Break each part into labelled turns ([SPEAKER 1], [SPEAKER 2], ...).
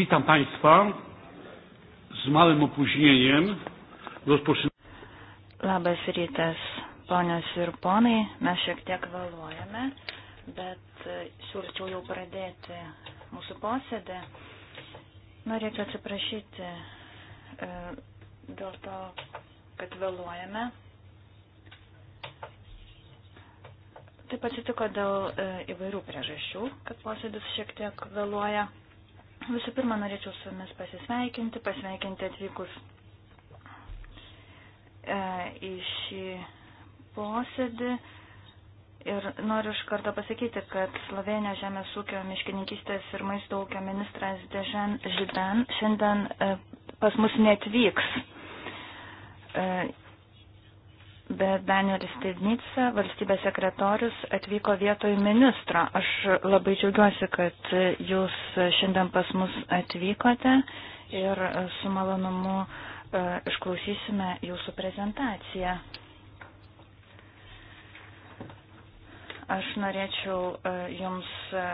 [SPEAKER 1] Witam Państwa z małym
[SPEAKER 2] opóźnieniem. Rozpoczynamy. Labas rytas, ponios ir ponai. Mes šiek tiek vėluojame, bet e, siūlyčiau jau pradėti mūsų posėdį. Norėčiau atsiprašyti e, dėl to, kad vėluojame. Taip atsitiko dėl e, įvairių priežasčių, kad posėdis šiek tiek vėluoja. Visų pirma, norėčiau su jumis pasisveikinti, pasveikinti atvykus e, į šį posėdį. Ir noriu iš karto pasakyti, kad Slovenijos žemės ūkio miškininkystės ir maisto ūkio ministras Dežan Židan šiandien e, pas mus netvyks. E, bet Danielis Tednica, valstybės sekretorius, atvyko vietoj ministro. Aš labai džiaugiuosi, kad jūs šiandien pas mus atvykote ir su malonumu e, išklausysime jūsų prezentaciją. Aš norėčiau e, Jums e,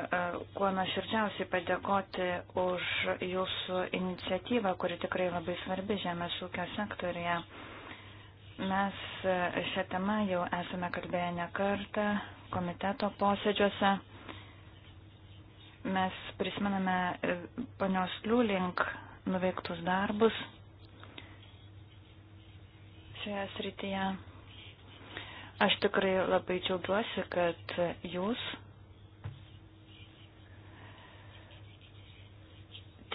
[SPEAKER 2] kuo nuoširdžiausiai padėkoti už Jūsų iniciatyvą, kuri tikrai labai svarbi žemės ūkio sektorija. Mes e, šią temą jau esame kalbėję ne kartą komiteto posėdžiuose. Mes prisimename e, ponios Liūlink nuveiktus darbus šioje srityje. Aš tikrai labai džiaugiuosi, kad jūs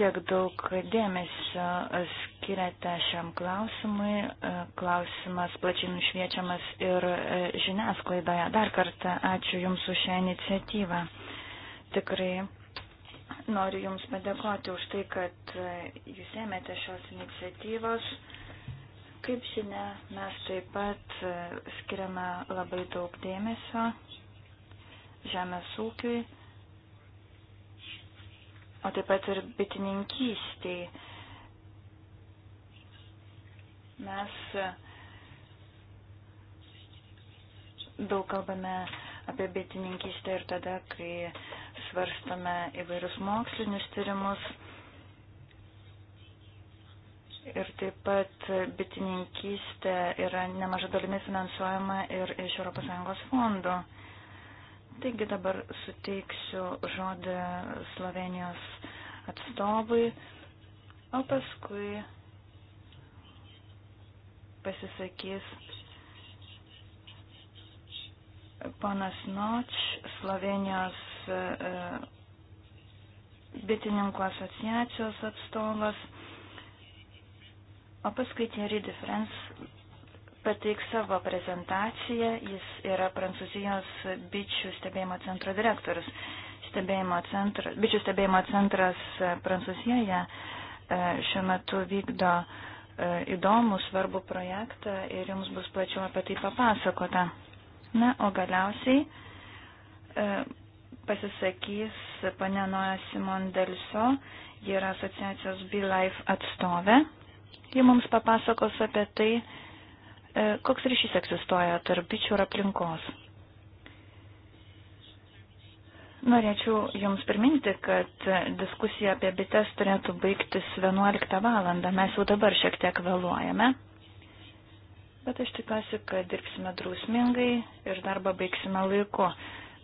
[SPEAKER 2] tiek daug dėmesio skiriate šiam klausimui. Klausimas plačiai nušviečiamas ir žiniasklaidoje. Dar kartą ačiū Jums už šią iniciatyvą. Tikrai noriu Jums padėkoti už tai, kad Jūs ėmėte šios iniciatyvos. Kaip žinia, mes taip pat skiriame labai daug dėmesio žemės ūkiui o taip pat ir bitininkystiai. Mes daug kalbame apie bitininkystę ir tada, kai svarstame įvairius mokslinius tyrimus. Ir taip pat bitininkystė yra nemaža dalimi finansuojama ir iš ES fondų. Taigi dabar suteiksiu žodį Slovenijos atstovui, o paskui pasisakys ponas Noč, Slovenijos e, e, bitininkų asociacijos atstovas, o paskui Thierry de France, pateiks savo prezentaciją. Jis yra Prancūzijos bičių stebėjimo centro direktorius. Stebėjimo centra, bičių stebėjimo centras e, Prancūzijoje e, šiuo metu vykdo e, įdomų, svarbų projektą ir jums bus plačiau apie tai papasakota. Na, o galiausiai pasisakys pane Noja Simon Delso, ji yra asociacijos BeLife atstovė. Ji mums papasakos apie tai, E, koks ryšys egzistuoja tarp bičių ir aplinkos. Norėčiau Jums priminti, kad diskusija apie bites turėtų baigtis 11 valandą. Mes jau dabar šiek tiek vėluojame, bet aš tikiuosi, kad dirbsime drausmingai ir darbą baigsime laiku.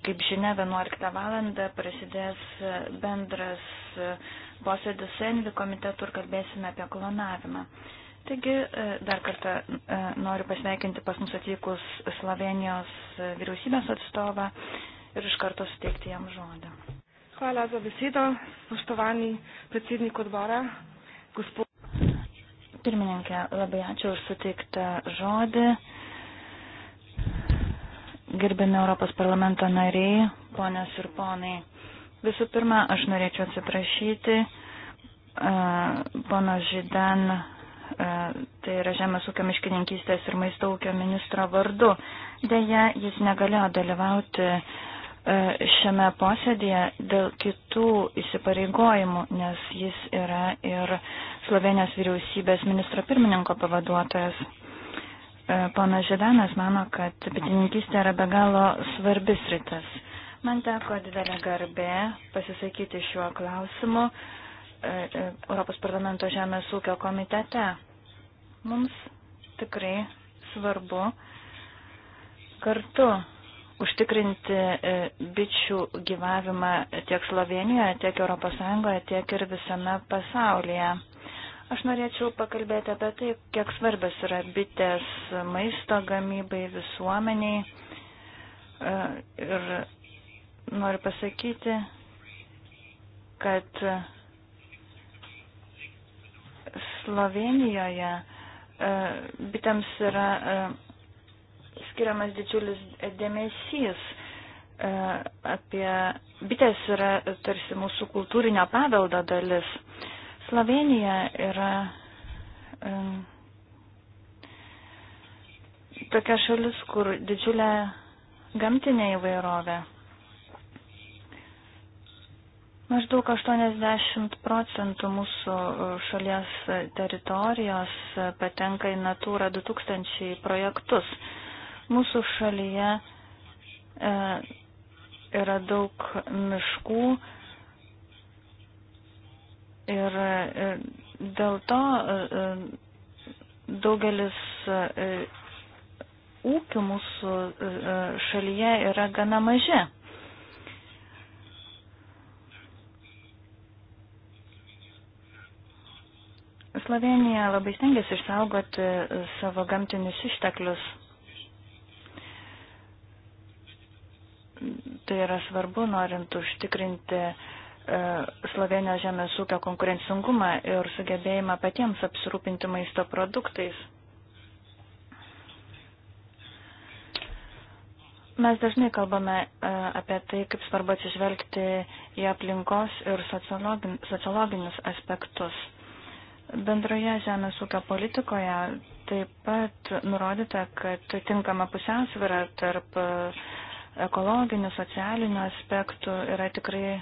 [SPEAKER 2] Kaip žinia, 11 valandą prasidės bendras posėdis Envi komitetų ir kalbėsime apie klonavimą. Taigi e, dar kartą e, noriu pasveikinti pas mus atvykus Slovenijos e, vyriausybės atstovą ir iš karto suteikti jam žodį. Hvala za
[SPEAKER 3] besedo, spoštovani predsednik odbora,
[SPEAKER 2] gospod. Pirmininkė, labai ačiū už suteiktą žodį. Gerbiami Europos parlamento nariai, ponios ir ponai. Visų pirma, aš norėčiau atsiprašyti uh, pono Židan E, tai yra Žemės ūkio miškininkystės ir maisto ūkio ministro vardu. Deja, jis negalėjo dalyvauti e, šiame posėdėje dėl kitų įsipareigojimų, nes jis yra ir Slovenijos vyriausybės ministro pirmininko pavaduotojas. E, Pana Židanas mano, kad bitininkystė yra be galo svarbis rytas. Man teko didelė garbė pasisakyti šiuo klausimu. Uh, E, e, Europos parlamento žemės ūkio komitete. Mums tikrai svarbu kartu užtikrinti e, bičių gyvavimą tiek Slovenijoje, tiek ES, tiek ir visame pasaulyje. Aš norėčiau pakalbėti apie tai, kiek svarbios yra bitės maisto gamybai visuomeniai. Ir noriu pasakyti, kad Slovenijoje e, bitėms yra e, skiriamas didžiulis dėmesys e, apie bitės yra tarsi mūsų kultūrinio paveldo dalis. Slovenija yra tokia šalis, kur didžiulė gamtinė įvairovė. Maždaug 80 procentų mūsų e, šalies teritorijos e, patenka į Natūra 2000 projektus. Mūsų šalyje e, yra daug miškų ir e, dėl to e, e daugelis e, ūkių mūsų e, šalyje yra gana maži. Slovenija labai stengiasi išsaugoti savo gamtinius išteklius. Tai yra svarbu, norint užtikrinti e, Slovenijos žemės ūkio konkurencingumą ir sugebėjimą patiems apsirūpinti maisto produktais. Mes dažnai kalbame e, apie tai, kaip svarbu atsižvelgti į aplinkos ir sociologinius aspektus. Bendroje žemės ūkio politikoje taip pat nurodyta, kad tinkama pusiausvyrą tarp e, ekologinių, socialinių aspektų yra tikrai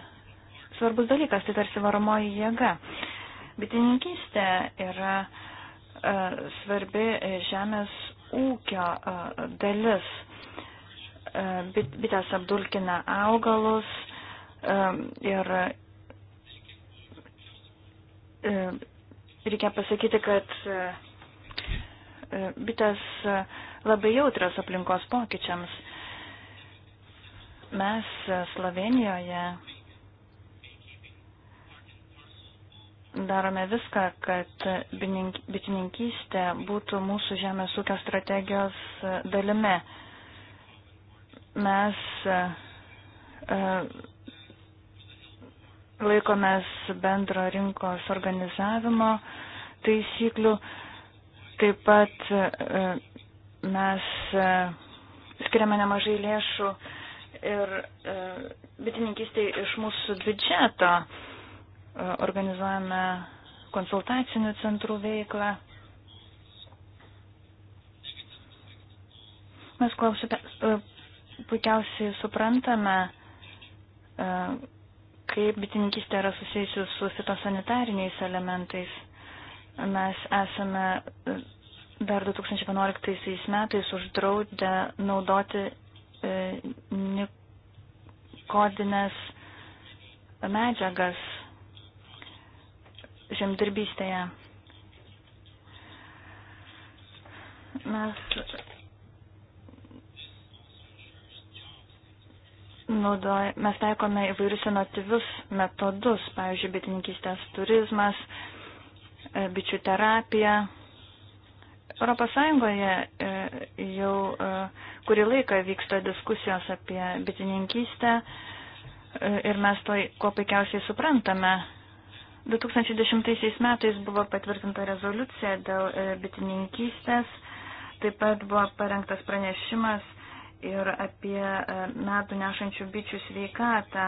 [SPEAKER 2] svarbus dalykas, tai tarsi varomoji jėga. Bitininkystė yra e, svarbi žemės ūkio e, dalis. Bitės apdulkina augalus ir reikia pasakyti, kad e, e, bitės e, labai jautrios aplinkos pokyčiams. Mes Slovenijoje darome viską, kad bitininkystė būtų mūsų žemės ūkio strategijos dalimi. Mes laikomės bendro rinkos organizavimo taisyklių. Taip pat e, mes e, skiriame nemažai lėšų ir e, bitininkystėje iš mūsų biudžeto organizuojame konsultacinių centrų veiklą. Mes klausime, puikiausiai suprantame, kaip bitininkystė yra susijusi su fitosanitariniais elementais. Mes esame dar 2011 metais uždraudę naudoti e, nikodinės medžiagas žemdirbystėje. Mes naudoj, mes taikome įvairius inovatyvius metodus, pavyzdžiui, bitininkystės turizmas, e, bičių terapija. Europos Sąjungoje e, jau e, kurį laiką vyksta diskusijos apie bitininkystę ir mes to ko puikiausiai suprantame. 2010 metais buvo patvirtinta rezoliucija dėl bitininkystės, taip pat buvo parengtas pranešimas ir apie e, metų nešančių bičių sveikatą.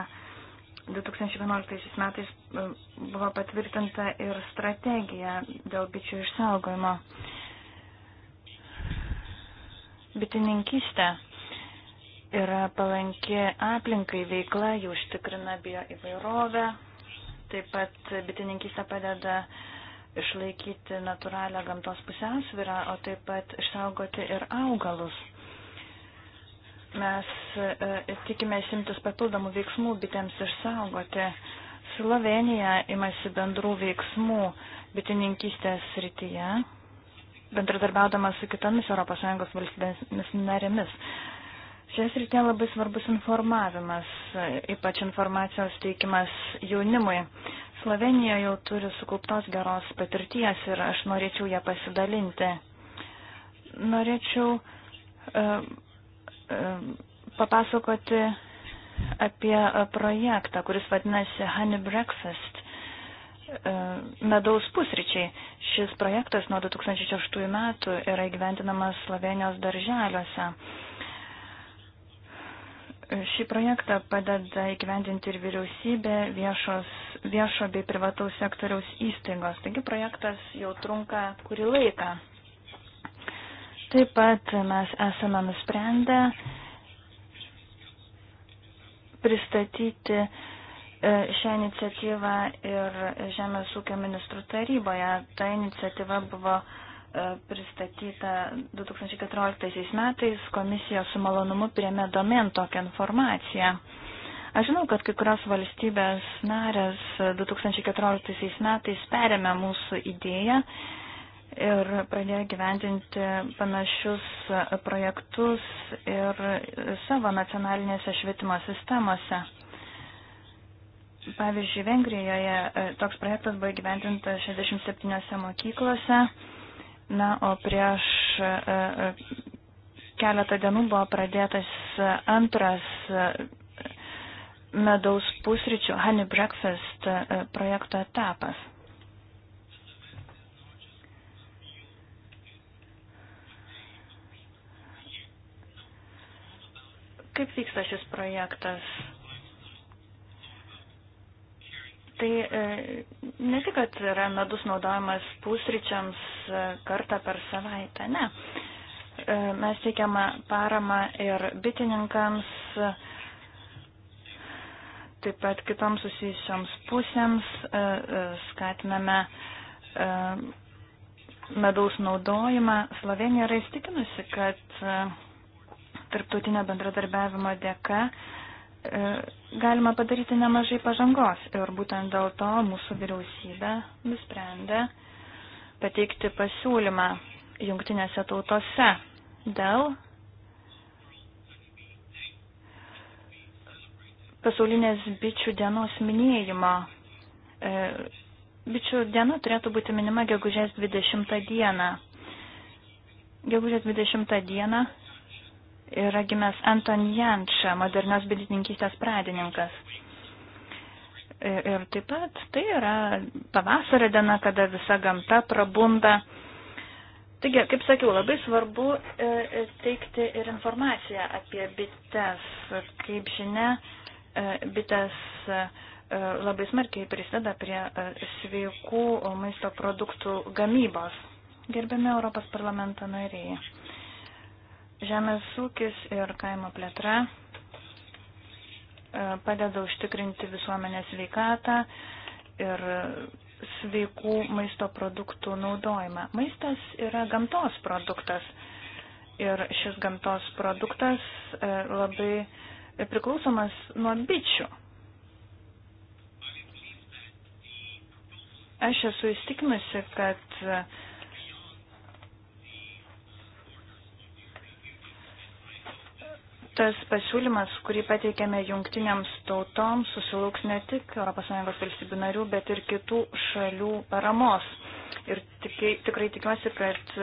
[SPEAKER 2] 2011 metais e, buvo patvirtinta ir strategija dėl bičių išsaugojimo. Bitininkystė yra palanki aplinkai veikla, jų užtikrina bio įvairovę, taip pat bitininkystė padeda išlaikyti natūralią gamtos pusiausvyrą, o taip pat išsaugoti ir augalus. Mes e, tikime simtis papildomų veiksmų bitėms išsaugoti. Slovenija imasi bendrų veiksmų bitininkystės srityje, bendradarbiaudama su kitomis ES valstybėmis narėmis. Šioje srityje labai svarbus informavimas, e, ypač informacijos teikimas jaunimui. Slovenija jau turi sukauptos geros patirties ir aš norėčiau ją pasidalinti. Norėčiau uh, papasakoti apie e, projektą, kuris vadinasi Honey Breakfast e, medaus pusryčiai. Šis projektas nuo 2006 metų yra įgyventinamas Slovenijos darželiuose. Šį projektą padeda įgyvendinti ir vyriausybė, viešos, viešo bei privataus sektoriaus įstaigos. Taigi projektas jau trunka kurį laiką. Taip pat mes esame nusprendę pristatyti e, šią iniciatyvą ir Žemės ūkio ministrų taryboje. Ta iniciatyva buvo e, pristatyta 2014 metais, komisija su malonumu priėmė domen tokią informaciją. Aš žinau, kad kai kurios valstybės narės 2014 e, metais perėmė mūsų idėją ir pradėjo gyventinti panašius projektus ir savo nacionalinėse švietimo sistemose. Pavyzdžiui, Vengrijoje e, toks projektas buvo gyventintas 67 mokyklose, na, o prieš e, e, keletą dienų buvo pradėtas antras medaus pusryčių Honey Breakfast projekto etapas. Kaip vyksta šis projektas? Tai e, ne tik, kad yra medus naudojamas pusryčiams e, kartą per savaitę, ne. E, mes teikiame paramą ir bitininkams, taip pat kitoms susijusioms pusėms, skatiname medaus naudojimą. Slovenija yra įstikinusi, kad tarptautinio bendradarbiavimo dėka e, galima padaryti nemažai pažangos ir būtent dėl to mūsų vyriausybė nusprendė pateikti pasiūlymą jungtinėse tautose dėl pasaulinės bičių dienos minėjimo. E, bičių diena turėtų būti minima gegužės 20 dieną. Gegužės 20 dieną yra gimęs Anton Janša, modernios bitininkystės pradininkas. Ir taip pat tai yra pavasario diena, kada visa gamta prabunda. Taigi, kaip sakiau, labai svarbu teikti ir informaciją apie bites. Kaip žinia, bites labai smarkiai prisideda prie sveikų maisto produktų gamybos. Gerbiami Europos parlamento nariai. Žemės ūkis ir kaimo plėtra e, padeda užtikrinti visuomenės veikatą ir sveikų maisto produktų naudojimą. Maistas yra gamtos produktas ir šis gamtos produktas e, labai priklausomas nuo bičių. Aš esu įstikinusi, kad tas pasiūlymas, kurį pateikėme jungtiniams tautoms, susilauks ne tik ES valstybių narių, bet ir kitų šalių paramos. Ir tikai, tikrai tikiuosi, kad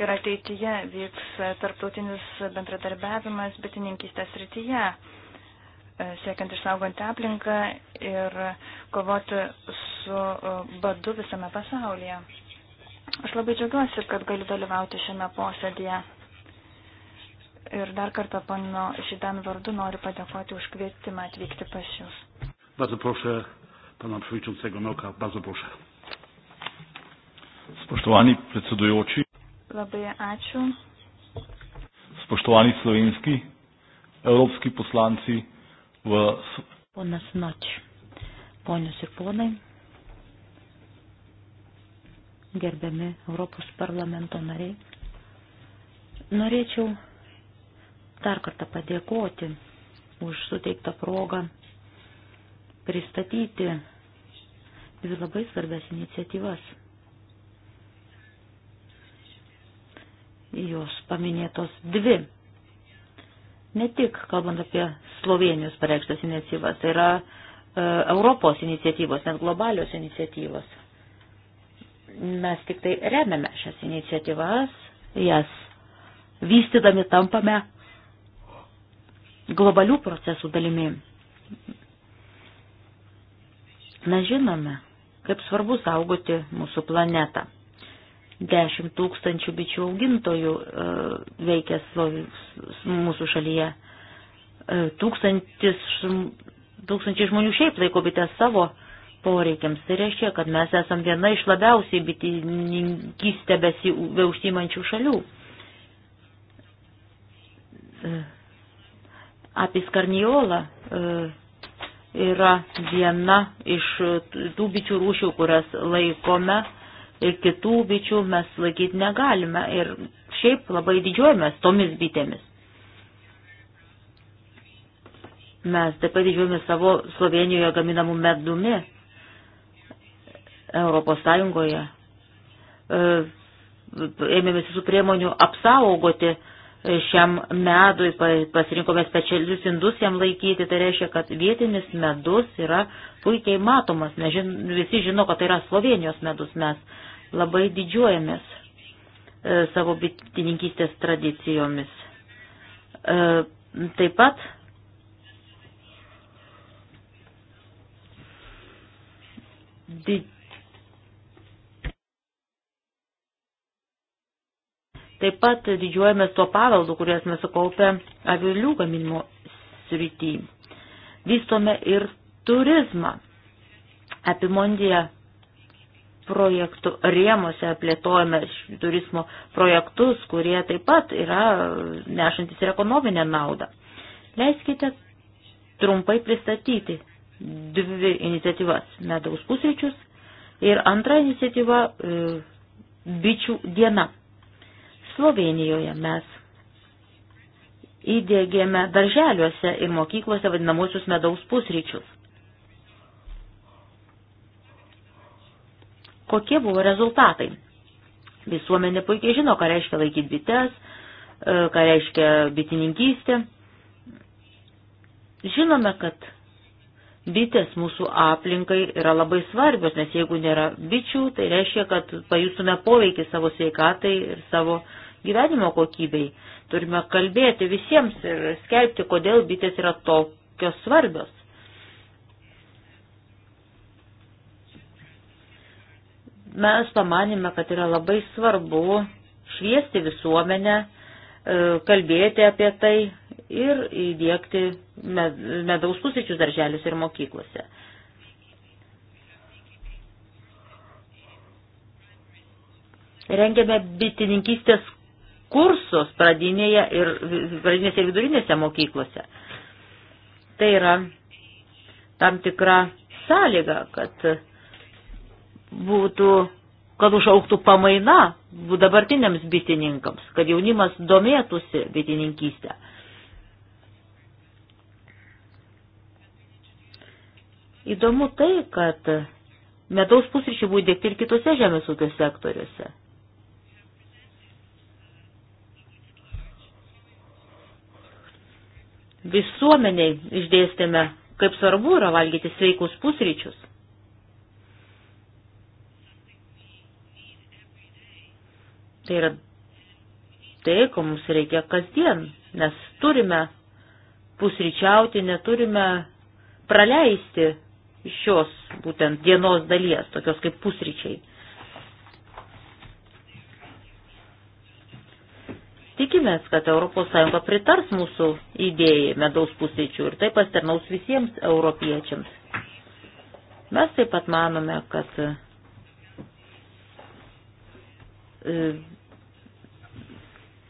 [SPEAKER 2] ir ateityje vyks tarptautinis bendradarbiavimas bitininkystės rytyje, e, siekiant išsaugant aplinką ir kovoti su e, badu visame pasaulyje. Aš labai džiaugiuosi, kad galiu dalyvauti šiame posėdėje ir dar kartą pano Židan vardu noriu padėkoti už kvietimą atvykti pas Jūs.
[SPEAKER 1] Bardzo proszę pana przewodniczącego Noka, bardzo proszę. Spoštovani predsedujoči.
[SPEAKER 2] Labai ačiū.
[SPEAKER 1] Spoštovani slovenski, evropski poslanci v.
[SPEAKER 4] Ponas Noč, ponios ir ponai, gerbiami Europos parlamento nariai, norėčiau dar kartą padėkoti už suteiktą progą pristatyti dvi labai svarbias iniciatyvas. Jos paminėtos dvi. Ne tik kalbant apie Slovenijos pareikštas iniciatyvas, tai yra e, Europos iniciatyvos, net globalios iniciatyvos. Mes tik tai remiame šias iniciatyvas, jas vystydami tampame globalių procesų dalimi. Mes žinome, kaip svarbu saugoti mūsų planetą. 10 tūkstančių bičių augintojų e, veikia mūsų šalyje. E, tūkstantis, tūkstančiai žmonių šiaip laiko bitės savo poreikiams. Tai reiškia, kad mes esam viena iš labiausiai bitininkystę beužsimančių šalių. E, Apis karniola e, yra viena iš tų bičių rūšių, kurias laikome ir kitų bičių mes laikyti negalime. Ir šiaip labai didžiuojamės tomis bitėmis. Mes taip pat didžiuojamės savo Slovenijoje gaminamų medumi Europos Sąjungoje. E, ėmėmės visų priemonių apsaugoti šiam medui, pasirinkome specialius indus jam laikyti, tai reiškia, kad vietinis medus yra puikiai matomas, nes žin, visi žino, kad tai yra Slovenijos medus, mes labai didžiuojamės e, savo bitininkystės tradicijomis. E, taip pat did, Taip pat didžiuojame tuo paveldu, kurias mes sukaupę avilių gaminimo srity. Vystome ir turizmą. Apimondija projektų rėmose plėtojame turizmo projektus, kurie taip pat yra nešantis ir ekonominę naudą. Leiskite trumpai pristatyti dvi iniciatyvas - medaus pusryčius ir antra iniciatyva e, - bičių diena. Slovenijoje mes įdėgėme darželiuose ir mokyklose vadinamosius medaus pusryčius. Kokie buvo rezultatai? Visuomenė puikiai žino, ką reiškia laikyti bites, e, ką reiškia bitininkystė. Žinome, kad bitės mūsų aplinkai yra labai svarbios, nes jeigu nėra bičių, tai reiškia, kad pajustume poveikį savo sveikatai ir savo uh, gyvenimo kokybei. Turime kalbėti visiems ir skelbti, kodėl bitės yra tokios svarbios. Mes pamanėme, kad yra labai svarbu šviesti visuomenę, e, kalbėti apie tai ir įdėkti medaus pusryčius darželius ir mokyklose. rengiame bitininkystės kursus pradinėje ir, pradinėse ir vidurinėse mokyklose. Tai yra tam tikra sąlyga, kad būtų, kad užauktų pamaina dabartiniams bitininkams, kad jaunimas domėtųsi bitininkystę. Įdomu tai, kad medaus pusryčių buvo įdėkti ir kitose žemės ūkio sektoriuose. visuomeniai išdėstėme, kaip svarbu yra valgyti sveikus pusryčius. Tai yra tai, ko mums reikia kasdien, nes turime pusryčiauti, neturime praleisti šios būtent dienos dalies, tokios kaip pusryčiai. Tikimės, kad ES pritars mūsų idėjai medaus pusryčių ir tai pasitarnaus visiems europiečiams. Mes taip pat manome, kad e,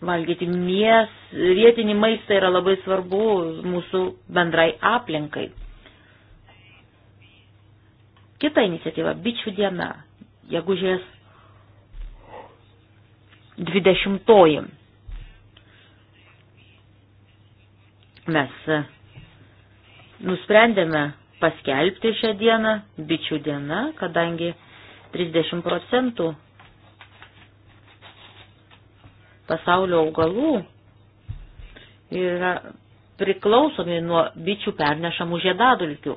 [SPEAKER 4] valgyti mies, vietinį maistą yra labai svarbu mūsų bendrai aplinkai. Kita iniciatyva - bičių diena, gegužės 20. -oji. Mes e, nusprendėme paskelbti šią dieną bičių dieną, kadangi 30 procentų pasaulio augalų yra priklausomi nuo bičių pernešamų žiedadulkių.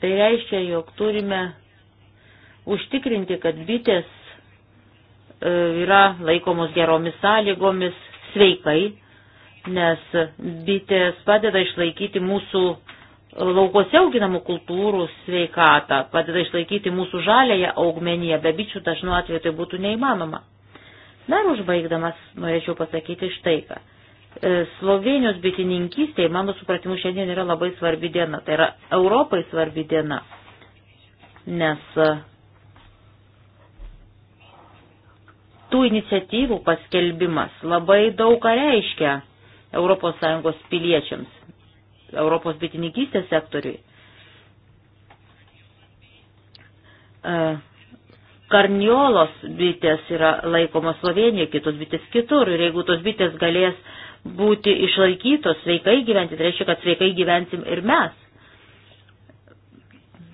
[SPEAKER 4] Tai reiškia, jog turime užtikrinti, kad bitės e, yra laikomos geromis sąlygomis, sveikai nes bitės padeda išlaikyti mūsų laukose auginamų kultūrų sveikatą, padeda išlaikyti mūsų žalėje augmenyje, be bičių dažnu atveju tai būtų neįmanoma. Dar užbaigdamas norėčiau pasakyti štai ką. E, Slovenijos bitininkystėje, mano supratimu, šiandien yra labai svarbi diena. Tai yra Europai svarbi diena, nes e, tų iniciatyvų paskelbimas labai daug ką reiškia ES piliečiams, Europos bitininkystės sektoriui. E, Karniolos bitės yra laikomos Slovenijoje, kitos bitės kitur. Ir jeigu tos bitės galės būti išlaikytos, sveikai gyventi, tai reiškia, kad sveikai gyvensim ir mes.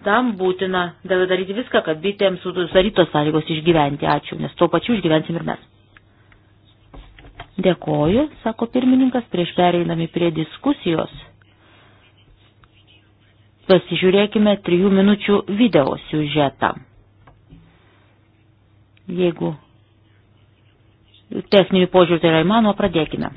[SPEAKER 4] Tam būtina daryti viską, kad bitėms sudarytos sąlygos išgyventi. Ačiū, nes to pačiu išgyvensim ir mes. Dėkoju, sako pirmininkas, prieš pereinami prie diskusijos. Pasižiūrėkime trijų minučių video siužetą. Jeigu techninių požiūrį tai yra įmanoma, pradėkime.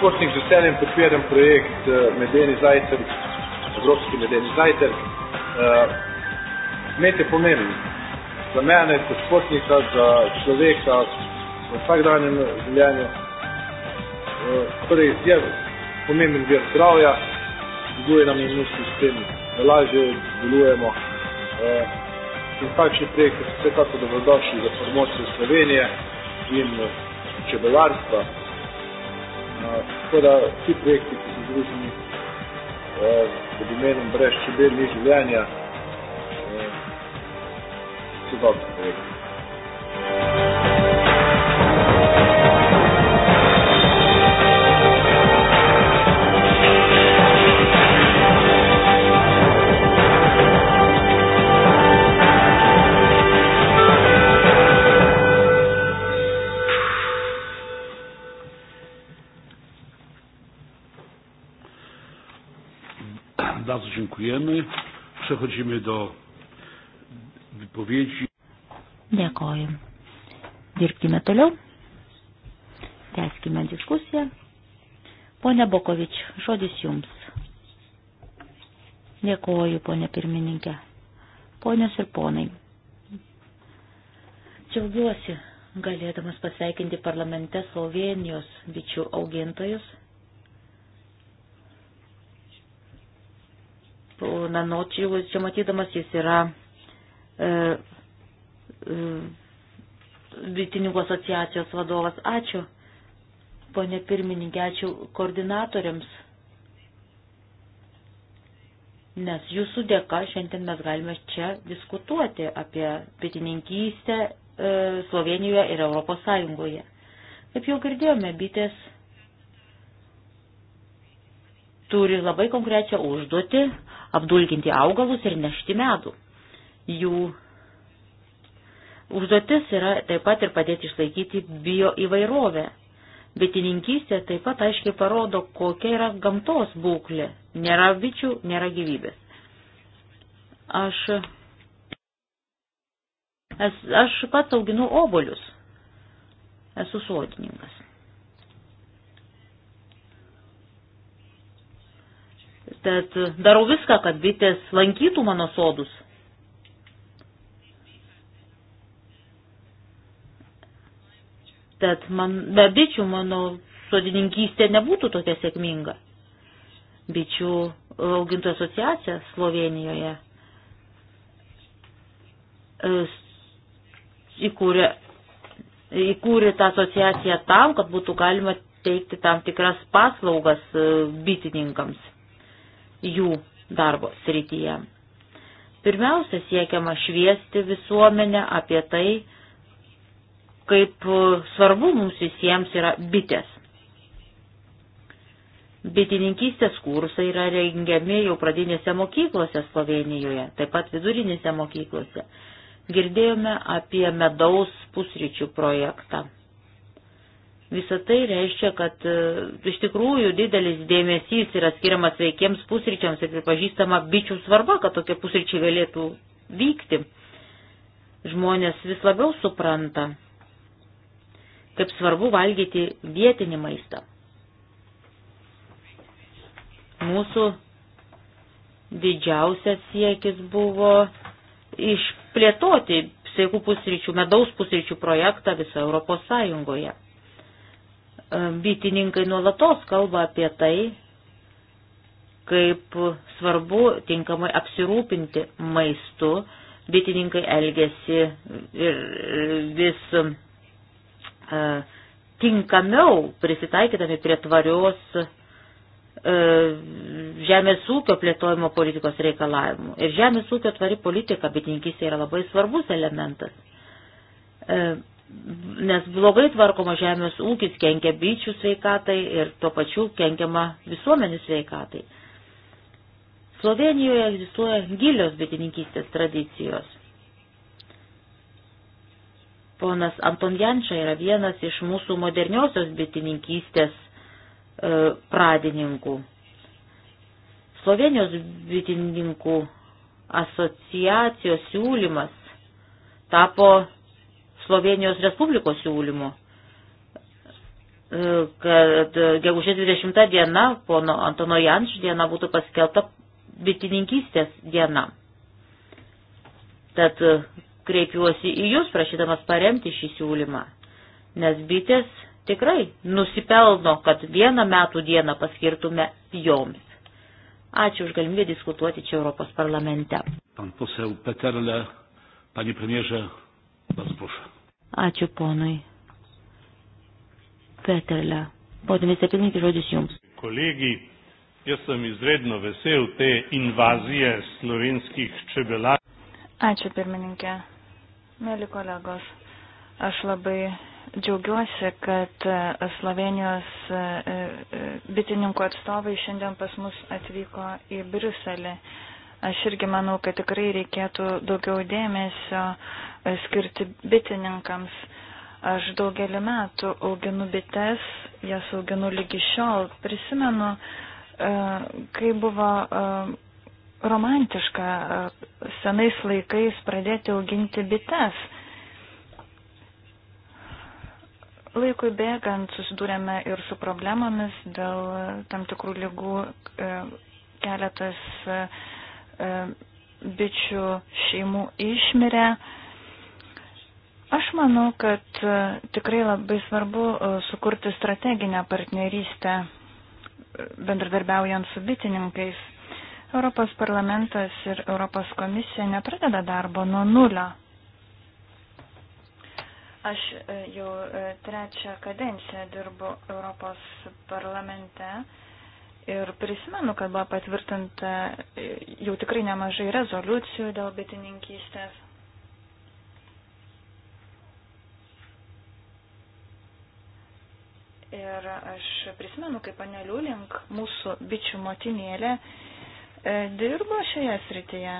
[SPEAKER 5] športnik z veseljem podpiram projekt eh, Medeni zajtrk, Evropski medeni zajtrk. Eh, med je pomemben. Za mene, kot športnika, za človeka v vsakdanjem življenju. Eh, torej,
[SPEAKER 1] je pomemben vir zdravja, dviguje nam imunski sistem, da lažje delujemo. In takšni projekti so vsekako dobrodošli za promocijo Slovenije in čebelarstva. Tako
[SPEAKER 5] da vsi projekti, ki so združeni pod imenom Brez čebel ni
[SPEAKER 1] življenja, so dobri projekti. Dziękujemy. Przechodzimy do wypowiedzi.
[SPEAKER 4] Dėkoju. Dirbkime toliau. Tęskime diskusiją. Pone Bokovič, žodis jums. Dėkoju, ponė pirmininkė. Ponios ir ponai. Džiaugiuosi galėdamas pasveikinti parlamente Slovenijos bičių augintojus Pona Nočių, čia matydamas, jis yra e, e, bitininkų asociacijos vadovas. Ačiū, ponė pirmininkė, ačiū koordinatoriams, nes jūsų dėka šiandien mes galime čia diskutuoti apie bitininkystę e, Slovenijoje ir Europos Sąjungoje. Kaip jau girdėjome, bitės turi labai konkrečią užduotį apdulkinti augalus ir nešti medų. Jų užduotis yra taip pat ir padėti išlaikyti bio įvairovę. Bitininkystė taip pat aiškiai parodo, kokia yra gamtos būklė. Nėra bičių, nėra gyvybės. Aš, aš pats auginu obolius. Esu sodininkas. Tad darau viską, kad bitės lankytų mano sodus. Tad man, be bičių mano sodininkystė nebūtų tokia sėkminga. Bičių augintojų asociacija Slovenijoje e, įkūrė, įkūrė tą asociaciją tam, kad būtų galima teikti tam tikras paslaugas e, bitininkams jų darbo srityje. Pirmiausia, siekiama šviesti visuomenę apie tai, kaip svarbu mums visiems yra bitės. Bitininkystės kursai yra rengiami jau pradinėse mokyklose Slovenijoje, taip pat vidurinėse mokyklose. Girdėjome apie medaus pusryčių projektą. Visą tai reiškia, kad e, iš tikrųjų didelis dėmesys yra skiriamas veikiems pusryčiams ir pripažįstama bičių svarba, kad tokie pusryčiai galėtų vykti. Žmonės vis labiau supranta, kaip svarbu valgyti vietinį maistą. Mūsų didžiausias siekis buvo išplėtoti sveikų pusryčių, medaus pusryčių projektą viso Europos Sąjungoje bitininkai nuolatos kalba apie tai, kaip svarbu tinkamai apsirūpinti maistu, bitininkai elgesi ir vis e, tinkamiau prisitaikydami prie tvarios e, žemės ūkio plėtojimo politikos reikalavimų. Ir žemės ūkio tvari politika bitininkystė yra labai svarbus elementas. E, nes blogai tvarkoma žemės ūkis kenkia bičių sveikatai ir tuo pačiu kenkiama visuomenių sveikatai. Slovenijoje egzistuoja gilios bitininkystės tradicijos. Ponas Anton Janča yra vienas iš mūsų moderniosios bitininkystės e, pradininkų. Slovenijos bitininkų asociacijos siūlymas tapo Slovenijos Respublikos siūlymu, e, kad e, gegužės 20 diena, pono Antono Janš diena, būtų paskelta bitininkystės diena. Tad e, kreipiuosi į Jūs, prašydamas paremti šį siūlymą, nes bitės tikrai nusipelno, kad vieną metų dieną paskirtume joms. Ačiū už galimybę diskutuoti čia Europos parlamente.
[SPEAKER 1] Pan poseł Peterle, panie premierze, bardzo proszę.
[SPEAKER 4] Ačiū ponui. Petrele. Potem vicepirmininkai tai žodis jums.
[SPEAKER 1] Kolegi, jaz sam izredno vesel te invazije slovenskih čebelar.
[SPEAKER 2] Ačiū pirmininkė. Mėly kolegos, aš labai džiaugiuosi, kad e, Slovenijos e, e, bitininkų atstovai šiandien pas mus atvyko į Briuselį. Aš irgi manau, kad tikrai reikėtų daugiau dėmesio skirti bitininkams. Aš daugelį metų auginu bites, jas auginu lygi šiol. Prisimenu, e, kai buvo e, romantiška e, senais laikais pradėti auginti bites. Laikui bėgant susidūrėme ir su problemomis dėl tam tikrų lygų keletas E, bičių šeimų išmirė. Aš manau, kad e, tikrai labai svarbu e, sukurti strateginę partnerystę bendradarbiaujant su bitininkais. Europos parlamentas ir Europos komisija nepradeda darbo nuo nulio. Aš jau trečią kadenciją dirbu Europos parlamente Ir prisimenu, kad buvo patvirtinta jau tikrai nemažai rezoliucijų dėl bitininkystės. Ir aš prisimenu, kaip panelių link mūsų bičių motinėlė e, dirbo šioje srityje.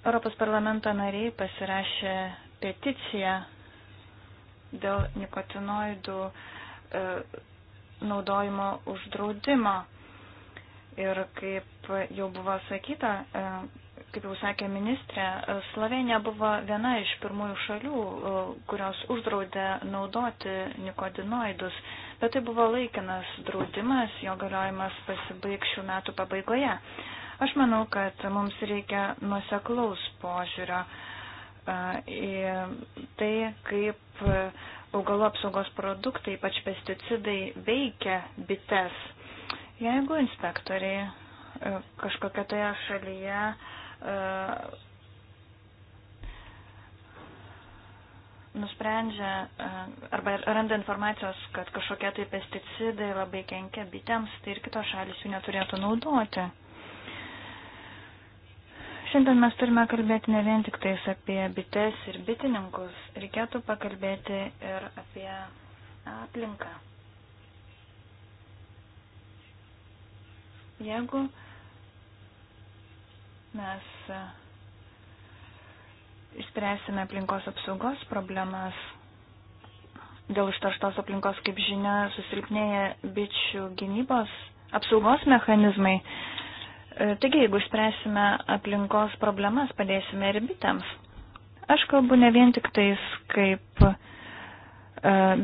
[SPEAKER 2] Europos parlamento nariai pasirašė peticiją dėl nikotinoidų uh, E, naudojimo uždraudimo. Ir kaip jau buvo sakyta, e, kaip jau sakė ministrė, e, Slovenija buvo viena iš pirmųjų šalių, kurios uždraudė naudoti nikodinoidus, bet tai buvo laikinas draudimas, jo galiojimas pasibaig šių metų pabaigoje. Aš manau, kad mums reikia nuseklaus požiūrio į tai, kaip augalų apsaugos produktai, ypač pesticidai, veikia bites. Jeigu inspektoriai e, kažkokia toje šalyje e, nusprendžia e, arba randa informacijos, kad kažkokie tai pesticidai labai kenkia bitėms, tai ir kitos šalis jų neturėtų naudoti. Šiandien mes turime kalbėti ne vien tik tais apie bites ir bitininkus, reikėtų pakalbėti ir apie aplinką. Jeigu mes išspręsime aplinkos apsaugos problemas, dėl ištarštos aplinkos, kaip žinia, susilpnėja bičių gynybos apsaugos mechanizmai, E, taigi, jeigu spręsime aplinkos problemas, padėsime ir bitėms. Aš kalbu ne vien tik tais kaip e,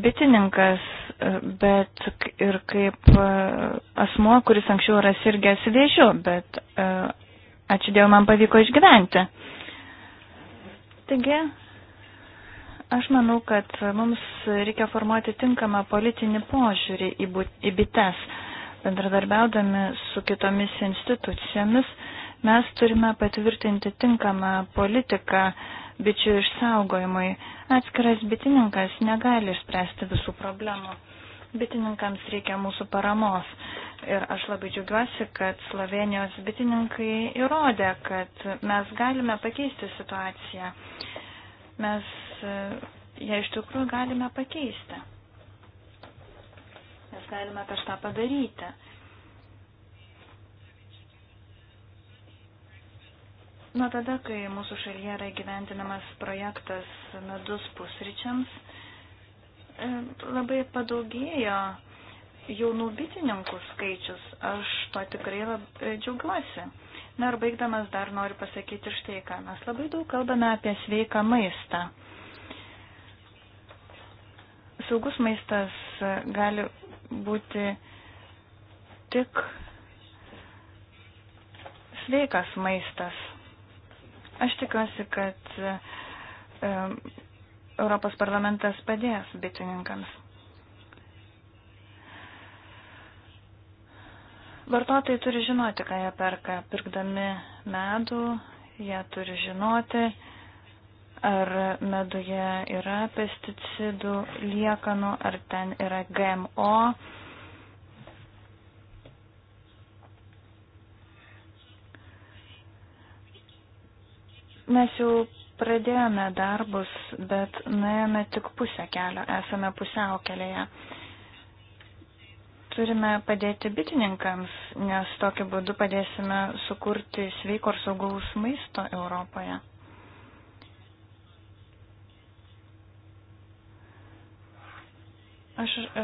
[SPEAKER 2] bitininkas, e, bet ir kaip asmuo, kuris anksčiau yra sirgęs vėžiu, bet ačiū Dievui man pavyko išgyventi. Taigi, aš manau, kad mums reikia formuoti tinkamą politinį požiūrį į bites bendradarbiaudami su kitomis institucijomis, mes turime patvirtinti tinkamą politiką bičių išsaugojimui. Atskiras bitininkas negali išspręsti visų problemų. Bitininkams reikia mūsų paramos. Ir aš labai džiaugiuosi, kad Slovenijos bitininkai įrodė, kad mes galime pakeisti situaciją. Mes e, ją iš tikrųjų galime pakeisti. Mes galime kažką padaryti. Nuo tada, kai mūsų šalyje yra gyventinamas projektas medus pusryčiams, e, labai padaugėjo jaunų bitininkų skaičius. Aš to tikrai labai e, džiaugiuosi. Na ir baigdamas dar noriu pasakyti štai ką. Mes labai daug kalbame apie sveiką maistą. Saugus maistas gali būti tik sveikas maistas. Aš tikiuosi, kad e, Europos parlamentas padės bitininkams. Vartotojai turi žinoti, ką jie perka. Pirkdami medų, jie turi žinoti, ar meduje yra pesticidų liekanų, ar ten yra GMO. Mes jau pradėjome darbus, bet nuėjome tik pusę kelio, esame pusiaukelėje. Turime padėti bitininkams, nes tokiu būdu padėsime sukurti sveiko ir saugaus maisto Europoje. Aš, e,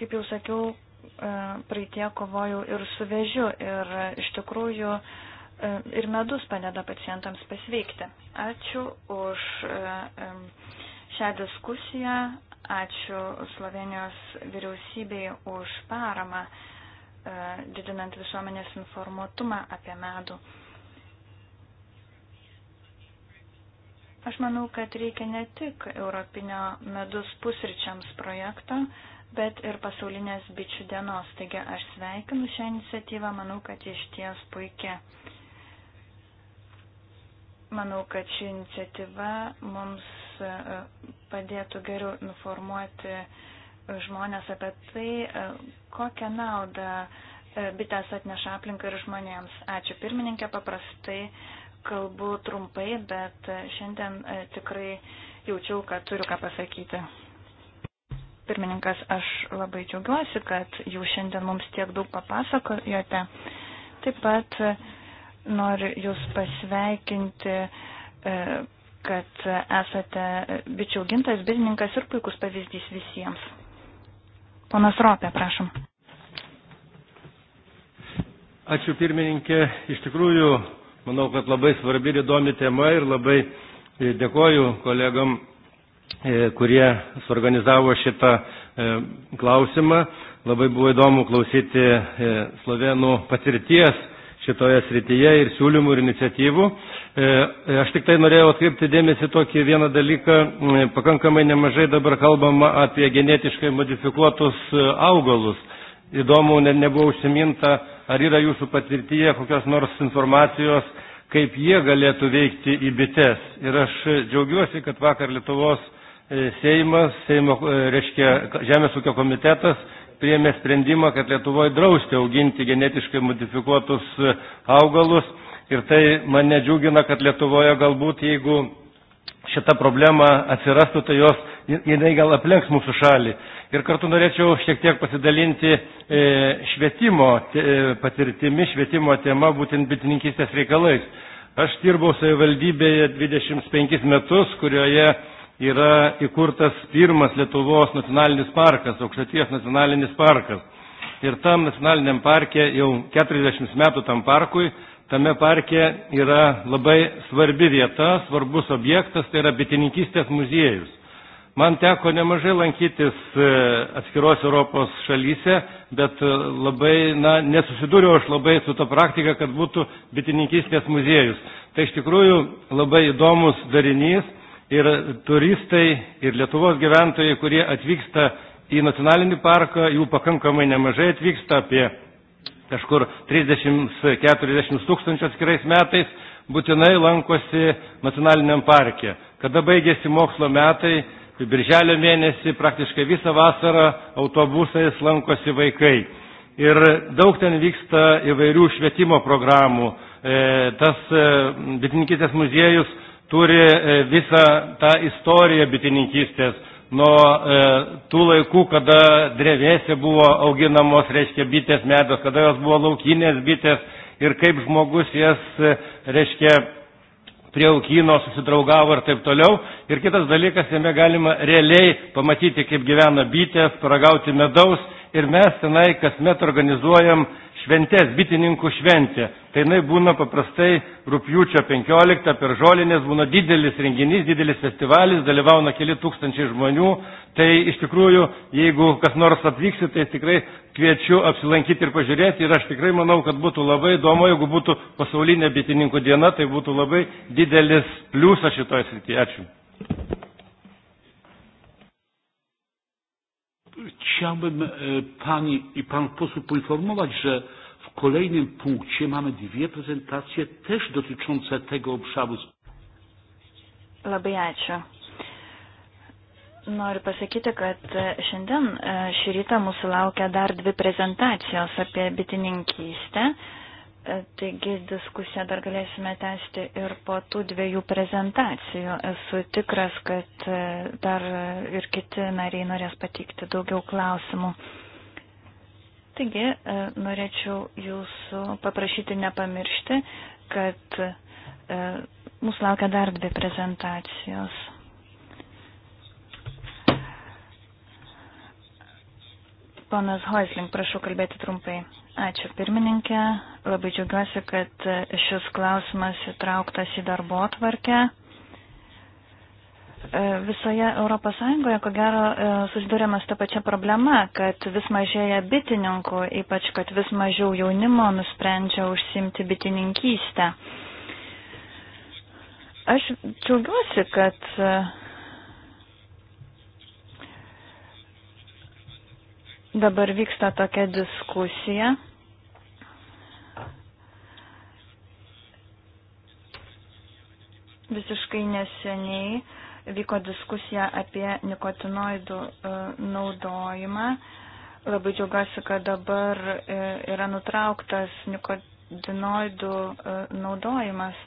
[SPEAKER 2] kaip jau sakiau, e, praeitie kovojau ir su vežiu ir e, iš tikrųjų ir medus padeda pacientams pasveikti. Ačiū už šią diskusiją, ačiū Slovenijos vyriausybei už paramą didinant visuomenės informuotumą apie medų. Aš manau, kad reikia ne tik Europinio medus pusryčiams projekto, bet ir pasaulinės bičių dienos. Taigi aš sveikinu šią iniciatyvą, manau, kad iš ties puikia. Manau, kad ši iniciatyva mums e, padėtų geriau informuoti e, žmonės apie tai, e, kokią naudą bitės atneša aplinką ir žmonėms. Ačiū pirmininkė, paprastai kalbu trumpai, bet e, šiandien e, tikrai jaučiau, kad turiu ką pasakyti. Pirmininkas, aš labai džiaugiuosi, kad jūs šiandien mums tiek daug papasakojote. Taip pat e, noriu jūs pasveikinti, kad esate bičių gintas, bizininkas ir puikus pavyzdys visiems. Ponas Ropė, prašom.
[SPEAKER 5] Ačiū pirmininkė. Iš tikrųjų, Manau, kad labai svarbi ir įdomi tema ir labai e, dėkoju kolegam, e, kurie suorganizavo šitą e, klausimą. Labai buvo įdomu klausyti slovenų patirties šitoje srityje ir siūlymų ir iniciatyvų. Aš tik tai norėjau atkreipti dėmesį tokį vieną dalyką. Pakankamai nemažai dabar kalbama apie genetiškai modifikuotus augalus. Įdomu, ne, nebuvo užsiminta ar yra jūsų patirtyje kokios nors informacijos, kaip jie galėtų veikti į bites. Ir aš džiaugiuosi, kad vakar Lietuvos e, Seimas, Seimo, e, reiškia Žemės ūkio komitetas, priėmė sprendimą, kad Lietuvoje drausti auginti genetiškai modifikuotus e, augalus. Ir tai mane džiugina, kad Lietuvoje galbūt, jeigu šita problema atsirastų, tai jos jinai gal aplenks mūsų šalį. Ir kartu norėčiau šiek tiek pasidalinti e, švietimo e, patirtimi, švietimo tema būtent bitininkystės reikalais. Aš dirbau savivaldybėje 25 metus, kurioje yra įkurtas pirmas Lietuvos nacionalinis parkas, Aukštaties nacionalinis parkas. Ir tam nacionaliniam parke jau 40 metų tam parkui Tame parke yra labai svarbi vieta, svarbus objektas, tai yra bitininkystės muziejus. Man teko nemažai lankytis e, atskiros Europos šalyse, bet e, labai, na, nesusidūriau aš labai su ta praktika, kad būtų bitininkystės muziejus. Tai iš tikrųjų labai įdomus darinys ir turistai, ir Lietuvos gyventojai, kurie atvyksta į nacionalinį parką, jų pakankamai nemažai atvyksta, apie kažkur 30-40 tūkstančių atskirais metais būtinai lankosi nacionaliniam parke. Kada baigėsi mokslo metai, tai birželio mėnesį praktiškai visą vasarą autobusais lankosi vaikai. Ir daug ten vyksta įvairių švietimo programų. E, tas e, bitininkystės muziejus turi e, visą tą istoriją bitininkystės nuo e, tų laikų, kada drevėse buvo auginamos, reiškia, bitės medos, kada jos buvo laukinės bitės ir kaip žmogus jas, e, reiškia, prie aukino susidraugavo ir taip toliau. Ir kitas dalykas, jame galima realiai pamatyti, kaip gyvena bitės, paragauti medaus ir mes tenai kasmet organizuojam šventės, bitininkų šventė. Tai jinai būna paprastai rūpjūčio 15 per žolinės, būna didelis renginys, didelis festivalis, dalyvauna keli tūkstančiai žmonių. Tai iš tikrųjų, jeigu kas nors atvyksit, tai tikrai kviečiu apsilankyti ir pažiūrėti. Ir aš tikrai manau, kad būtų labai įdomu, jeigu būtų pasaulinė bitininkų diena, tai būtų labai didelis pliusas šitoje srityje. Ačiū.
[SPEAKER 1] Chciałbym e, Pani i Panów posłów poinformować, że w kolejnym punkcie mamy dwie prezentacje też dotyczące tego obszaru.
[SPEAKER 2] Labai ačiū. Noriu pasakyti, kad e, šiandien e, šį rytą mūsų laukia dar dvi prezentacijos apie bitininkystę. E, taigi diskusiją dar galėsime tęsti ir po tų dviejų prezentacijų. Esu tikras, kad e, dar ir kiti nariai norės pateikti daugiau klausimų. Taigi, e, norėčiau jūsų paprašyti nepamiršti, kad mūsų laukia dar dvi prezentacijos. Ponas Hoisling, prašau kalbėti trumpai. Ačiū pirmininkė. Labai džiaugiuosi, kad šis klausimas įtrauktas į darbo atvarkę. E, visoje ES, ko gero, e, susidurėme su ta pačia problema, kad vis mažėja bitininkų, ypač kad vis mažiau jaunimo nusprendžia užsimti bitininkystę. Aš džiaugiuosi, kad Dabar vyksta tokia diskusija. Visiškai neseniai vyko diskusija apie nikotinoidų e, naudojimą. Labai džiaugiuosi, kad dabar e, yra nutrauktas nikotinoidų e, naudojimas.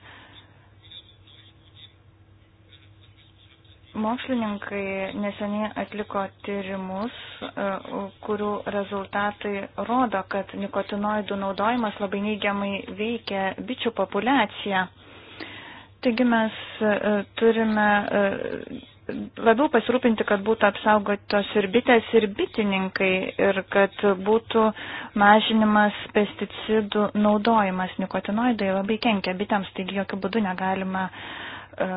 [SPEAKER 2] Mokslininkai neseniai atliko tyrimus, e, kurių rezultatai rodo, kad nikotinoidų naudojimas labai neigiamai veikia bičių populaciją. Taigi mes e, turime e, labiau pasirūpinti, kad būtų apsaugotos ir bitės, ir bitininkai, ir kad būtų mažinimas pesticidų naudojimas. Nikotinoidai labai kenkia bitėms, taigi jokių būdų negalima uh, E,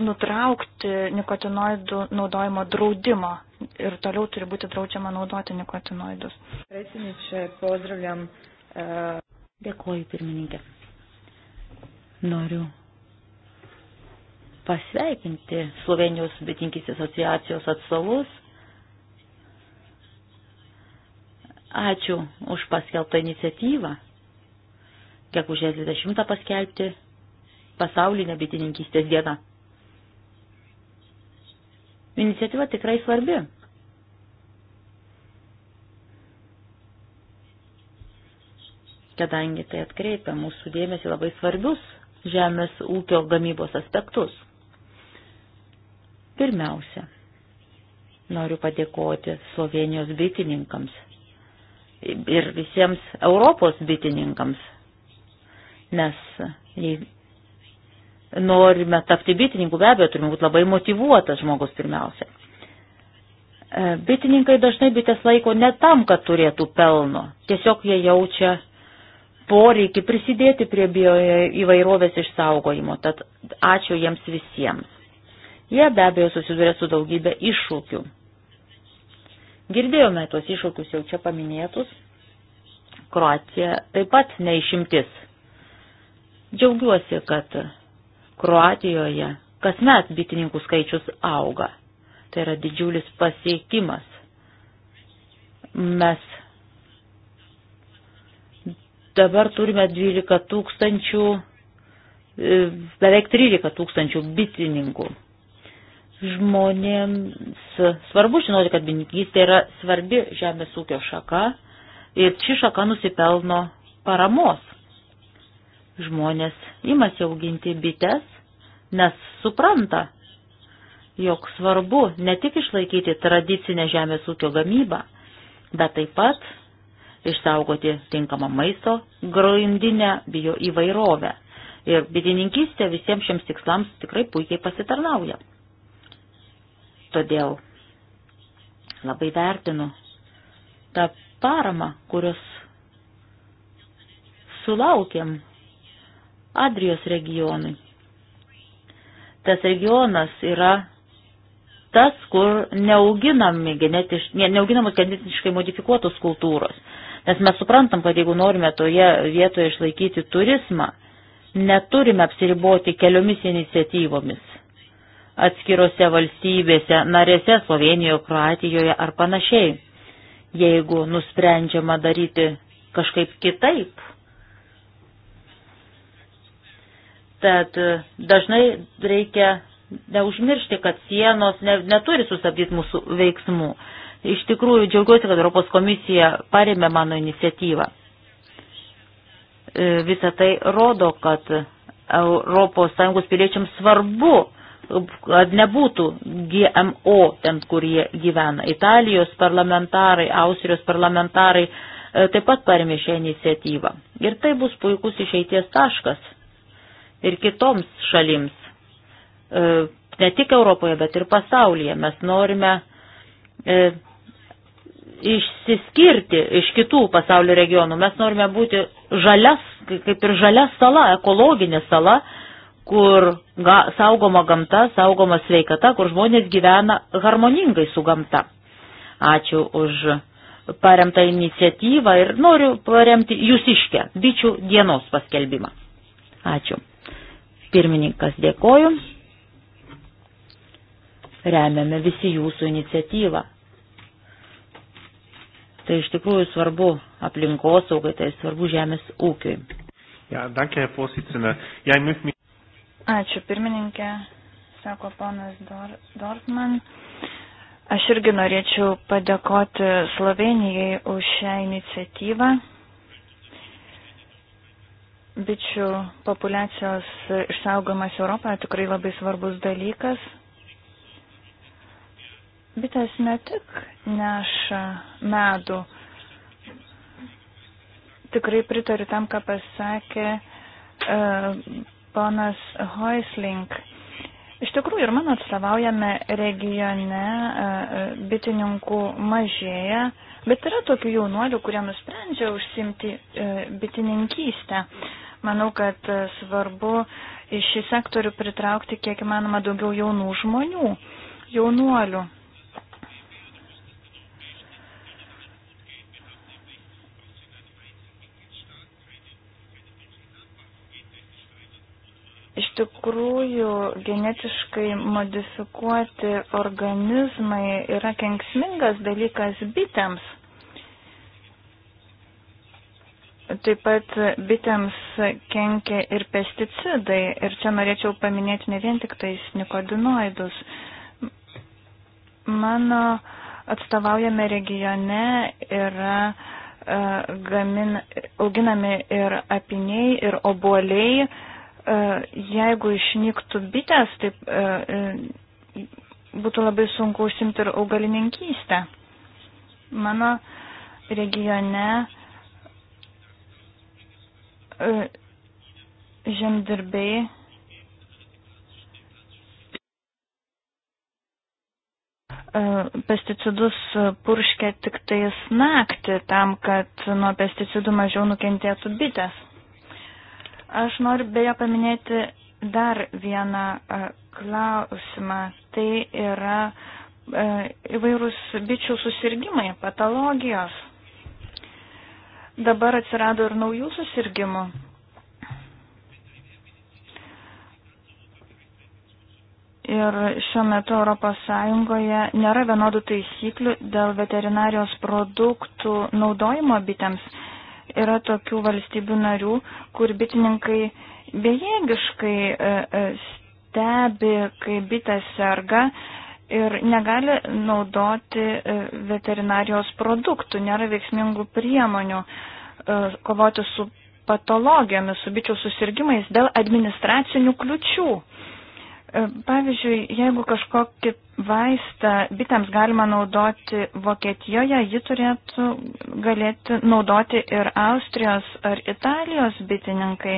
[SPEAKER 2] nutraukti nikotinoidų naudojimo draudimo ir toliau turi būti draudžiama naudoti nikotinoidus. E,
[SPEAKER 4] Dėkuoju, pirmininkė. Noriu pasveikinti Slovenijos bitinkys asociacijos atstovus. Ačiū už paskelbtą iniciatyvą. Gegužės 20 paskelbti pasaulinė bitininkystės diena. Iniciatyva tikrai svarbi. Kadangi tai atkreipia mūsų dėmesį labai svarbius žemės ūkio gamybos aspektus. Pirmiausia, noriu padėkoti Slovenijos bitininkams ir visiems Europos bitininkams, nes jei norime tapti bitininku, be abejo, turime būti labai motivuotas žmogus pirmiausia. E, bitininkai dažnai bitės laiko ne tam, kad turėtų pelno, tiesiog jie jaučia poreikį prisidėti prie bio įvairovės išsaugojimo, tad ačiū jiems visiems. Jie be abejo susiduria su daugybė iššūkių. Girdėjome tuos iššūkius jau čia paminėtus. Kroacija taip pat neišimtis. Džiaugiuosi, kad Kroatijoje kasmet bitininkų skaičius auga. Tai yra didžiulis pasiekimas. Mes dabar turime 12 tūkstančių, e, beveik 13 tūkstančių bitininkų. Žmonėms svarbu žinoti, kad bitininkystė yra svarbi žemės ūkio šaka ir ši šaka nusipelno paramos žmonės imasi auginti bites, nes supranta, jog svarbu ne tik išlaikyti tradicinę žemės ūkio gamybą, bet taip pat išsaugoti tinkamą maisto grandinę bio įvairovę. Ir bitininkystė visiems šiems tikslams tikrai puikiai pasitarnauja. Todėl labai vertinu tą paramą, kurios sulaukėm Adrijos regionui. Tas regionas yra tas, kur neauginami genetiš, ne, neauginamos genetiškai modifikuotos kultūros. Nes mes suprantam, kad jeigu norime toje vietoje išlaikyti turizmą, neturime apsiriboti keliomis iniciatyvomis atskirose valstybėse, narėse Slovenijoje, Kroatijoje ar panašiai. Jeigu nusprendžiama daryti kažkaip kitaip, Tad e, dažnai reikia neužmiršti, kad sienos ne, neturi sustabdyti mūsų veiksmų. Iš tikrųjų, džiaugiuosi, kad Europos komisija parėmė mano iniciatyvą. E, Visą tai rodo, kad ES piliečiams svarbu, kad nebūtų GMO ten, kur jie gyvena. Italijos parlamentarai, Austrijos parlamentarai e, taip pat parėmė šią iniciatyvą. Ir tai bus puikus išeities taškas ir kitoms šalims, e, ne tik Europoje, bet ir pasaulyje. Mes norime e, išsiskirti iš kitų pasaulio regionų. Mes norime būti žalias, kaip ir žalia sala, ekologinė sala, kur ga, saugoma gamta, saugoma sveikata, kur žmonės gyvena harmoningai su gamta. Ačiū už paremtą iniciatyvą ir noriu paremti jūsiškę bičių dienos paskelbimą. Ačiū. Pirmininkas, dėkoju. Remiame visi jūsų iniciatyvą. Tai iš tikrųjų svarbu aplinkosaugai, tai svarbu žemės ūkiui. Ja, danke, ja, mich...
[SPEAKER 2] Ačiū, pirmininkė, sako ponas Dor Dortman. Aš irgi norėčiau padėkoti Slovenijai už šią iniciatyvą bičių populiacijos išsaugomas Europoje tikrai labai svarbus dalykas. Bitės ne tik neša medų. Tikrai pritariu tam, ką pasakė uh, ponas Hoisling. Iš tikrųjų ir mano atstovaujame regione uh, bitininkų mažėja. Uh, Bet yra tokių jaunuolių, kurie nusprendžia užsimti e, bitininkystę. Manau, kad e, svarbu į šį sektorių pritraukti kiek įmanoma daugiau jaunų žmonių, jaunuolių. Iš tikrųjų, genetiškai modifikuoti organizmai yra kenksmingas dalykas bitėms. Taip pat bitėms kenkia ir pesticidai. Ir čia norėčiau paminėti ne vien tik tais nikodinoidus. Mano atstovaujame regione yra uh, gamin, auginami ir apiniai, ir obuoliai. Uh, E, jeigu išnyktų bitės, tai būtų labai sunku užsimti ir augalininkystę. Mano regione žemdirbiai pesticidus purškia tik tais naktį tam, kad nuo pesticidų mažiau nukentėtų bitės. Aš noriu beje paminėti dar vieną klausimą. Tai yra įvairūs bičių susirgymai, patologijos. Dabar atsirado ir naujų susirgymų. Ir šiuo metu ES nėra vienodų taisyklių dėl veterinarijos produktų naudojimo bitėms. Yra tokių valstybių narių, kur bitininkai bejėgiškai e, e, stebi, kai bitės serga ir negali naudoti e, veterinarijos produktų, nėra veiksmingų priemonių kovoti su patologijomis, su bičių susirgymais dėl administracinių kliučių. E, pavyzdžiui, jeigu kažkokį vaistą bitėms galima naudoti Vokietijoje, ji turėtų galėti naudoti ir Austrijos ar Italijos bitininkai.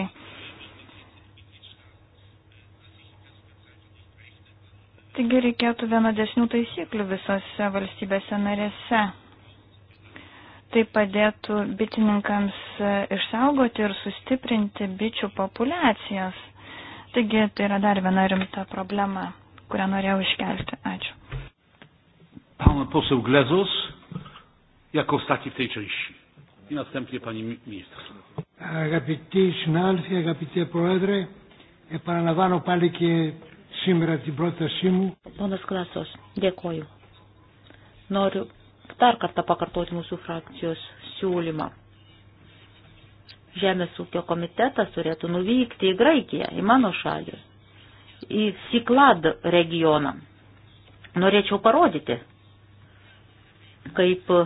[SPEAKER 2] Taigi reikėtų vienodesnių taisyklių visose valstybėse narėse. Tai padėtų bitininkams išsaugoti ir sustiprinti bičių populiacijas. Taigi tai yra dar viena rimta problema, kurią norėjau iškelti. Ačiū.
[SPEAKER 1] Pan poseł Glezus, jako ostatni w tej części. I następnie pani minister. Αγαπητοί συνάδελφοι, αγαπητέ Πρόεδρε, επαναλαμβάνω πάλι και σήμερα την πρότασή μου.
[SPEAKER 4] Ponas Klasas, dėkoju. Noriu dar kartą pakartoti mūsų frakcijos siūlymą Žemės ūkio komitetas turėtų nuvykti į Graikiją, į mano šalį, į Siklad regioną. Norėčiau parodyti, kaip e,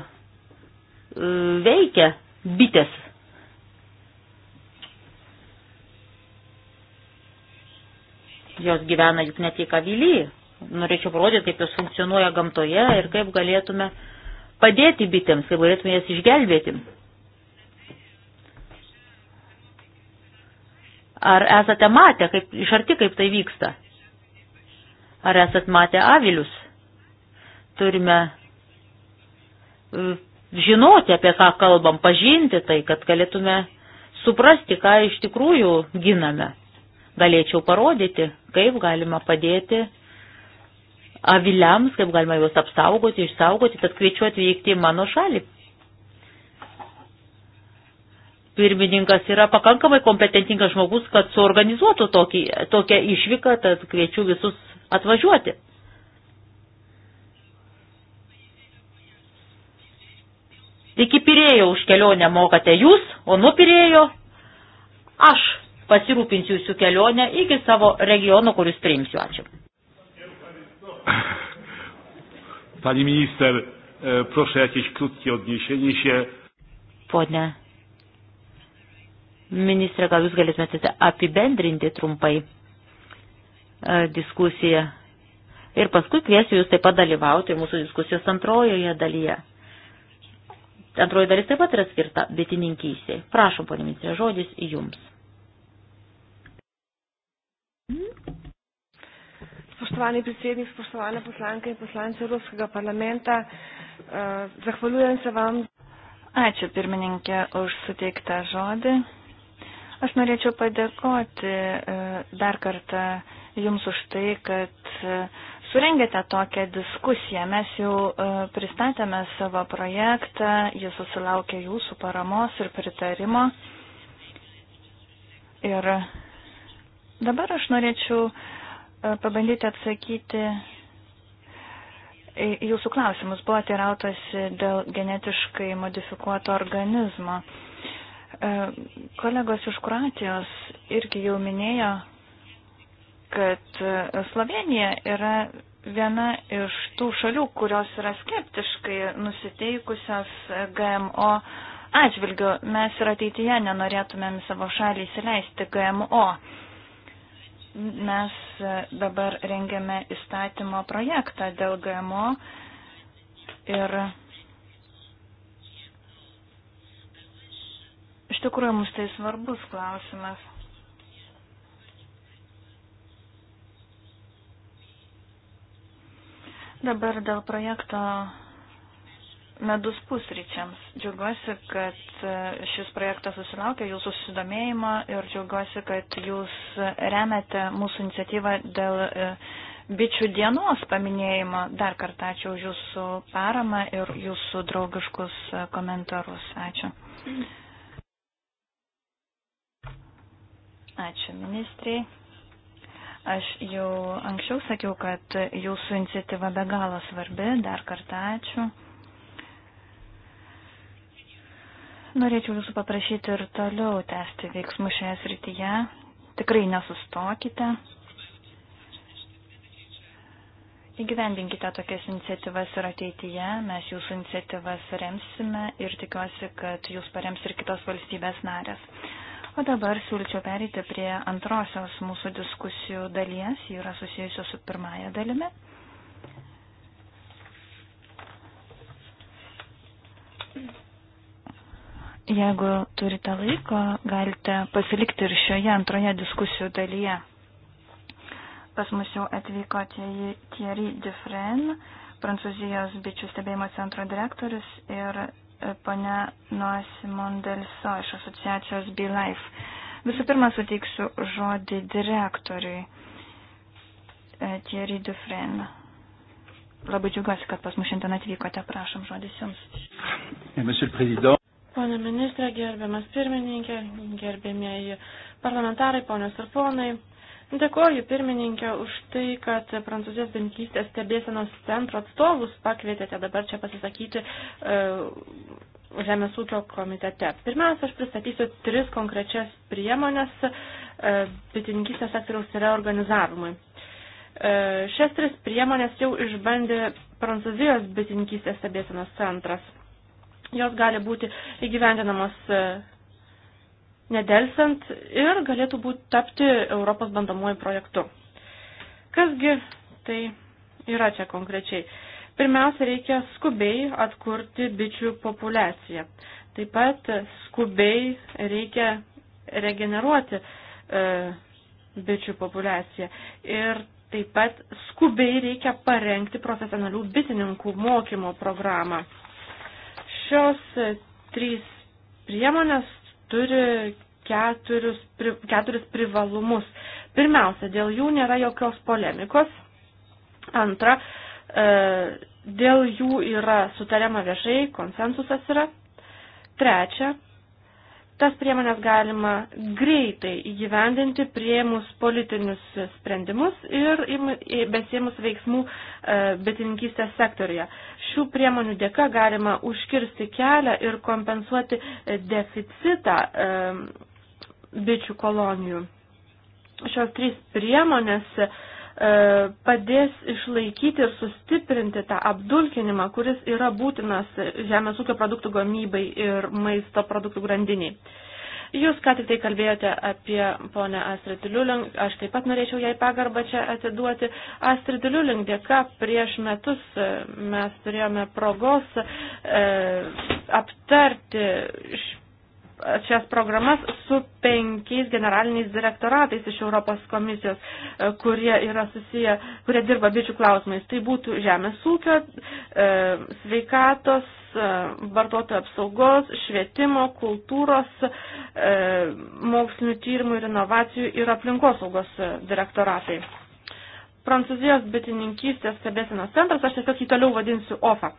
[SPEAKER 4] veikia bitės. Jos gyvena juk ne tik avilyje norėčiau parodyti, kaip jos funkcionuoja gamtoje ir kaip galėtume padėti bitėms, kaip galėtume jas išgelbėti. Ar esate matę, kaip, iš arti kaip tai vyksta? Ar esate matę avilius? Turime e, žinoti, apie ką kalbam, pažinti tai, kad galėtume suprasti, ką iš tikrųjų giname. Galėčiau parodyti, kaip galima padėti aviliams, kaip galima juos apsaugoti, išsaugoti, tad kviečiu atvykti į mano šalį pirmininkas yra pakankamai kompetentingas žmogus, kad suorganizuotų tokį, tokią išvyką, tad kviečiu visus atvažiuoti. Iki pirėjo už kelionę mokate jūs, o nuo pirėjo aš pasirūpinsiu jūsų kelionę iki savo regiono, kuris priimsiu. Ačiū.
[SPEAKER 1] Pani minister, e, proszę jakieś krótkie odniesienie się.
[SPEAKER 4] Pone Ministrė, gal jūs galėtumėte apibendrinti trumpai e, diskusiją. Ir paskui kviesiu jūs taip pat dalyvauti mūsų diskusijos antrojoje dalyje. Antroji dalis taip pat yra skirta bitininkysiai. Prašom, ponė ministrė, žodis jums.
[SPEAKER 2] Spoštovani predsednik, spoštovane poslanke in poslanci Evropskega parlamenta, e, zahvaljujem se vam. Ačiū pirmininkė už suteiktą žodį. Aš norėčiau padėkoti e, dar kartą Jums už tai, kad e, surengėte tokią diskusiją. Mes jau e, pristatėme savo projektą, jis susilaukė Jūsų paramos ir pritarimo. Ir dabar aš norėčiau pabandyti atsakyti Jūsų klausimus. Buvo teirautasi dėl genetiškai modifikuoto organizmo. E, kolegos iš Kroatijos irgi jau minėjo, kad e, Slovenija yra viena iš tų šalių, kurios yra skeptiškai nusiteikusios GMO atžvilgių. Mes ir ateityje nenorėtumėm savo šalį įsileisti GMO. Mes e, dabar rengiame įstatymo projektą dėl GMO ir Iš tikrųjų, mums tai svarbus klausimas. Dabar dėl projekto medus pusryčiams. Džiaugiuosi, kad šis projektas susilaukė jūsų susidomėjimo ir džiaugiuosi, kad jūs remiate mūsų iniciatyvą dėl e, bičių dienos paminėjimo. Dar kartą ačiū už jūsų paramą ir jūsų draugiškus e, komentarus. Ačiū. Mm. Ačiū ministrei. Aš jau anksčiau sakiau, kad jūsų iniciatyva be galo svarbi. Dar kartą ačiū. Norėčiau jūsų paprašyti ir toliau tęsti veiksmų šioje srityje. Tikrai nesustokite. Įgyvendinkite tokias iniciatyvas ir ateityje. Mes jūsų iniciatyvas remsime ir tikiuosi, kad jūs parems ir kitos valstybės narės. O dabar siūlyčiau pereiti prie antrosios mūsų diskusijų dalies, ji yra susijusi su pirmąją dalimi. Jeigu turite laiko, galite pasilikti ir šioje antroje diskusijų dalyje. Pas mus jau atvyko Thierry Dufresne, Prancūzijos bičių stebėjimo centro direktorius ir E, ponia Noasimondelso iš asociacijos BeLife. Visų pirma, suteiksiu žodį direktoriui e, Thierry Dufresne. Labai džiugiuosi, kad pas mus šiandien atvykote. Prašom, žodis jums. Pone ministrė, gerbiamas pirmininkė,
[SPEAKER 3] gerbėmieji parlamentarai, ponios ir ponai, Dėkuoju pirmininkė už tai, kad Prancūzijos bankystės stebėsenos centro atstovus pakvietėte dabar čia pasisakyti e, Žemės ūkio komitete. Pirmiausia, aš pristatysiu tris konkrečias priemonės e, bitininkystės sektoriaus reorganizavimui. E, šias tris priemonės jau išbandė Prancūzijos bitininkystės stebėsenos centras. Jos gali būti įgyvendinamos e, nedelsant ir galėtų būti tapti Europos bandomuoju projektu. Kasgi tai yra čia konkrečiai? Pirmiausia, reikia skubiai atkurti bičių populiaciją. Taip pat skubiai reikia regeneruoti e, bičių populiaciją. Ir taip pat skubiai reikia parengti profesionalių bitininkų mokymo programą. Šios trys priemonės turi keturis, pri, keturis privalumus. Pirmiausia, dėl jų nėra jokios polemikos. Antra, e, dėl jų yra sutariama viešai, konsensusas yra. Trečia, tas priemonės galima greitai įgyvendinti prieimus politinius sprendimus ir besiemus veiksmų e, betininkystės sektorija. Šių priemonių dėka galima užkirsti kelią ir kompensuoti deficitą bičių kolonijų. Šios trys priemonės e, padės išlaikyti ir sustiprinti tą apdulkinimą, kuris yra būtinas žemės ūkio produktų gamybai ir maisto produktų grandiniai. Jūs ką tik tai kalbėjote apie ponę Astrid Liulink, aš taip pat norėčiau jai pagarbą čia atiduoti. Astrid Liulink dėka prieš metus e, mes turėjome progos e, aptarti šias programas su penkiais generaliniais direktoratais iš Europos komisijos, e, kurie yra susiję, kurie dirba bičių klausimais. Tai būtų žemės ūkio, e, sveikatos, e, vartotojų apsaugos, švietimo, kultūros, mokslinių tyrimų ir inovacijų ir aplinkosaugos direktoratai. Prancūzijos bitininkystės stebėsenos centras, aš tiesiog jį toliau vadinsiu OFAC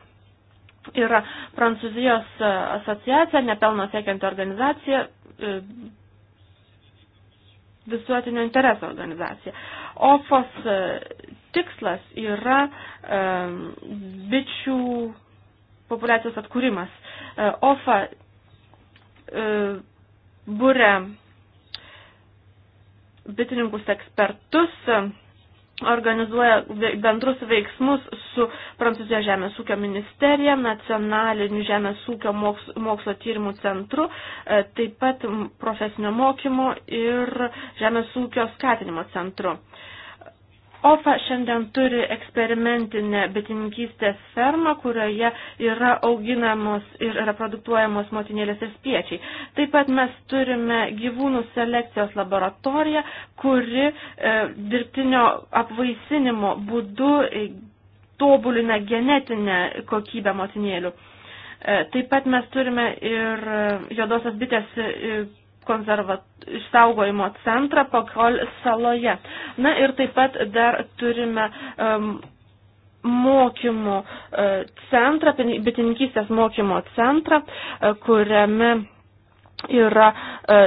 [SPEAKER 3] yra Prancūzijos asociacija, nepelno siekianti organizacija, e, visuotinio intereso organizacija. OFOS e, tikslas yra e, bičių populiacijos atkūrimas. OFA būrė bitininkus ekspertus, organizuoja bendrus veiksmus su Prancūzijos žemės ūkio ministerija, nacionaliniu žemės ūkio mokslo, mokslo tyrimų centru, e, taip pat profesinio mokymo ir žemės ūkio skatinimo centru. OPA šiandien turi eksperimentinę bitininkystės fermą, kurioje yra auginamos ir reproduktuojamos motinėlės ir spiečiai. Taip pat mes turime gyvūnų selekcijos laboratoriją, kuri e, dirbtinio apvaisinimo būdu e, tobulina genetinę kokybę motinėlių. E, taip pat mes turime ir e, juodosios bitės. E, konservat, išsaugojimo centrą Pakol saloje. Na ir taip pat dar turime um, mokymų uh, centrą, bitininkystės mokymo centrą, uh, kuriame yra uh, e,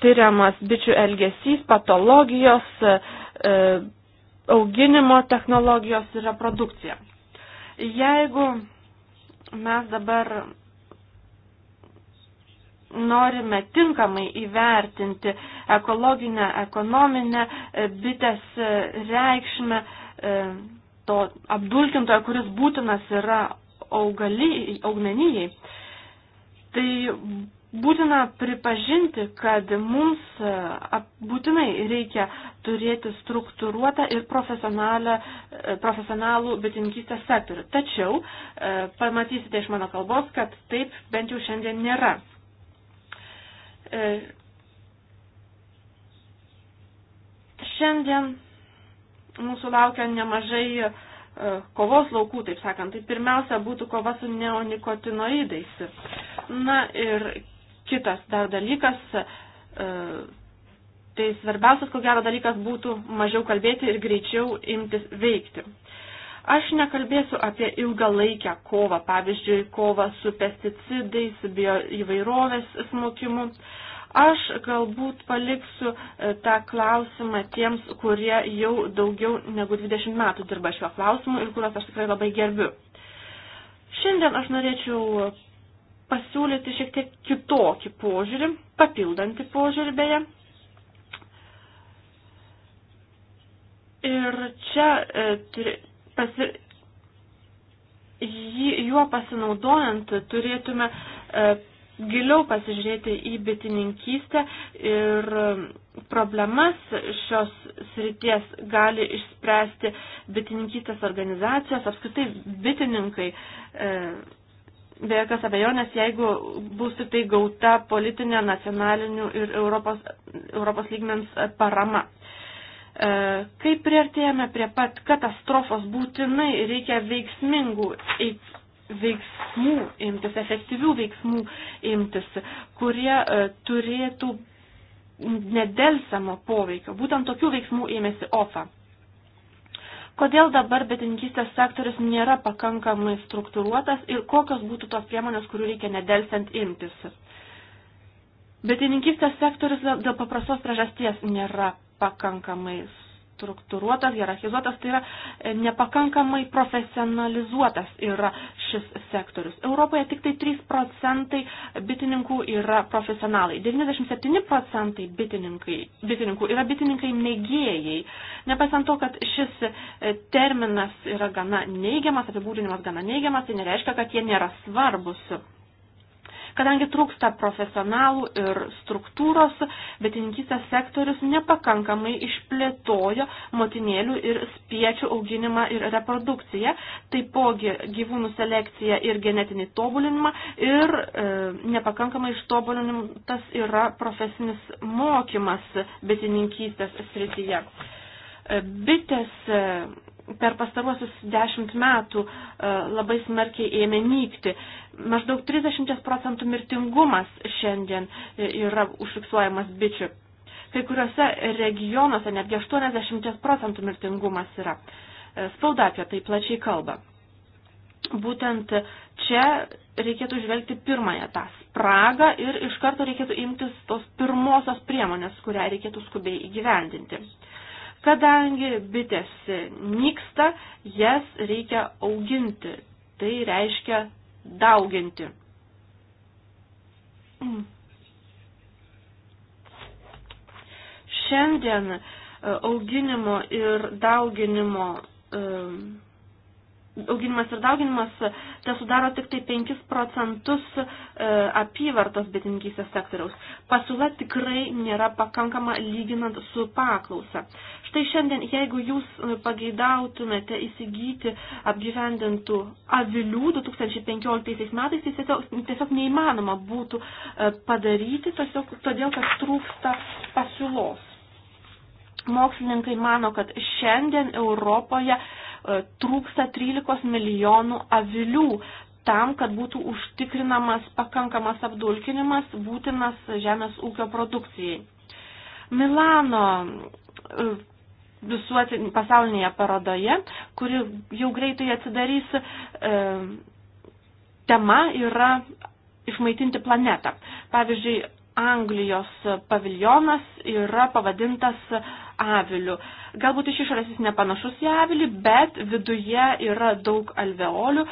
[SPEAKER 3] tyriamas bičių elgesys, patologijos, uh, auginimo technologijos ir reprodukcija. Jeigu mes dabar norime tinkamai įvertinti ekologinę, ekonominę e, bitės e, reikšmę e, to apdulkintojo, kuris būtinas yra augali, augmenijai. Tai būtina pripažinti, kad mums būtinai reikia turėti struktūruotą ir profesionalų bitininkystės sektorių. Tačiau pamatysite iš mano kalbos, kad taip bent jau šiandien nėra. E, šiandien mūsų laukia nemažai e, kovos laukų, taip sakant. Tai pirmiausia būtų kova su neonikotinoidais. Na ir kitas dar dalykas, e, tai svarbiausias, ko gero dalykas būtų mažiau kalbėti ir greičiau imtis veikti. Aš nekalbėsiu apie ilgalaikę kovą, pavyzdžiui, kovą su pesticidais, bio įvairovės smokimu. Uh, Aš galbūt paliksiu e, tą klausimą tiems, kurie jau daugiau negu 20 metų dirba šiuo klausimu ir kuriuos aš tikrai labai gerbiu. Šiandien aš norėčiau pasiūlyti šiek tiek kitokį požiūrį, papildantį požiūrį beje. Ir čia e, pasi, jį, juo pasinaudojant turėtume e, giliau pasižiūrėti į bitininkystę ir problemas šios srities gali išspręsti bitininkystės organizacijos, apskritai bitininkai. E, be jokios abejonės, jeigu bus tik tai gauta politinė, nacionalinių ir Europos, Europos lygmens parama. E, Kai priartėjame prie pat katastrofos, būtinai reikia veiksmingų veiksmų imtis, efektyvių veiksmų imtis, kurie e, turėtų nedelsamo poveikio. Būtent tokių veiksmų ėmėsi OFA. Kodėl dabar betininkystės sektorius nėra pakankamai struktūruotas ir kokios būtų tos priemonės, kurių reikia nedelsiant imtis? Betininkystės sektorius dėl paprastos priežasties nėra pakankamai struktūruotas, hierarchizuotas, tai yra e, nepakankamai profesionalizuotas yra šis sektorius. Europoje tik tai 3 procentai bitininkų yra profesionalai, 97 procentai bitininkų yra bitininkai mėgėjai. Nepasant to, kad šis e, terminas yra gana neigiamas, apibūdinimas gana neigiamas, tai nereiškia, kad jie nėra svarbus Kadangi trūksta profesionalų ir struktūros, betininkystės sektorius nepakankamai išplėtojo motinėlių ir spiečių auginimą ir reprodukciją, taipogi gyvūnų selekciją ir genetinį tobulinimą ir e, nepakankamai ištobulintas yra profesinis mokymas betininkystės srityje. E, bitės e, per pastaruosius dešimt metų e, labai smarkiai ėmė nykti. Maždaug 30 procentų mirtingumas šiandien e, yra užfiksuojamas bičių. Kai kuriuose regionuose netgi 80 procentų mirtingumas yra. E, spauda apie tai plačiai kalba. Būtent čia reikėtų žvelgti pirmąją tą spragą ir iš karto reikėtų imtis tos pirmosios priemonės, kurią reikėtų skubiai įgyvendinti. Kadangi bitės nyksta, jas reikia auginti. Tai reiškia dauginti. Šiandien e, auginimo ir dauginimo e, auginimas ir dauginimas e, te sudaro tik tai 5 procentus apyvartos bitininkystės sektoriaus. Pasiūla tikrai nėra pakankama lyginant su paklausa. Štai šiandien, jeigu jūs e, pageidautumėte įsigyti apgyvendintų avilių 2015 metais, tai tiesiog, tiesiog neįmanoma būtų e, padaryti, tiesiog todėl, kad trūksta pasiūlos. Mokslininkai mano, kad šiandien Europoje e, trūksta 13 milijonų avilių, tam, kad būtų užtikrinamas pakankamas apdulkinimas būtinas žemės ūkio produkcijai. Milano visuotinėje pasaulinėje parodoje, kuri jau greitai atsidarys, e, tema yra išmaitinti planetą. Pavyzdžiui, Anglijos paviljonas yra pavadintas aviliu. Galbūt iš išorės jis nepanašus į avilį, bet viduje yra daug alveolių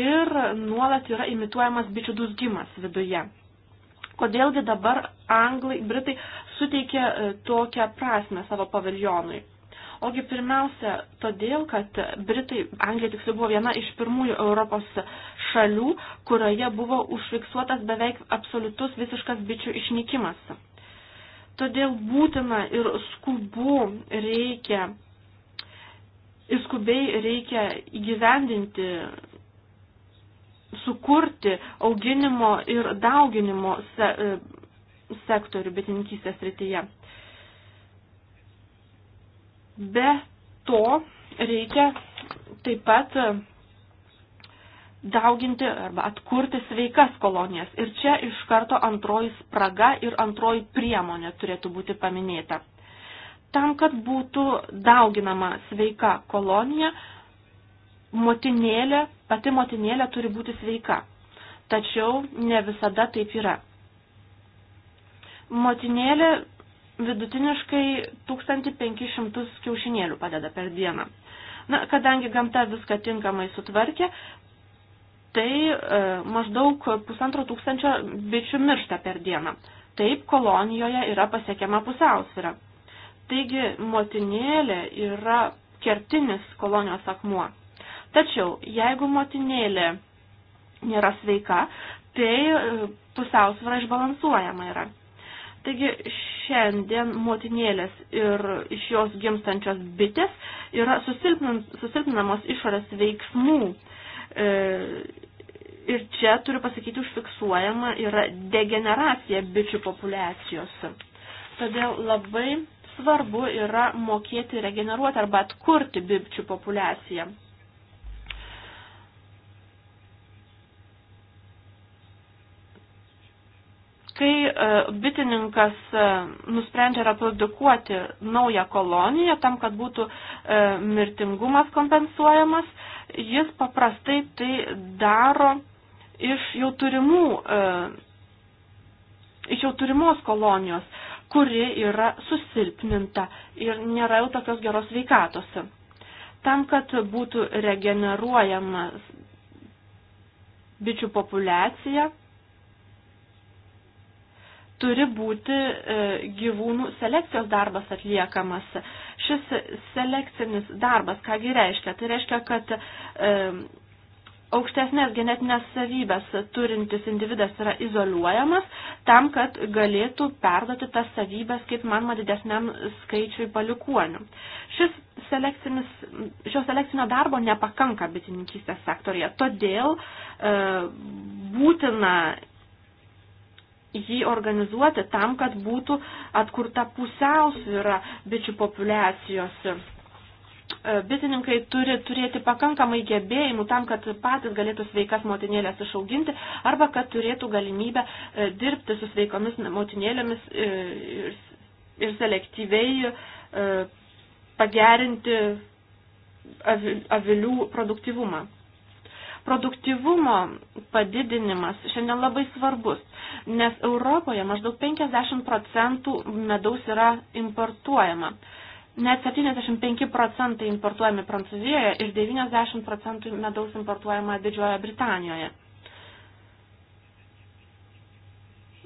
[SPEAKER 3] ir nuolat yra imituojamas bičių dusgimas viduje. Kodėlgi dabar anglai, britai suteikė e, tokią prasme savo paviljonui? Ogi pirmiausia, todėl, kad Britai, Anglija tiksliau buvo viena iš pirmųjų Europos šalių, kurioje buvo užfiksuotas beveik absoliutus visiškas bičių išnykimas. Todėl būtina ir skubu reikia, ir skubiai reikia įgyvendinti, sukurti auginimo ir dauginimo se, e, sektorių bitininkystės rytyje. Be to reikia taip pat e, dauginti arba atkurti sveikas kolonijas. Ir čia iš karto antroji spraga ir antroji priemonė turėtų būti paminėta. Tam, kad būtų dauginama sveika kolonija, motinėlė, pati motinėlė turi būti sveika. Tačiau ne visada taip yra. Motinėlė vidutiniškai 1500 kiaušinėlių padeda per dieną. Na, kadangi gamta viską tinkamai sutvarkė, tai e, maždaug pusantro tūkstančio bičių miršta per dieną. Taip kolonijoje yra pasiekiama pusiausvyra. Taigi motinėlė yra kertinis kolonijos akmuo. Tačiau, jeigu motinėlė nėra sveika, tai e, pusiausvyra išbalansuojama yra. Taigi šiandien motinėlės ir iš jos gimstančios bitės yra susilpninamos išorės veiksmų. E, ir čia, turiu pasakyti, užfiksuojama yra degeneracija bičių populiacijos. Todėl labai svarbu yra mokėti regeneruoti arba atkurti bičių populiaciją. Kai e, bitininkas e, nusprendžia reprodukuoti naują koloniją tam, kad būtų e, mirtingumas kompensuojamas, jis paprastai tai daro iš jau turimų, iš jau turimos kolonijos, kuri yra susilpninta ir nėra jau tokios geros veikatos. Tam, kad būtų regeneruojamas bičių populiacija, turi būti e, gyvūnų selekcijos darbas atliekamas. Šis selekcinis darbas, kągi reiškia? Tai reiškia, kad e, aukštesnės genetinės savybės turintis individas yra izoliuojamas tam, kad galėtų perduoti tas savybės, kaip manoma, didesniam skaičiui palikuonių. Šis selekcinis, šio selekcinio darbo nepakanka bitininkystės sektorija, todėl e, būtina jį organizuoti tam, kad būtų atkurta pusiausvyra bičių populiacijos. E, bitininkai turi turėti pakankamai gebėjimų tam, kad patys galėtų sveikas motinėlės išauginti arba kad turėtų galimybę e, dirbti su sveikomis motinėlėmis e, ir, ir selektyviai pagerinti avilių produktivumą. Produktyvumo padidinimas šiandien labai svarbus, nes Europoje maždaug 50 procentų medaus yra importuojama. Net 75 procentai importuojami Prancūzijoje ir 90 procentų medaus importuojama Didžiojoje Britanijoje.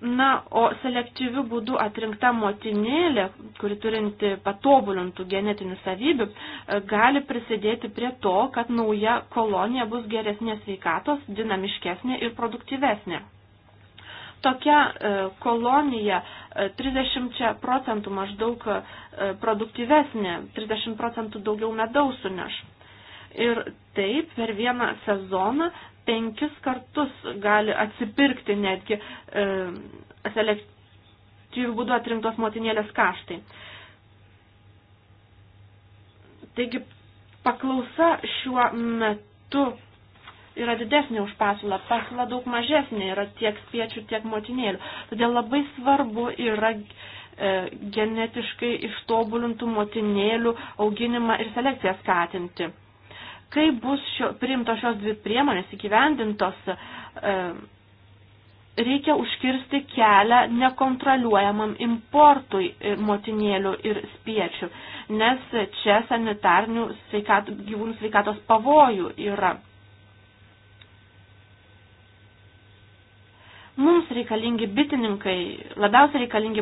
[SPEAKER 3] Na, o selektyviu būdu atrinkta motinėlė, kuri turinti patobulintų genetinių savybių, e, gali prisidėti prie to, kad nauja kolonija bus geresnės veikatos, dinamiškesnė ir produktyvesnė. Tokia e, kolonija 30 e, procentų maždaug produktyvesnė, 30 procentų daugiau medaus suneš. Ir taip per vieną sezoną penkis kartus gali atsipirkti netgi e, selektyvių būdų atrinktos motinėlės kaštai. Taigi paklausa šiuo metu yra didesnė už pasiūlą, pasiūla daug mažesnė yra tiek spiečių, tiek motinėlių. Todėl labai svarbu yra e, genetiškai ištobulintų motinėlių auginimą ir selekciją skatinti. Kaip bus šio, priimtos šios dvi priemonės įgyvendintos, e, reikia užkirsti kelią nekontroliuojamam importui e, motinėlių ir spiečių, nes čia sanitarnių sveikat, gyvūnų sveikatos pavojų yra. Mums reikalingi bitininkai, labiausiai reikalingi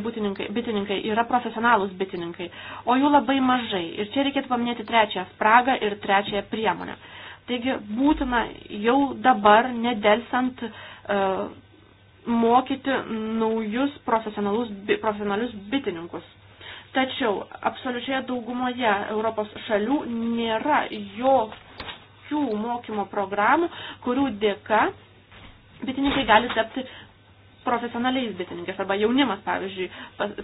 [SPEAKER 3] bitininkai yra profesionalūs bitininkai, o jų labai mažai. Ir čia reikėtų paminėti trečią spragą ir trečią priemonę. Taigi būtina jau dabar, nedelsant, uh, e, mokyti naujus profesionalus, profesionalius bitininkus. Tačiau absoliučioje daugumoje Europos šalių nėra jokių mokymo programų, kurių dėka bitininkai gali tapti profesionaliais bitininkais arba jaunimas, pavyzdžiui,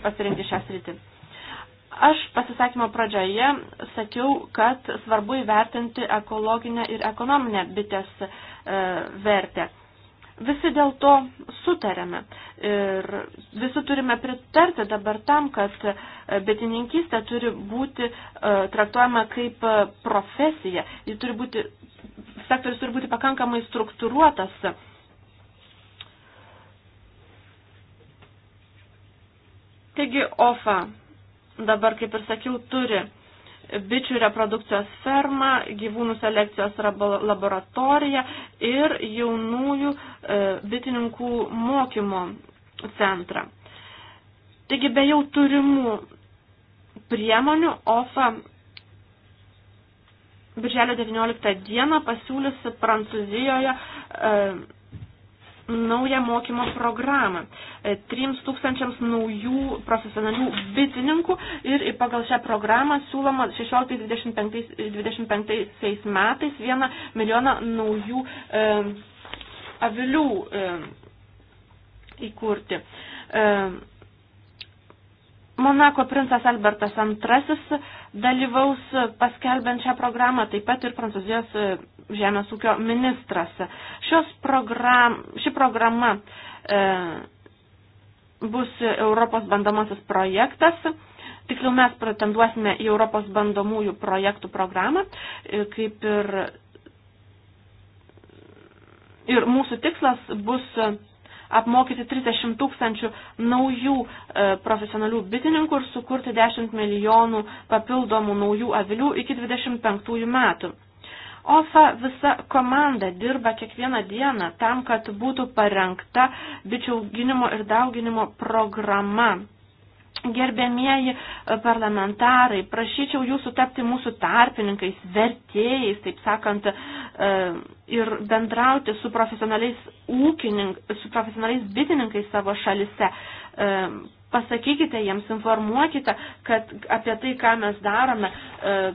[SPEAKER 3] pasirinkti šią sritį. Aš pasisakymo pradžioje sakiau, kad svarbu įvertinti ekologinę ir ekonominę bitės e, vertę. Visi dėl to sutarėme ir visi turime pritarti dabar tam, kad e, bitininkystė turi būti e, traktuojama kaip e, profesija. Ji turi būti, sektorius turi būti pakankamai struktūruotas. E, Taigi OFA dabar, kaip ir sakiau, turi bičių reprodukcijos fermą, gyvūnų selekcijos laboratoriją ir jaunųjų e, bitininkų mokymo centrą. Taigi be jau turimų priemonių OFA Birželio 19 dieną pasiūliusi Prancūzijoje e, naują mokymo programą 3000 e, naujų profesionalių bitininkų ir pagal šią programą siūloma 16-25 metais 1 milijoną naujų e, avilių e, įkurti. E, Monako princas Albertas II dalyvaus paskelbiant šią programą, taip pat ir Prancūzijos e, žemės ūkio ministras. Šios program, ši programa e, bus Europos bandomasis projektas. Tiksliau mes pretenduosime į Europos bandomųjų projektų programą, e, kaip ir, ir mūsų tikslas bus apmokyti 30 tūkstančių naujų e, profesionalių bitininkų ir sukurti 10 milijonų papildomų naujų avilių iki 25 metų. OFA visa komanda dirba kiekvieną dieną tam, kad būtų parengta bičių auginimo ir dauginimo programa Gerbėmieji e, parlamentarai, prašyčiau jūsų tapti mūsų tarpininkais, vertėjais, taip sakant, e, ir bendrauti su profesionaliais ūkininkais, su profesionaliais bitininkais savo šalise. E, pasakykite jiems, informuokite, kad apie tai, ką mes darome,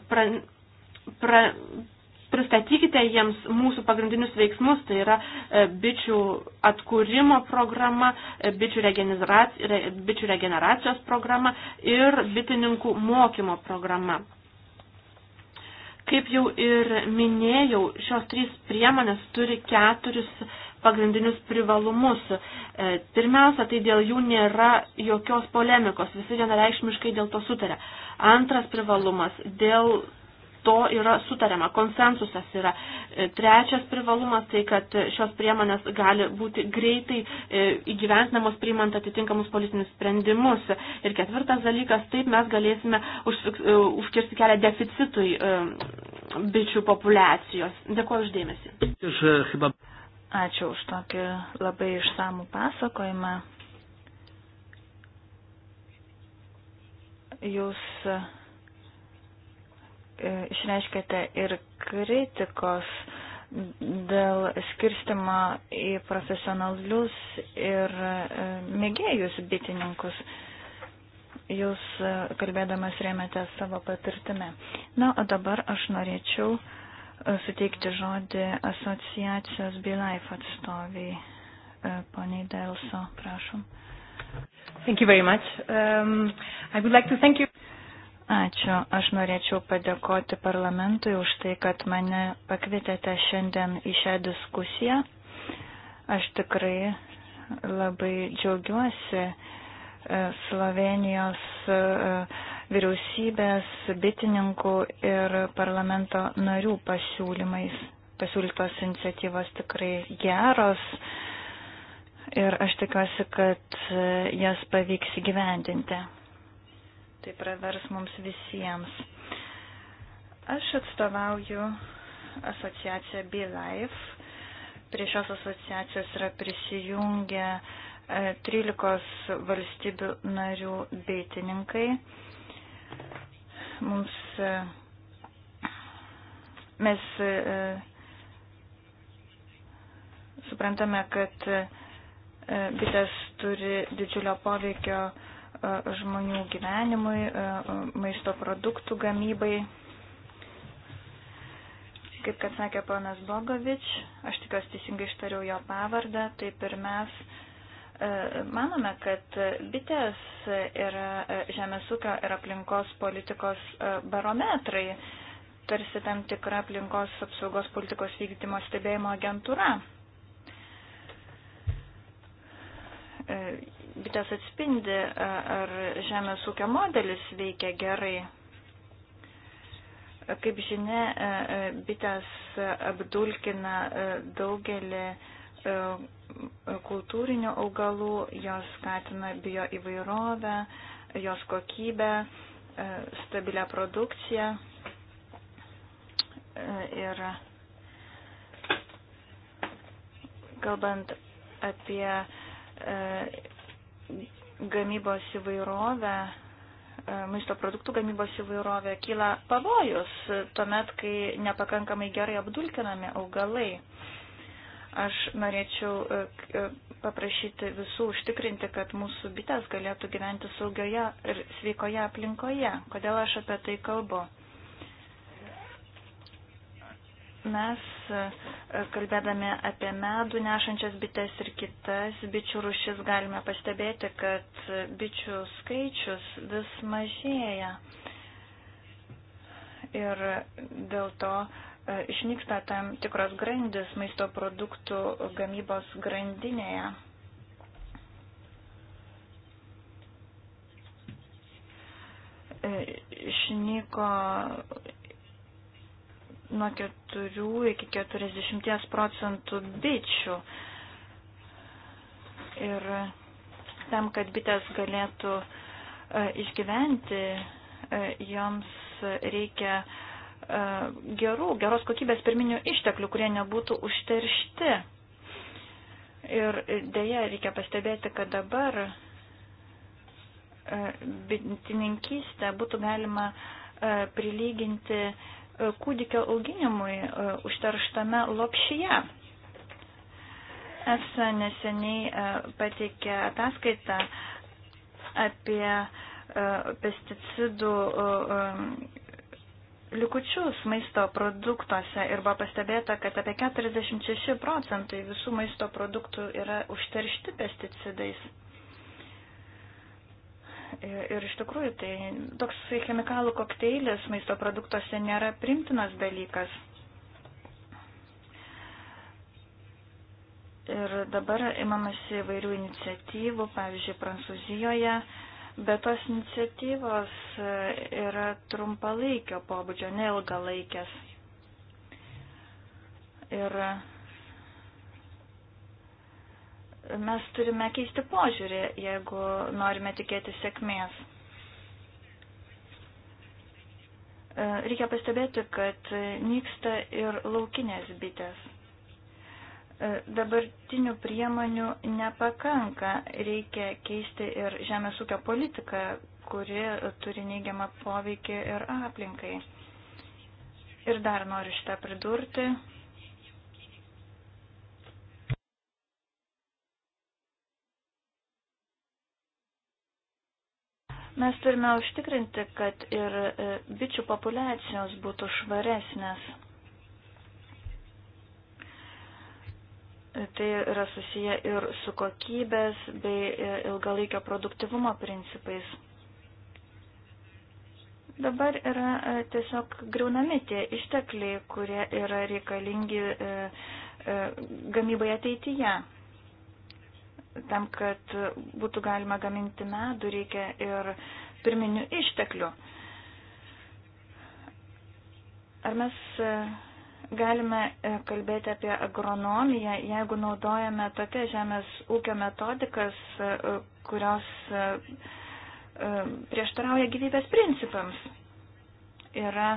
[SPEAKER 3] pra, pra, pristatykite jiems mūsų pagrindinius veiksmus, tai yra e, bičių atkūrimo programa, e, bičių, bičių regeneracijos programa ir bitininkų mokymo programa. Kaip jau ir minėjau, šios trys priemonės turi keturis pagrindinius privalumus. E, pirmiausia, tai dėl jų nėra jokios polemikos, visi vienareikšmiškai dėl to sutarė. Antras privalumas, dėl to yra sutariama, konsensusas yra. E, trečias privalumas tai, kad šios priemonės gali būti greitai e, įgyventinamos priimant atitinkamus politinius sprendimus. Ir ketvirtas dalykas, taip mes galėsime užfiks, e, užkirsti kelią deficitui
[SPEAKER 2] bičių populiacijos. Dėkuoju uždėmesi. Ačiū už tokį labai išsamų pasakojimą. Jūs E, išreiškėte ir kritikos dėl skirstimo į profesionalius ir e, mėgėjus bitininkus. Jūs e, kalbėdamas rėmėte savo patirtimi. Na, o dabar aš norėčiau suteikti žodį asociacijos BeLife atstoviai. Poniai Delso, prašom. Thank you very much. Um, I would like to thank you. Ačiū. Aš norėčiau padėkoti parlamentui už tai, kad mane pakvietėte šiandien į šią diskusiją. Aš tikrai labai džiaugiuosi e, Slovenijos e, vyriausybės, bitininkų ir parlamento narių pasiūlymais. Pasiūlytos iniciatyvos tikrai geros ir aš tikiuosi, kad e, jas pavyks įgyvendinti tai pravers mums visiems. Aš atstovauju asociaciją BeLife. Prie šios asociacijos yra prisijungę 13 e, valstybių narių beitininkai. Mums e, mes e, suprantame, kad bitės turi didžiulio poveikio žmonių gyvenimui, maisto produktų gamybai. Kaip kad sakė ponas Bogovič, aš tikiuosi teisingai ištariau jo pavardę, taip ir mes manome, kad bitės yra žemės ūkio ir aplinkos politikos barometrai, tarsi tam tikra aplinkos apsaugos politikos vykdymo stebėjimo agentūra e, bitės atspindi, ar žemės ūkio modelis veikia gerai. Kaip žinia, bitės apdulkina daugelį kultūrinių augalų, jos skatina bio įvairovę, jos kokybę, stabilę produkciją. Ir kalbant apie gamybos įvairovę, e, maisto produktų gamybos įvairovę kyla pavojus tuomet, kai nepakankamai gerai apdulkinami augalai. Aš norėčiau e, e, paprašyti visų užtikrinti, kad mūsų bitės galėtų gyventi saugioje ir sveikoje aplinkoje. Kodėl aš apie tai kalbu? Mes, e, kalbėdami apie medų nešančias bites ir kitas bičių rušis, galime pastebėti, kad bičių skaičius vis mažėja. Ir dėl to e, išnyksta tam tikros grandis maisto produktų gamybos grandinėje. E, Išnyko nuo 4 iki 40 procentų bičių. Ir tam, kad bitės galėtų e, išgyventi, e, joms reikia e, gerų, geros kokybės pirminių išteklių, kurie nebūtų užteršti. Ir dėja reikia pastebėti, kad dabar bitininkystę būtų galima prilyginti kūdikio auginimui e, užterštame lopšyje. EFSA neseniai e, pateikė ataskaitą apie e, pesticidų likučius maisto produktuose ir buvo pastebėta, kad apie 46 procentai visų maisto produktų yra užteršti pesticidais. Ir iš tikrųjų, tai toks chemikalų kokteilis maisto produktuose nėra primtinas dalykas. Ir dabar imamasi įvairių iniciatyvų, pavyzdžiui, Prancūzijoje, bet tos iniciatyvos e, yra trumpalaikio pobūdžio, neilgalaikės. Ir mes turime keisti požiūrį, jeigu norime tikėti sėkmės. E, reikia pastebėti, kad nyksta ir laukinės bitės. E, dabartinių priemonių nepakanka, reikia keisti ir žemės ūkio politiką, kuri turi neigiamą poveikį ir aplinkai. Ir dar noriu šitą pridurti, Mes turime užtikrinti, kad ir e, bičių populiacijos būtų švaresnės. Tai yra susiję ir su kokybės bei e, ilgalaikio produktivumo principais. Dabar yra e, tiesiog griaunami tie ištekliai, kurie yra reikalingi gamybai ateityje tam, kad būtų galima gaminti medų, reikia ir pirminių išteklių. Ar mes e, galime e, kalbėti apie agronomiją, jeigu naudojame tokią žemės ūkio metodikas, e, kurios prieštarauja gyvybės principams? Yra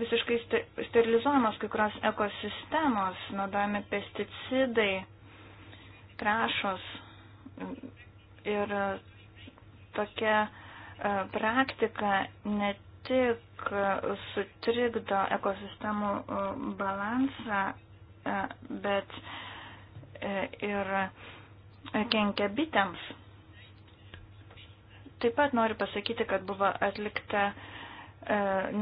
[SPEAKER 2] visiškai sterilizuojamos kai kurios ekosistemos, naudojami pesticidai, trašos ir tokia e, praktika ne tik sutrikdo ekosistemų e, balansą, e, bet ir kenkia bitėms. Taip pat noriu pasakyti, kad buvo atlikta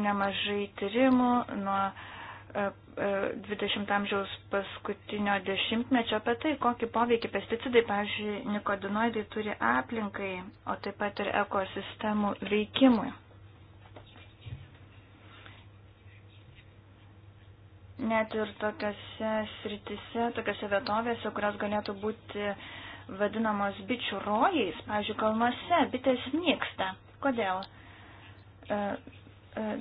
[SPEAKER 2] nemažai tyrimų nuo 20 e, e, amžiaus paskutinio dešimtmečio apie tai, kokį poveikį pesticidai, pavyzdžiui, nikodinoidai turi aplinkai, o taip pat ir ekosistemų veikimui. Net ir tokiose sritise, tokiose vietovėse, kurios galėtų būti vadinamos bičių rojais, pavyzdžiui, kalnuose, bitės nyksta. Kodėl? E,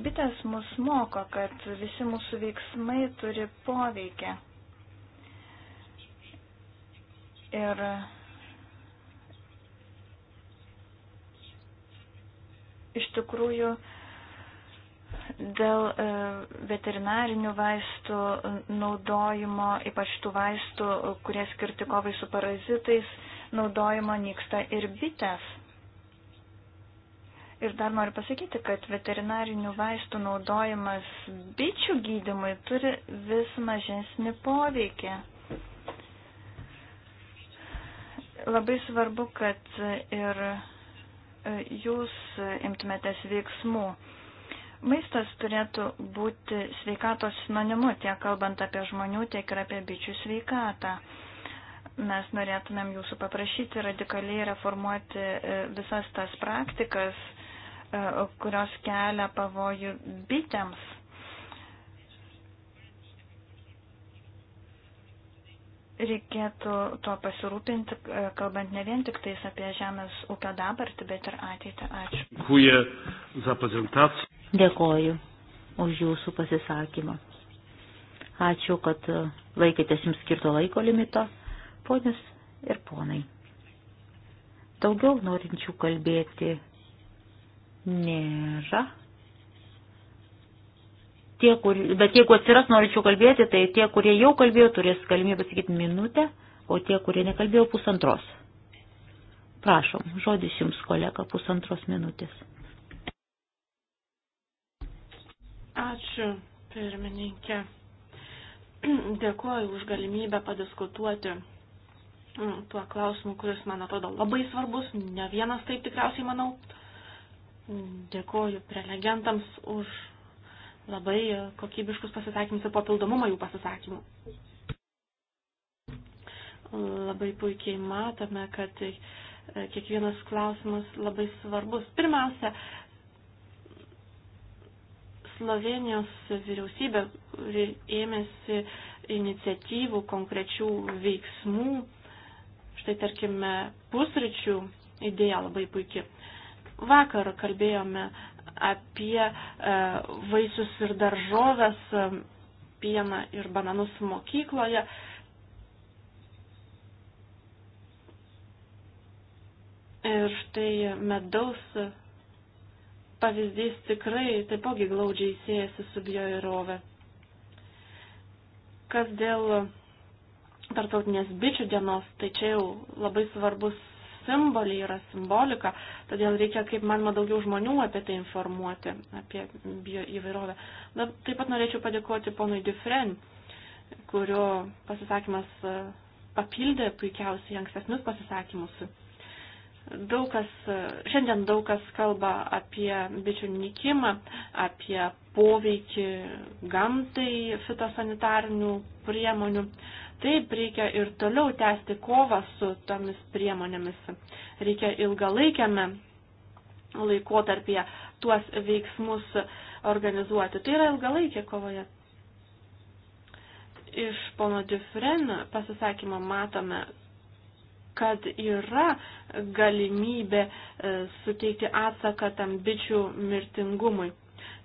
[SPEAKER 2] Bitės mus moko, kad visi mūsų veiksmai turi poveikį. Ir iš tikrųjų dėl e, veterinarinių vaistų naudojimo, ypač tų vaistų, kurie skirti kovai su parazitais, naudojimo nyksta ir bitės. Ir dar noriu pasakyti, kad veterinarinių vaistų naudojimas bičių gydimui turi vis mažesnį poveikį. Labai svarbu, kad ir e, jūs imtumėtės veiksmų. Maistas turėtų būti sveikatos sinonimu, tiek kalbant apie žmonių, tiek ir apie bičių sveikatą mes norėtumėm jūsų paprašyti radikaliai reformuoti e, visas tas praktikas, E, kurios kelia pavojų bitėms. Reikėtų tuo pasirūpinti, e, kalbant ne vien tik tais apie žemės ūkio dabartį, bet ir ateitį.
[SPEAKER 1] Ačiū.
[SPEAKER 4] Dėkoju už jūsų pasisakymą. Ačiū, kad laikėtės jums skirto laiko limito, ponius ir ponai. Daugiau norinčių kalbėti nėra. Tie, kur, bet jeigu atsiras norinčių kalbėti, tai tie, kurie jau kalbėjo, turės galimybę pasakyti minutę, o tie, kurie nekalbėjo, pusantros. Prašom, žodis jums, kolega, pusantros minutės.
[SPEAKER 3] Ačiū, pirmininkė. Dėkuoju už galimybę padiskutuoti mm, tuo klausimu, kuris, man atrodo, labai svarbus. Ne vienas taip tikriausiai manau. Dėkuoju prelegentams už labai kokybiškus pasisakymus ir papildomumą jų pasisakymų. Labai puikiai matome, kad e, kiekvienas klausimas labai svarbus. Pirmiausia, Slovenijos vyriausybė ėmėsi iniciatyvų, konkrečių veiksmų. Štai tarkime, pusryčių idėja labai puikia. Vakar kalbėjome apie e, vaisius ir daržovės, e, pieną ir bananus mokykloje. Ir štai medaus pavyzdys tikrai taipogi glaudžiai siejasi su bioirove. Kas dėl tarptautinės bičių dienos, tai čia jau labai svarbus simboliai, yra simbolika, todėl reikia, kaip manoma, daugiau žmonių apie tai informuoti, apie bio įvairovę. Na, taip pat norėčiau padėkoti ponui Dufren, kurio pasisakymas e, papildė puikiausiai ankstesnius pasisakymus. Daug kas, e, šiandien daug kas kalba apie bičių nykimą, apie poveikį gamtai fitosanitarinių priemonių. Uh, Taip, reikia ir toliau tęsti kovą su tomis priemonėmis. Reikia ilgalaikiame laikotarpyje tuos veiksmus organizuoti. Tai yra ilgalaikė kovoje. Iš pono Dufren pasisakymo matome, kad yra galimybė e, suteikti atsaką tam bičių mirtingumui.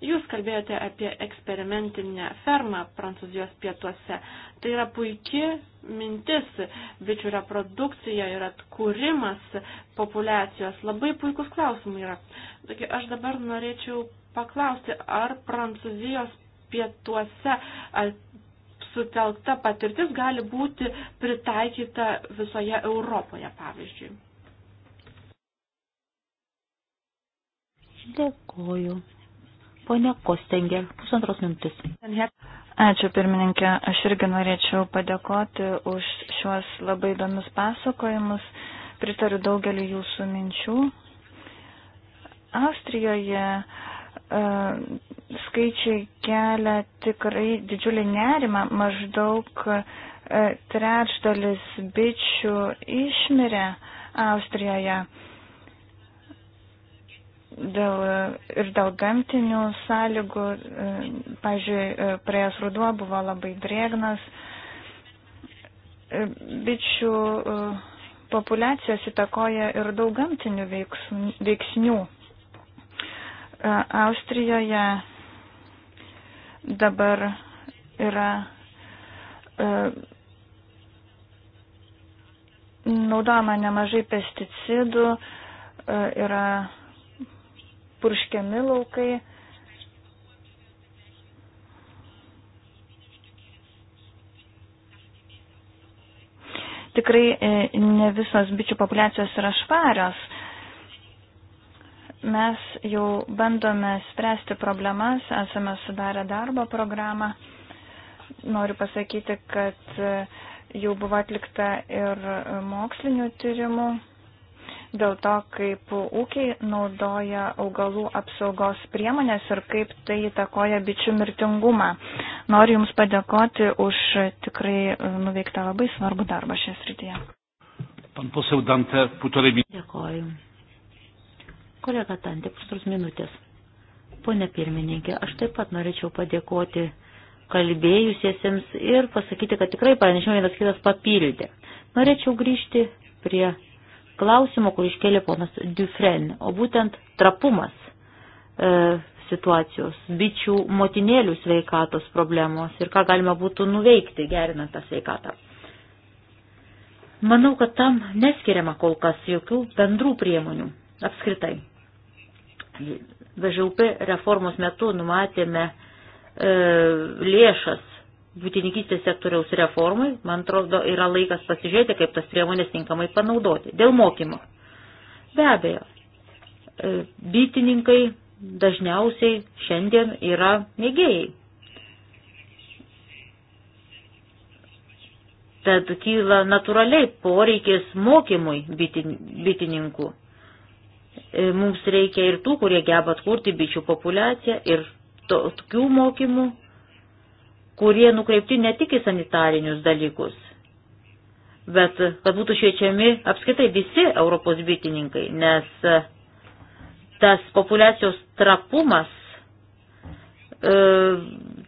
[SPEAKER 3] Jūs kalbėjote apie eksperimentinę fermą Prancūzijos pietuose. Tai yra puikia mintis, bičių reprodukcija ir atkūrimas populiacijos. Labai puikus klausimai yra. Taigi aš dabar norėčiau paklausti, ar Prancūzijos pietuose sutelkta patirtis gali būti pritaikyta visoje Europoje, pavyzdžiui.
[SPEAKER 4] Dėkoju. Pone Kostenger, pusantros minutės.
[SPEAKER 2] Ačiū pirmininkė, aš irgi norėčiau padėkoti už šiuos labai įdomius pasakojimus, pritariu daugelį jūsų minčių. Austrijoje uh, skaičiai kelia tikrai didžiulį nerimą, maždaug uh, trečdalis bičių išmirė Austrijoje. Uh, dėl, ir dėl gamtinių sąlygų. E, pavyzdžiui, e, praėjęs ruduo buvo labai drėgnas. E, bičių populiacijos įtakoja ir daug gamtinių veiksnių. Austrijoje dabar yra naudojama nemažai pesticidų, yra purškiami laukai. Tikrai e, ne visos bičių populiacijos yra švarios. Mes jau bandome spręsti problemas, esame sudarę darbo programą. Noriu pasakyti, kad e, jau buvo atlikta ir mokslinių tyrimų dėl to, kaip ūkiai naudoja augalų apsaugos priemonės ir kaip tai įtakoja bičių mirtingumą. Noriu Jums padėkoti už tikrai e, nuveiktą labai svarbų darbą šią srityje.
[SPEAKER 1] Dėkoju.
[SPEAKER 4] Kolega Tantė, pusantros minutės. Pone pirmininkė, aš taip pat norėčiau padėkoti kalbėjusiesiems ir pasakyti, kad tikrai pranešimai vienas kitas papildė. Norėčiau grįžti prie klausimo, kur iškėlė ponas Dufren, o būtent trapumas e, situacijos, bičių motinėlių sveikatos problemos ir ką galima būtų nuveikti gerinant tą sveikatą. Manau, kad tam neskiriama kol kas jokių bendrų priemonių apskritai. VŽUP reformos metu numatėme e, lėšas būtininkystės sektoriaus reformai, man atrodo, yra laikas pasižiūrėti, kaip tas priemonės tinkamai panaudoti. Dėl mokymo. Be abejo, e, bitininkai dažniausiai šiandien yra mėgėjai. Tad kyla natūraliai poreikis mokymui bitin, bitininkų. E, mums reikia ir tų, kurie geba atkurti bičių populiaciją, ir tokių mokymų, kurie nukreipti ne tik į sanitarinius dalykus, bet kad būtų šviečiami apskaitai visi Europos bitininkai, nes e, tas populiacijos trapumas e,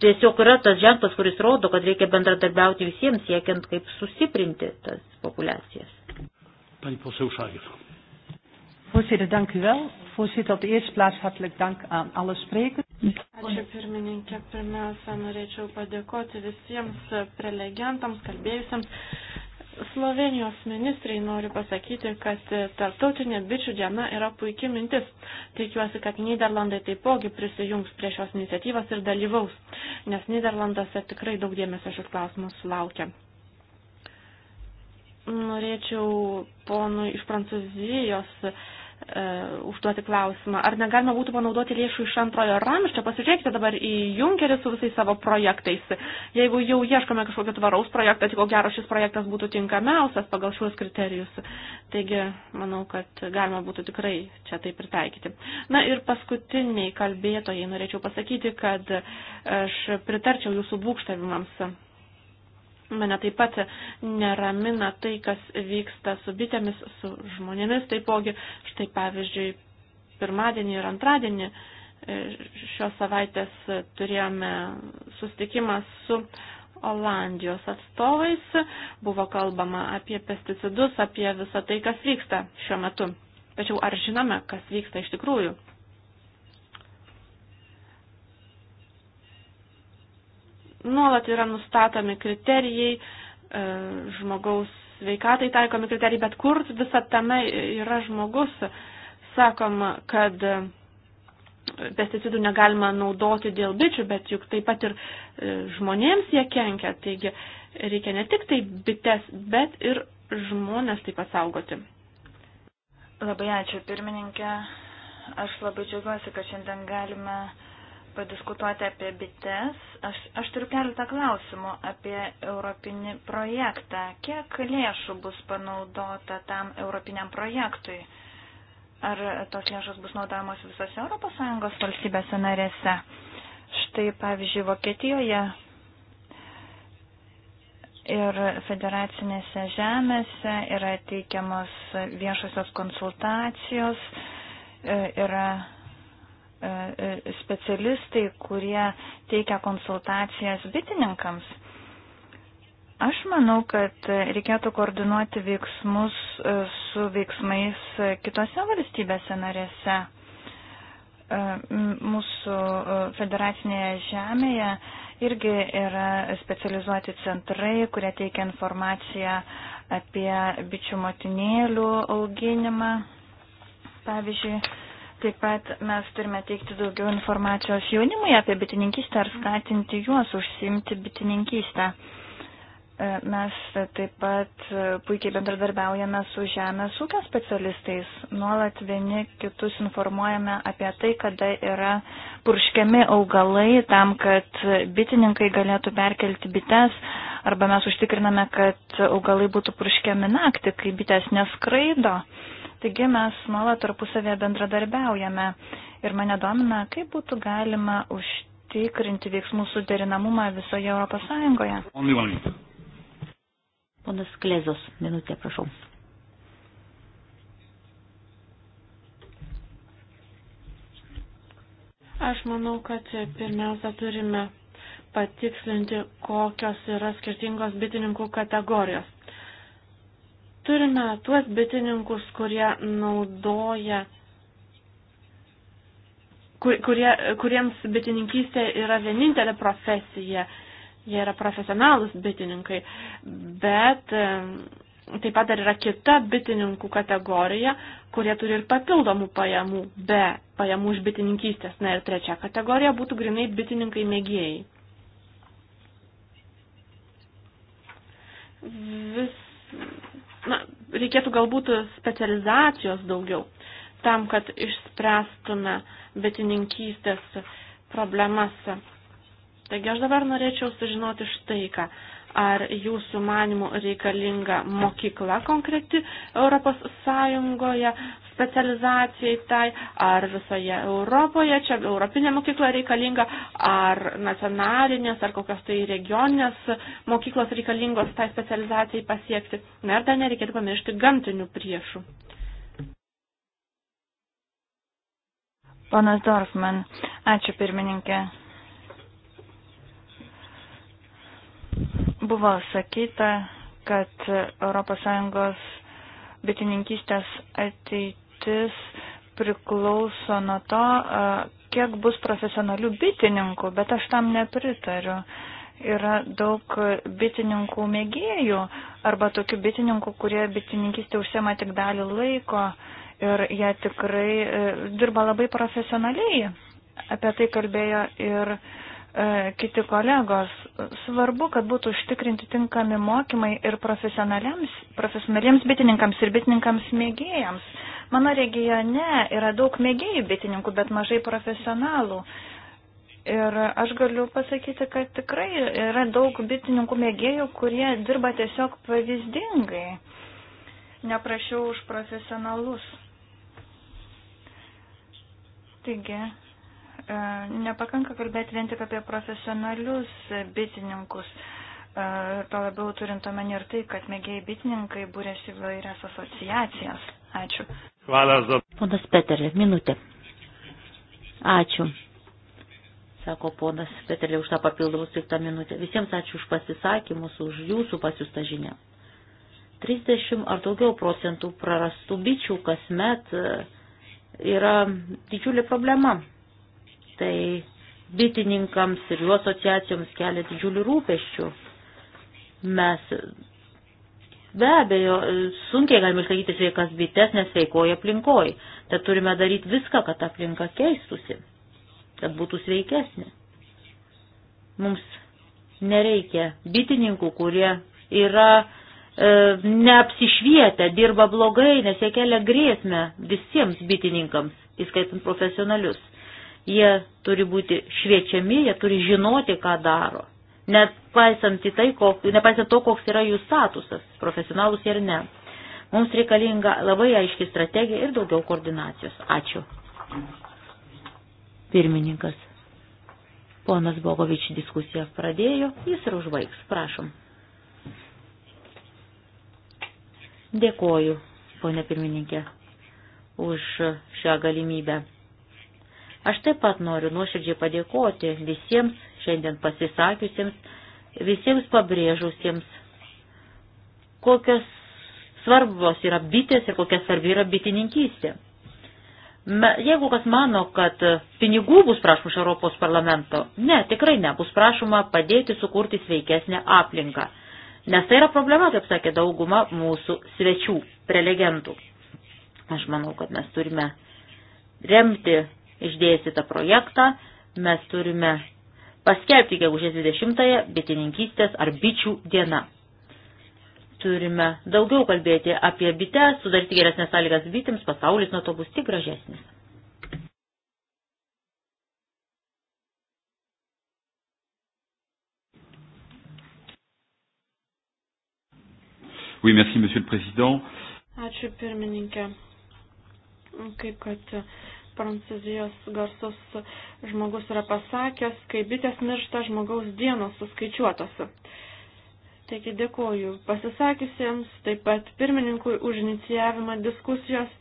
[SPEAKER 4] tiesiog yra tas ženklas, kuris rodo, kad reikia bendradarbiauti visiems, siekiant kaip sustiprinti tas populiacijas.
[SPEAKER 1] Pani poseł Szajew.
[SPEAKER 3] Voorzitter, dank u wel. Voorzitter,
[SPEAKER 2] op de eerste plaats hartelijk dank aan alle sprekers.
[SPEAKER 3] Ačiū pirmininkė. Pirmiausia, norėčiau padėkoti visiems prelegentams, kalbėjusiems. Slovenijos ministrai noriu pasakyti, kad tarptautinė bičių diena yra puikia mintis. Tikiuosi, kad Niderlandai taipogi prisijungs prie šios iniciatyvos ir dalyvaus, nes Niderlanduose tikrai daug dėmesio šis klausimas sulaukia. Norėčiau ponui iš Prancūzijos E, užduoti klausimą, ar negalima būtų panaudoti lėšų iš antrojo ramščio. Pasižiūrėkite dabar į Junkerį su visais savo projektais. Jeigu jau ieškome kažkokio tvaraus projektą, tai ko gero šis projektas būtų tinkamiausias pagal šiuos kriterijus. Taigi, manau, kad galima būtų tikrai čia tai pritaikyti. Na ir paskutiniai kalbėtojai norėčiau pasakyti, kad aš pritarčiau jūsų būkštavimams Mane taip pat neramina tai, kas vyksta su bitėmis, su žmonėmis. Taipogi, štai pavyzdžiui, pirmadienį ir antradienį e, šios savaitės turėjome sustikimą su Olandijos atstovais. Buvo kalbama apie pesticidus, apie visą tai, kas vyksta šiuo metu. Tačiau ar žinome, kas vyksta iš tikrųjų? nuolat yra nustatomi kriterijai, e, žmogaus sveikatai taikomi kriterijai, bet kur visą tame yra žmogus, sakoma, kad e, pesticidų negalima naudoti dėl bičių, bet juk taip pat ir e, žmonėms jie kenkia, taigi reikia ne tik tai bites, bet ir
[SPEAKER 2] žmonės taip pat saugoti. Labai ačiū pirmininkė, aš labai džiaugiuosi, kad šiandien galime uh, padiskutuoti apie bites. Aš, aš turiu keletą klausimų apie europinį projektą. Kiek lėšų bus panaudota tam europiniam projektui? Ar tos lėšos bus naudojamos visose ES valstybėse narėse? Štai, pavyzdžiui, Vokietijoje ir federacinėse žemėse yra teikiamos viešosios konsultacijos, e, yra E, e, specialistai, kurie teikia konsultacijas bitininkams. Aš manau, kad reikėtų koordinuoti veiksmus e, su veiksmais kitose valstybėse narėse. Mūsų federacinėje žemėje irgi yra specializuoti centrai, kurie teikia informaciją apie bičių motinėlių auginimą. Pavyzdžiui, Taip pat mes turime teikti daugiau informacijos jaunimui apie bitininkystę ar skatinti juos užsimti bitininkystę. E, mes taip pat e, puikiai bendradarbiaujame su žemės ūkio specialistais. Nuolat vieni kitus informuojame apie tai, kada yra purškiami augalai tam, kad bitininkai galėtų perkelti bites. Arba mes užtikriname, kad augalai būtų purškiami naktį, kai bitės neskraido. Uh, Taigi mes nuolat tarpusavėje bendradarbiaujame ir mane domina, kaip būtų galima užtikrinti veiksmų suderinamumą
[SPEAKER 4] visoje Europos Sąjungoje. Ponas Klezos, minutė, prašau.
[SPEAKER 3] Aš manau, kad pirmiausia turime patikslinti, kokios yra skirtingos bitininkų kategorijos. Turime tuos bitininkus, kurie naudoja, kur, kurie, kuriems bitininkystė yra vienintelė profesija. Jie yra profesionalus bitininkai, bet e, taip pat dar yra kita bitininkų kategorija, kurie turi ir papildomų pajamų be pajamų iš bitininkystės. Na ir trečia kategorija būtų grinai bitininkai mėgėjai. Vis na, reikėtų galbūt specializacijos daugiau tam, kad išspręstume betininkystės problemas. Taigi aš dabar norėčiau sužinoti štai ką. Ar jūsų manimų reikalinga mokykla konkreti Europos Sąjungoje specializacijai tai, ar visoje Europoje, čia Europinė mokykla reikalinga, ar nacionalinės, ar kokios tai regioninės mokyklos reikalingos tai specializacijai pasiekti. Na ir dar nereikėtų pamiršti gamtinių priešų.
[SPEAKER 2] Ponas Dorfman, ačiū pirmininkė. Buvo sakyta, kad ES bitininkystės ateitis priklauso nuo to, kiek bus profesionalių bitininkų, bet aš tam nepritariu. Yra daug bitininkų mėgėjų arba tokių bitininkų, kurie bitininkystė užsiema tik dalį laiko ir jie tikrai e, dirba labai profesionaliai. Apie tai kalbėjo ir uh, E, kiti kolegos. Svarbu, kad būtų užtikrinti tinkami mokymai ir profesionaliems bitininkams ir bitininkams mėgėjams. Mano regione yra daug mėgėjų bitininkų, bet mažai profesionalų. Ir aš galiu pasakyti, kad tikrai yra daug bitininkų mėgėjų, kurie dirba tiesiog pavyzdingai. Neprašiau už profesionalus. Taigi, E, nepakanka kalbėti vien tik apie profesionalius bitininkus. E, to labiau turint omeny ir tai, kad mėgėjai bitininkai būrėsi
[SPEAKER 4] vairias asociacijas. Ačiū. Ponas Peterė, minutė. Ačiū. Sako ponas Peterė už tą papildomus tik tą minutę. Visiems ačiū už pasisakymus, už jūsų pasiūstą žinią. 30 ar daugiau procentų prarastų bičių kasmet e, yra didžiulė problema. Tai bitininkams ir jų asociacijoms kelia didžiulių rūpeščių. Mes be abejo sunkiai galime išlaikyti sveikas bites nesveikoje aplinkoje. Tad turime daryti viską, kad aplinka keistusi, kad būtų sveikesnė. Mums nereikia bitininkų, kurie yra e, neapsišvietę, dirba blogai, nes jie kelia grėsmę visiems bitininkams, įskaitant profesionalius. Jie turi būti šviečiami, jie turi žinoti, ką daro. Nepaisant, tai, kok, nepaisant to, koks yra jų statusas, profesionalus ir ne. Mums reikalinga labai aiški strategija ir daugiau koordinacijos. Ačiū. Pirmininkas. Ponas Bogovič diskusiją pradėjo, jis ir užbaigs. Prašom. Dėkoju, ponė pirmininkė, už šią galimybę Aš taip pat noriu nuoširdžiai padėkoti visiems šiandien pasisakiusiems, visiems pabrėžusiems, kokios svarbos yra bitės ir kokia svarbi yra bitininkystė. Jeigu kas mano, kad pinigų bus prašoma iš Europos parlamento, ne, tikrai ne, bus prašoma padėti sukurti sveikesnę aplinką. Nes tai yra problema, kaip sakė dauguma mūsų svečių, prelegentų. Aš manau, kad mes turime remti išdėstytą projektą. Mes turime paskelbti gegužės 20-ąją bitininkystės ar bičių dieną. Turime daugiau kalbėti apie bites, sudaryti geresnės sąlygas bitėms, pasaulis nuo to bus tik gražesnis.
[SPEAKER 1] Oui, merci, Monsieur le Président.
[SPEAKER 3] Ačiū pirmininkė. Kaip kad prancūzijos garsus žmogus yra pasakęs, kai bitės miršta žmogaus dienos suskaičiuotos. Taigi dėkuoju pasisakiusiems, taip pat pirmininkui už inicijavimą diskusijos,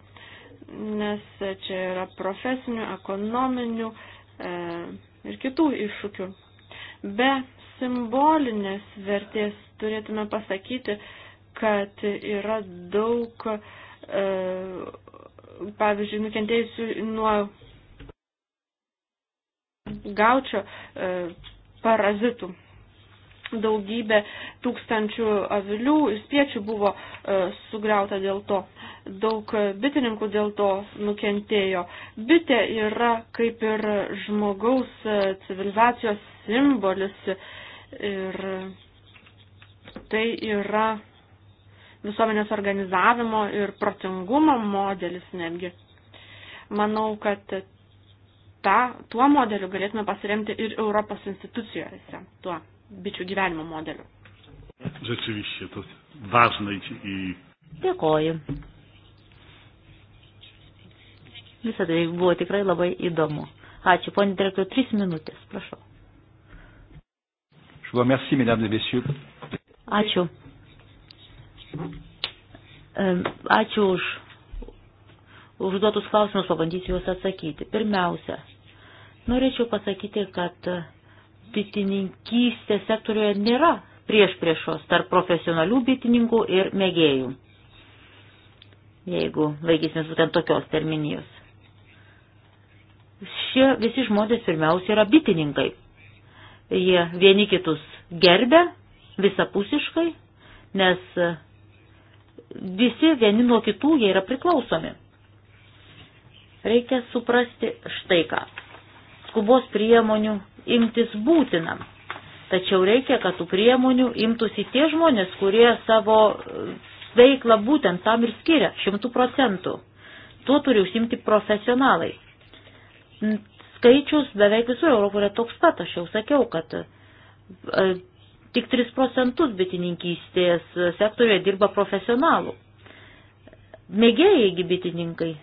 [SPEAKER 3] nes čia yra profesinių, ekonominių e, ir kitų iššūkių. Be simbolinės vertės turėtume pasakyti, kad yra daug e, pavyzdžiui, nukentėjusių nuo gaučio e, parazitų. Daugybė tūkstančių avilių ir spiečių buvo e, sugriauta dėl to. Daug bitininkų dėl to nukentėjo. Bitė yra kaip ir žmogaus e, civilizacijos simbolis ir tai yra visuomenės organizavimo ir protingumo modelis netgi. Manau, kad ta, tuo modeliu galėtume pasiremti ir Europos institucijose, tuo
[SPEAKER 4] bičių gyvenimo modeliu.
[SPEAKER 1] Rzeczywiście, to ważne i...
[SPEAKER 4] Dėkoju. Visą tai buvo tikrai labai įdomu. Ačiū, ponė direktorių, tris minutės, prašau. Ačiū. E, ačiū už užduotus klausimus, pabandysiu juos atsakyti. Pirmiausia, norėčiau pasakyti, kad bitininkystės sektoriuje nėra prieš priešos tarp profesionalių bitininkų ir mėgėjų, jeigu laikysimės būtent tokios terminijos. Šie visi žmonės pirmiausia yra bitininkai. Jie vieni kitus gerbė visapusiškai, nes visi vieni nuo kitų jie yra priklausomi. Reikia suprasti štai ką. Skubos priemonių imtis būtinam. Tačiau reikia, kad tų priemonių imtųsi tie žmonės, kurie savo e, veiklą būtent tam ir skiria šimtų procentų. Tuo turi užsimti profesionalai. Skaičius beveik visur Europoje yra toks pat, aš jau sakiau, kad e, Tik 3 procentus bitininkystės sektorioje dirba profesionalų. Mėgėjai bitininkai e,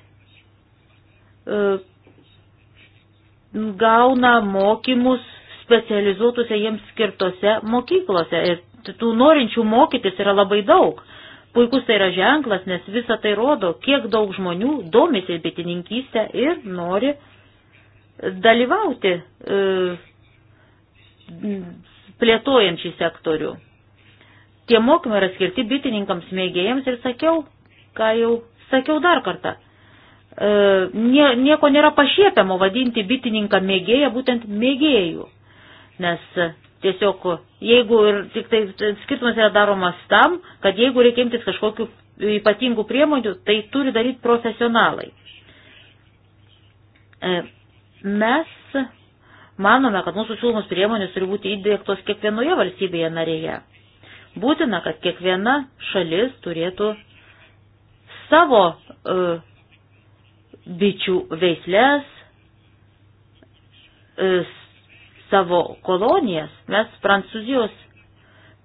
[SPEAKER 4] gauna mokymus specializuotose jiems skirtose mokyklose. Ir tų norinčių mokytis yra labai daug. Puikus tai yra ženklas, nes visa tai rodo, kiek daug žmonių domisi bitininkystę ir nori dalyvauti e, plėtojant šį sektorių. Tie mokymai yra skirti bitininkams, mėgėjams ir sakiau, ką jau sakiau dar kartą. E, nie, nieko nėra pašiepiamo vadinti bitininką mėgėją, būtent mėgėjų. Nes e, tiesiog, jeigu ir tik tai skirtumas yra daromas tam, kad jeigu reikia imtis kažkokių ypatingų priemonių, tai turi daryti profesionalai. E, mes Manome, kad mūsų siūlomos priemonės turi būti įdėktos kiekvienoje valstybėje narėje. Būtina, kad kiekviena šalis turėtų savo uh, bičių veislės, uh, e, savo kolonijas. Mes Prancūzijos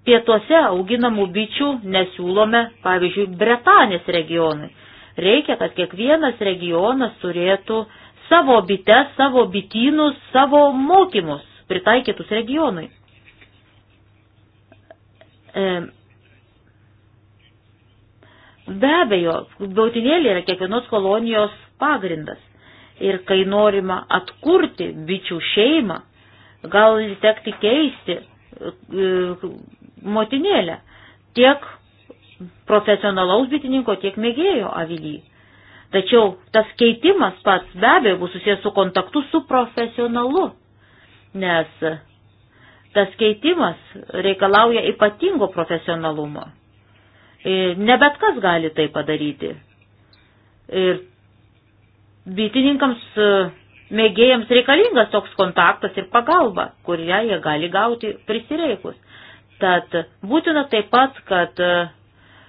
[SPEAKER 4] pietuose auginamų bičių nesiūlome, pavyzdžiui, Bretanės regionui. Reikia, kad kiekvienas regionas turėtų uh, savo bites, savo bitynus, savo mokymus pritaikytus regionui. E, be abejo, gautinėlė yra kiekvienos kolonijos pagrindas. Ir kai norima atkurti bičių šeimą, gal tekti keisti e, motinėlę tiek profesionalaus bitininko, tiek mėgėjo avilyje. Tačiau tas keitimas pats be abejo bus susijęs su kontaktu su profesionalu, nes tas keitimas reikalauja ypatingo profesionalumo. Ne bet kas gali tai padaryti. Ir bitininkams e, mėgėjams reikalingas toks kontaktas ir pagalba, kurią jie gali gauti prisireikus. Tad būtina taip pat, kad e,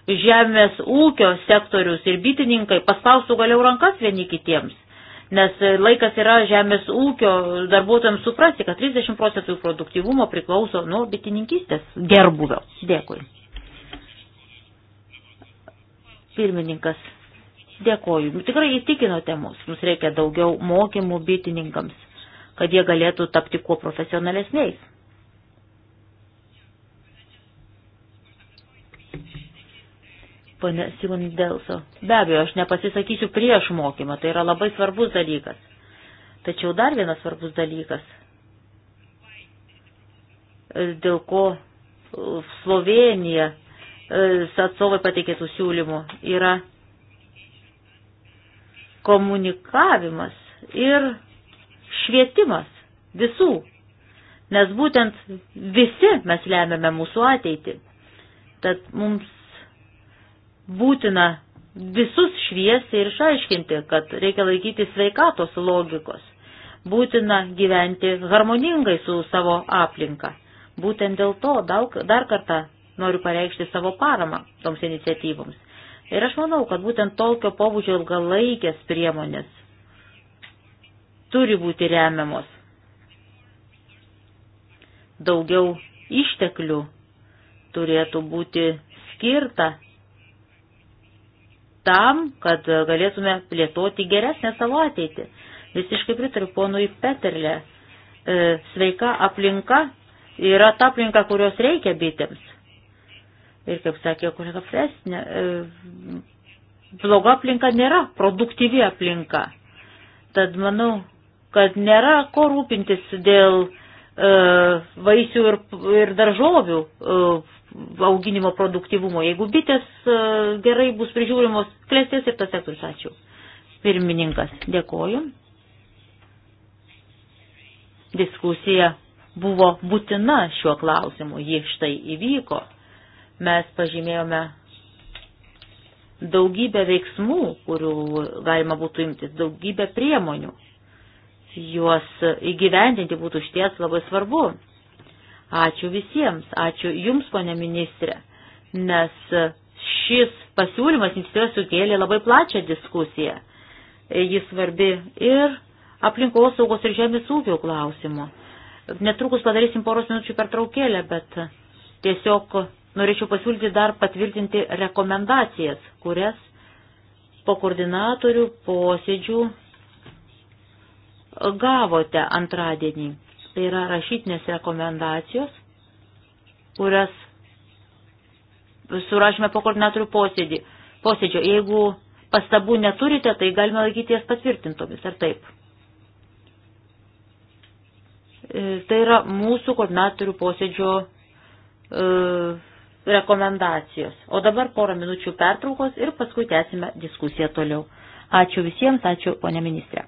[SPEAKER 4] žemės ūkio sektorius ir bitininkai paspaustų galiau rankas vieni kitiems. Nes laikas yra žemės ūkio darbuotojams suprasti, kad 30 procentų produktyvumo priklauso nuo bitininkystės gerbuvio. Dėkui. Pirmininkas, dėkoju. Tikrai įtikinote mus. Mums reikia daugiau mokymų bitininkams, kad jie galėtų tapti kuo profesionalesniais. Pane Simon Delso. Be abejo, aš nepasisakysiu prieš mokymą, tai yra labai svarbus dalykas. Tačiau dar vienas svarbus dalykas, e, dėl ko e, Slovenija e, atstovai pateikėtų siūlymų, yra komunikavimas ir švietimas visų. Nes būtent visi mes lemiame mūsų ateitį. Tad mums būtina visus šviesti ir išaiškinti, kad reikia laikyti sveikatos logikos. Būtina gyventi harmoningai su savo aplinka. Būtent dėl to daug, dar kartą noriu pareikšti savo paramą toms iniciatyvoms. Ir aš manau, kad būtent tokio pobūdžio ilgalaikės priemonės turi būti remiamos. Daugiau išteklių turėtų būti skirta tam, kad e, galėtume plėtoti geresnę savo ateitį. Visiškai pritariu ponui Peterle. E, sveika aplinka yra ta aplinka, kurios reikia bitėms. Ir kaip sakė kolega Fresnė, e, bloga aplinka nėra produktyvi aplinka. Tad manau, kad nėra ko rūpintis dėl vaisių ir, ir daržovių auginimo produktivumo. Jeigu bitės e, gerai bus prižiūrimos, klėstės ir tas sektorius. Ačiū. Pirmininkas, dėkoju. Diskusija buvo būtina šiuo klausimu. Ji štai įvyko. Mes pažymėjome daugybę veiksmų, kurių galima būtų imtis, daugybę priemonių. Juos įgyvendinti būtų šties labai svarbu. Ačiū visiems, ačiū Jums, ponė ministrė, nes šis pasiūlymas iniciatyva sukėlė labai plačią diskusiją. Jis svarbi ir aplinkos saugos ir žemės ūkio klausimu. Netrukus padarysim poros minučių per traukėlę, bet tiesiog norėčiau pasiūlyti dar patvirtinti rekomendacijas, kurias po koordinatorių posėdžių gavote antradienį. Tai yra rašytinės rekomendacijos, kurias surašome po koordinatorių posėdį. posėdžio. Jeigu pastabų neturite, tai galime laikyti jas patvirtintomis, ar taip? E, tai yra mūsų koordinatorių posėdžio e, rekomendacijos. O dabar porą minučių pertraukos ir paskui tęsime diskusiją toliau. Ačiū visiems, ačiū ponė ministrė.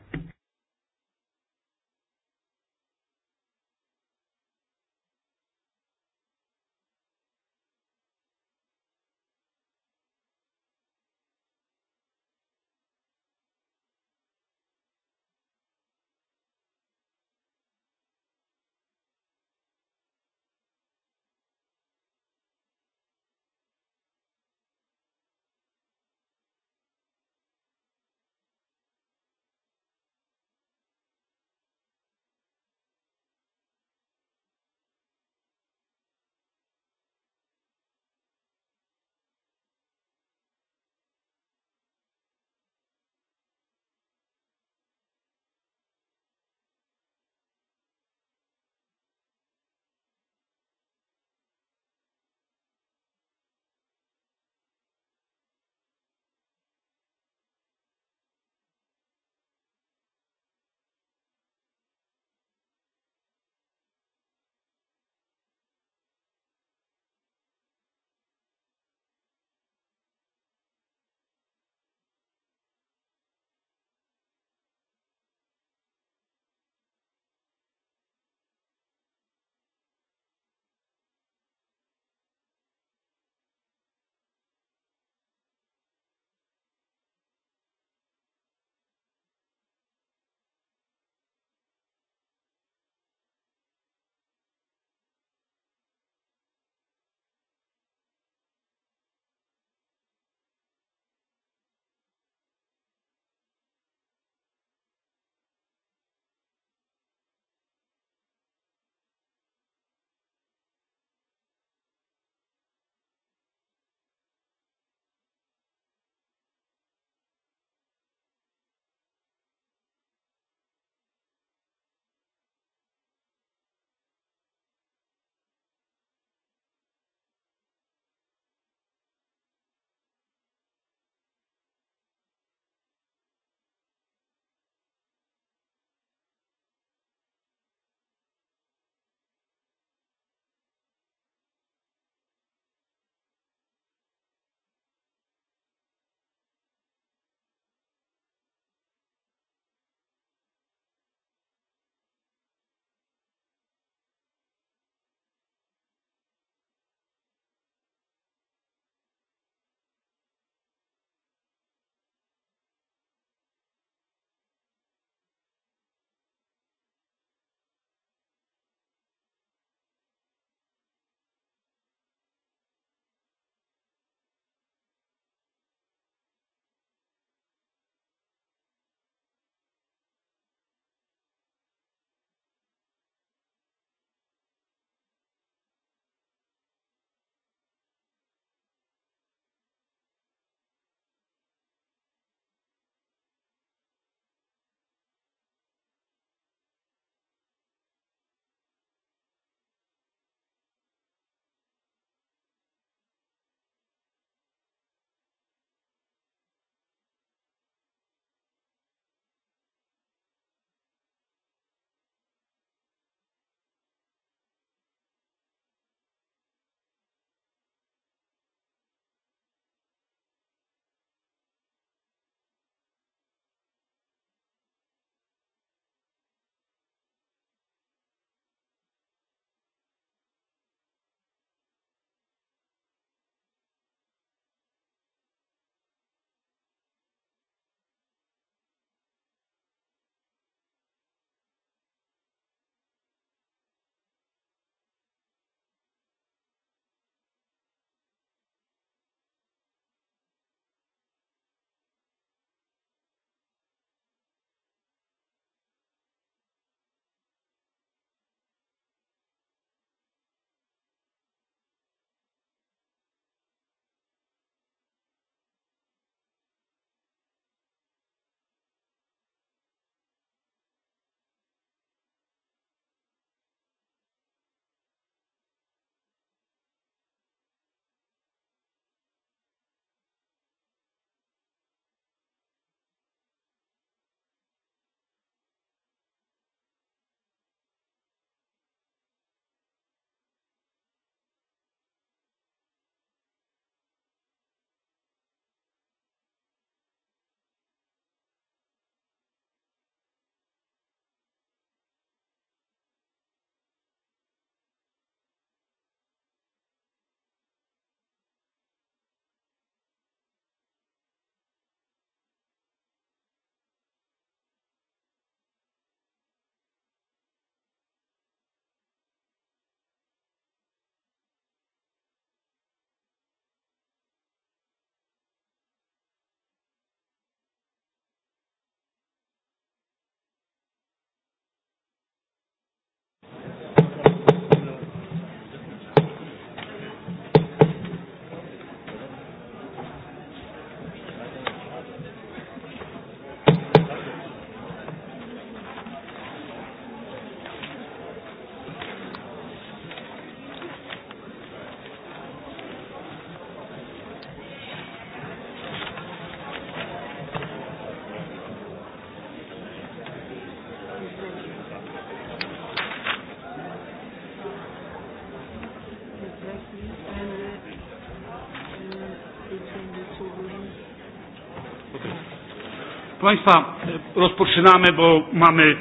[SPEAKER 1] Państwa, rozpoczynamy, bo mamy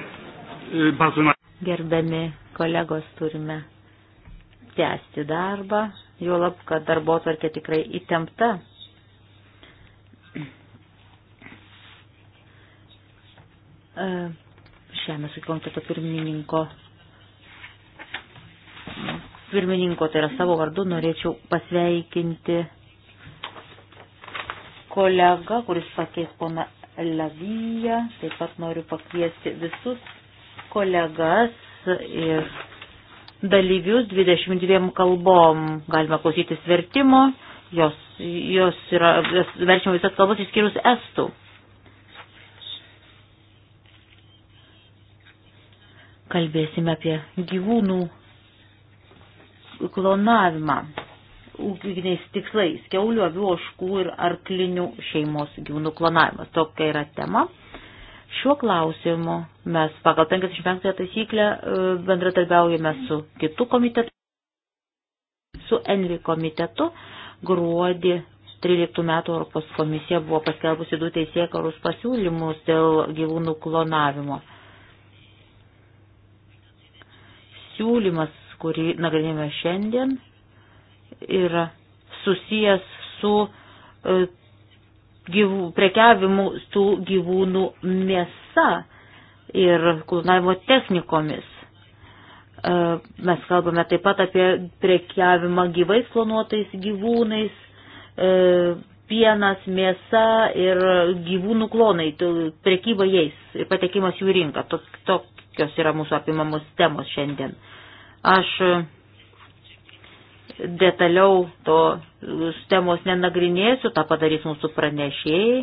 [SPEAKER 1] bardzo.
[SPEAKER 4] Gerbiami kolegos, turime tęsti darbą, juolab, kad darbo tvarkė tikrai įtempta. E, Žemės ūkio komiteto pirmininko, pirmininko, tai yra savo vardu, norėčiau pasveikinti kolegą, kuris pakeis poną Laviją. Taip pat noriu pakviesti visus kolegas ir dalyvius 22 kalbom. Galima klausytis vertimo, jos, jos yra jos verčiama visas kalbas išskyrus estų. Kalbėsime apie gyvūnų klonavimą ūkiniais tikslais - keulių, avių, oškų ir arklinių šeimos gyvūnų klonavimas. Tokia yra tema. Šiuo klausimu mes pagal 55 taisyklę e, bendratarbiaujame su kitu komitetu, su Envi komitetu. Gruodį 13 metų Europos komisija buvo paskelbusi du teisėkarus pasiūlymus dėl gyvūnų klonavimo. Siūlymas, kurį nagrinėjame šiandien, yra susijęs su e, gyvų, prekiavimu tų gyvūnų mėsa ir kulnavimo technikomis. E, mes kalbame taip pat apie prekiavimą gyvais klonuotais gyvūnais, e, pienas, mėsa ir gyvūnų klonai, prekyba jais ir patekimas jų rinką. Tokios yra mūsų apimamos temos šiandien. Aš detaliau to temos nenagrinėsiu, tą padarys mūsų pranešėjai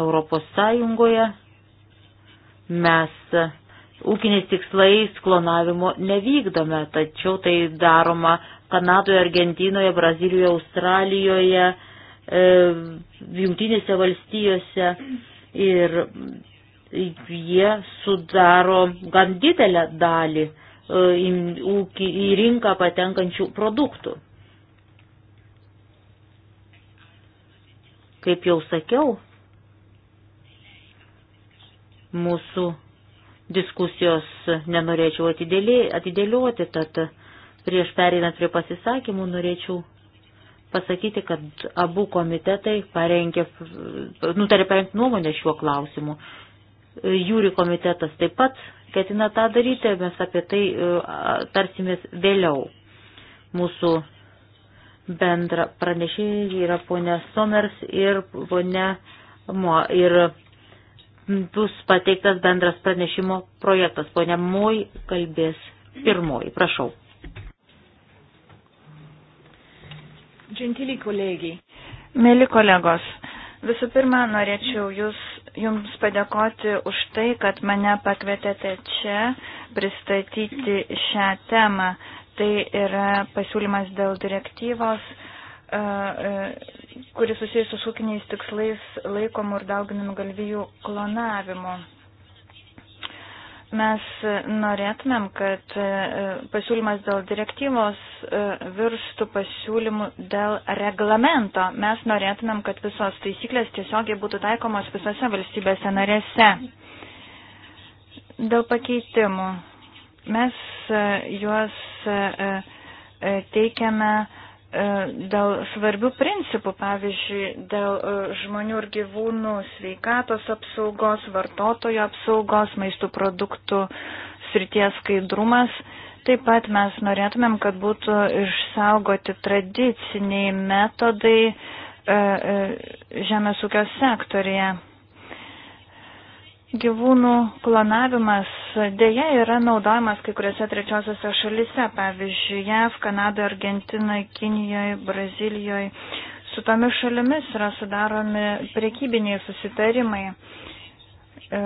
[SPEAKER 4] Europos Sąjungoje. Mes ūkiniais tikslais klonavimo nevykdome, tačiau tai daroma Kanadoje, Argentinoje, Brazilijoje, Australijoje, e, Jungtinėse valstijose ir jie sudaro gan didelę dalį E, į rinką patenkančių produktų. Kaip jau sakiau, mūsų diskusijos nenorėčiau atidėlioti, tad prieš pereinant prie pasisakymų norėčiau pasakyti, kad abu komitetai parengė, nutarė parengti nuomonę šiuo klausimu. Jūri komitetas taip pat ketina tą daryti, mes apie tai e, tarsimės vėliau. Mūsų bendra pranešėjai yra ponia Somers ir ponia Mo. Ir bus pateiktas bendras pranešimo projektas. Ponia Moj kalbės pirmoji. Prašau.
[SPEAKER 2] Gentili kolegiai.
[SPEAKER 4] Mėly kolegos,
[SPEAKER 2] visų pirma, norėčiau Jūs Jums padėkoti už tai, kad mane pakvietėte čia pristatyti šią temą. Tai yra pasiūlymas dėl direktyvos, e, e, kuris susijęs su šūkiniais tikslais laikomų ir dauginamų galvijų klonavimu. Mes norėtumėm, kad e, pasiūlymas dėl direktyvos e, virstų pasiūlymu dėl reglamento. Mes norėtumėm, kad visos taisyklės tiesiogiai būtų taikomos visose valstybėse narėse. Dėl pakeitimų. Mes e, juos teikiame E, dėl svarbių principų, pavyzdžiui, dėl e, žmonių ir gyvūnų sveikatos apsaugos, vartotojo apsaugos, maistų produktų srities skaidrumas. Taip pat mes norėtumėm, kad būtų išsaugoti tradiciniai metodai e, žemės ūkio sektorija. Gyvūnų klonavimas dėja yra naudojamas kai kuriuose trečiosiuose šalise, pavyzdžiui, JAV, Kanadoje, Argentinoje, Kinijoje, Brazilijoje. Su tomis šalimis yra sudaromi priekybiniai susitarimai. E,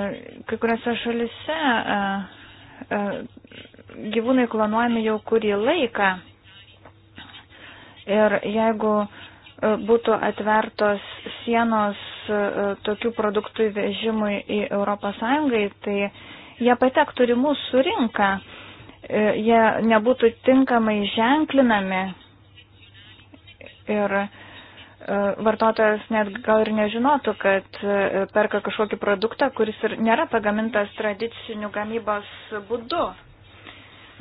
[SPEAKER 2] kai kuriuose šalise e, e, gyvūnai klonuojami jau kurį laiką. Ir jeigu būtų atvertos sienos E, tokių produktų įvežimui į ES, tai jie patektų ir mūsų rinką, e, jie nebūtų tinkamai ženklinami ir e, vartotojas net gal ir nežinotų, kad perka kažkokį produktą, kuris ir nėra pagamintas tradiciniu gamybos būdu.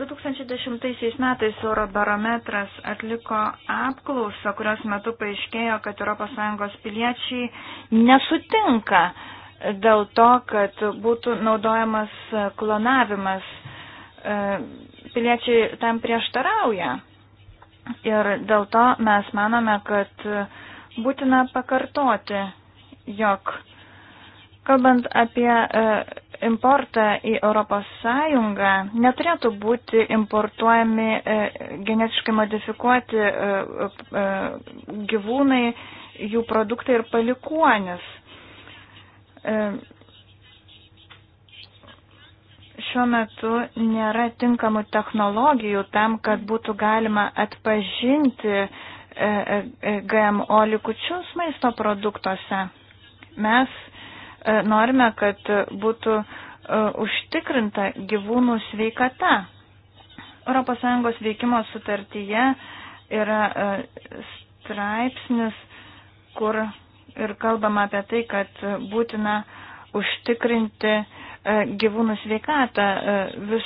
[SPEAKER 2] 2010 metais Eurobarometras atliko apklausą, kurios metu paaiškėjo, kad ES piliečiai nesutinka dėl to, kad būtų naudojamas klonavimas. E, piliečiai tam prieštarauja. Ir dėl to mes manome, kad būtina pakartoti, jog kalbant apie e, importą į ES neturėtų būti importuojami e, genetiškai modifikuoti e, e, gyvūnai, jų produktai ir palikuonis. Šiuo metu nėra tinkamų technologijų tam, kad būtų galima atpažinti GMO likučius maisto produktuose. Mes E, norime, kad būtų e, užtikrinta gyvūnų sveikata. ES veikimo sutartyje yra e, straipsnis, kur ir kalbama apie tai, kad būtina užtikrinti gyvūnų sveikatą vis,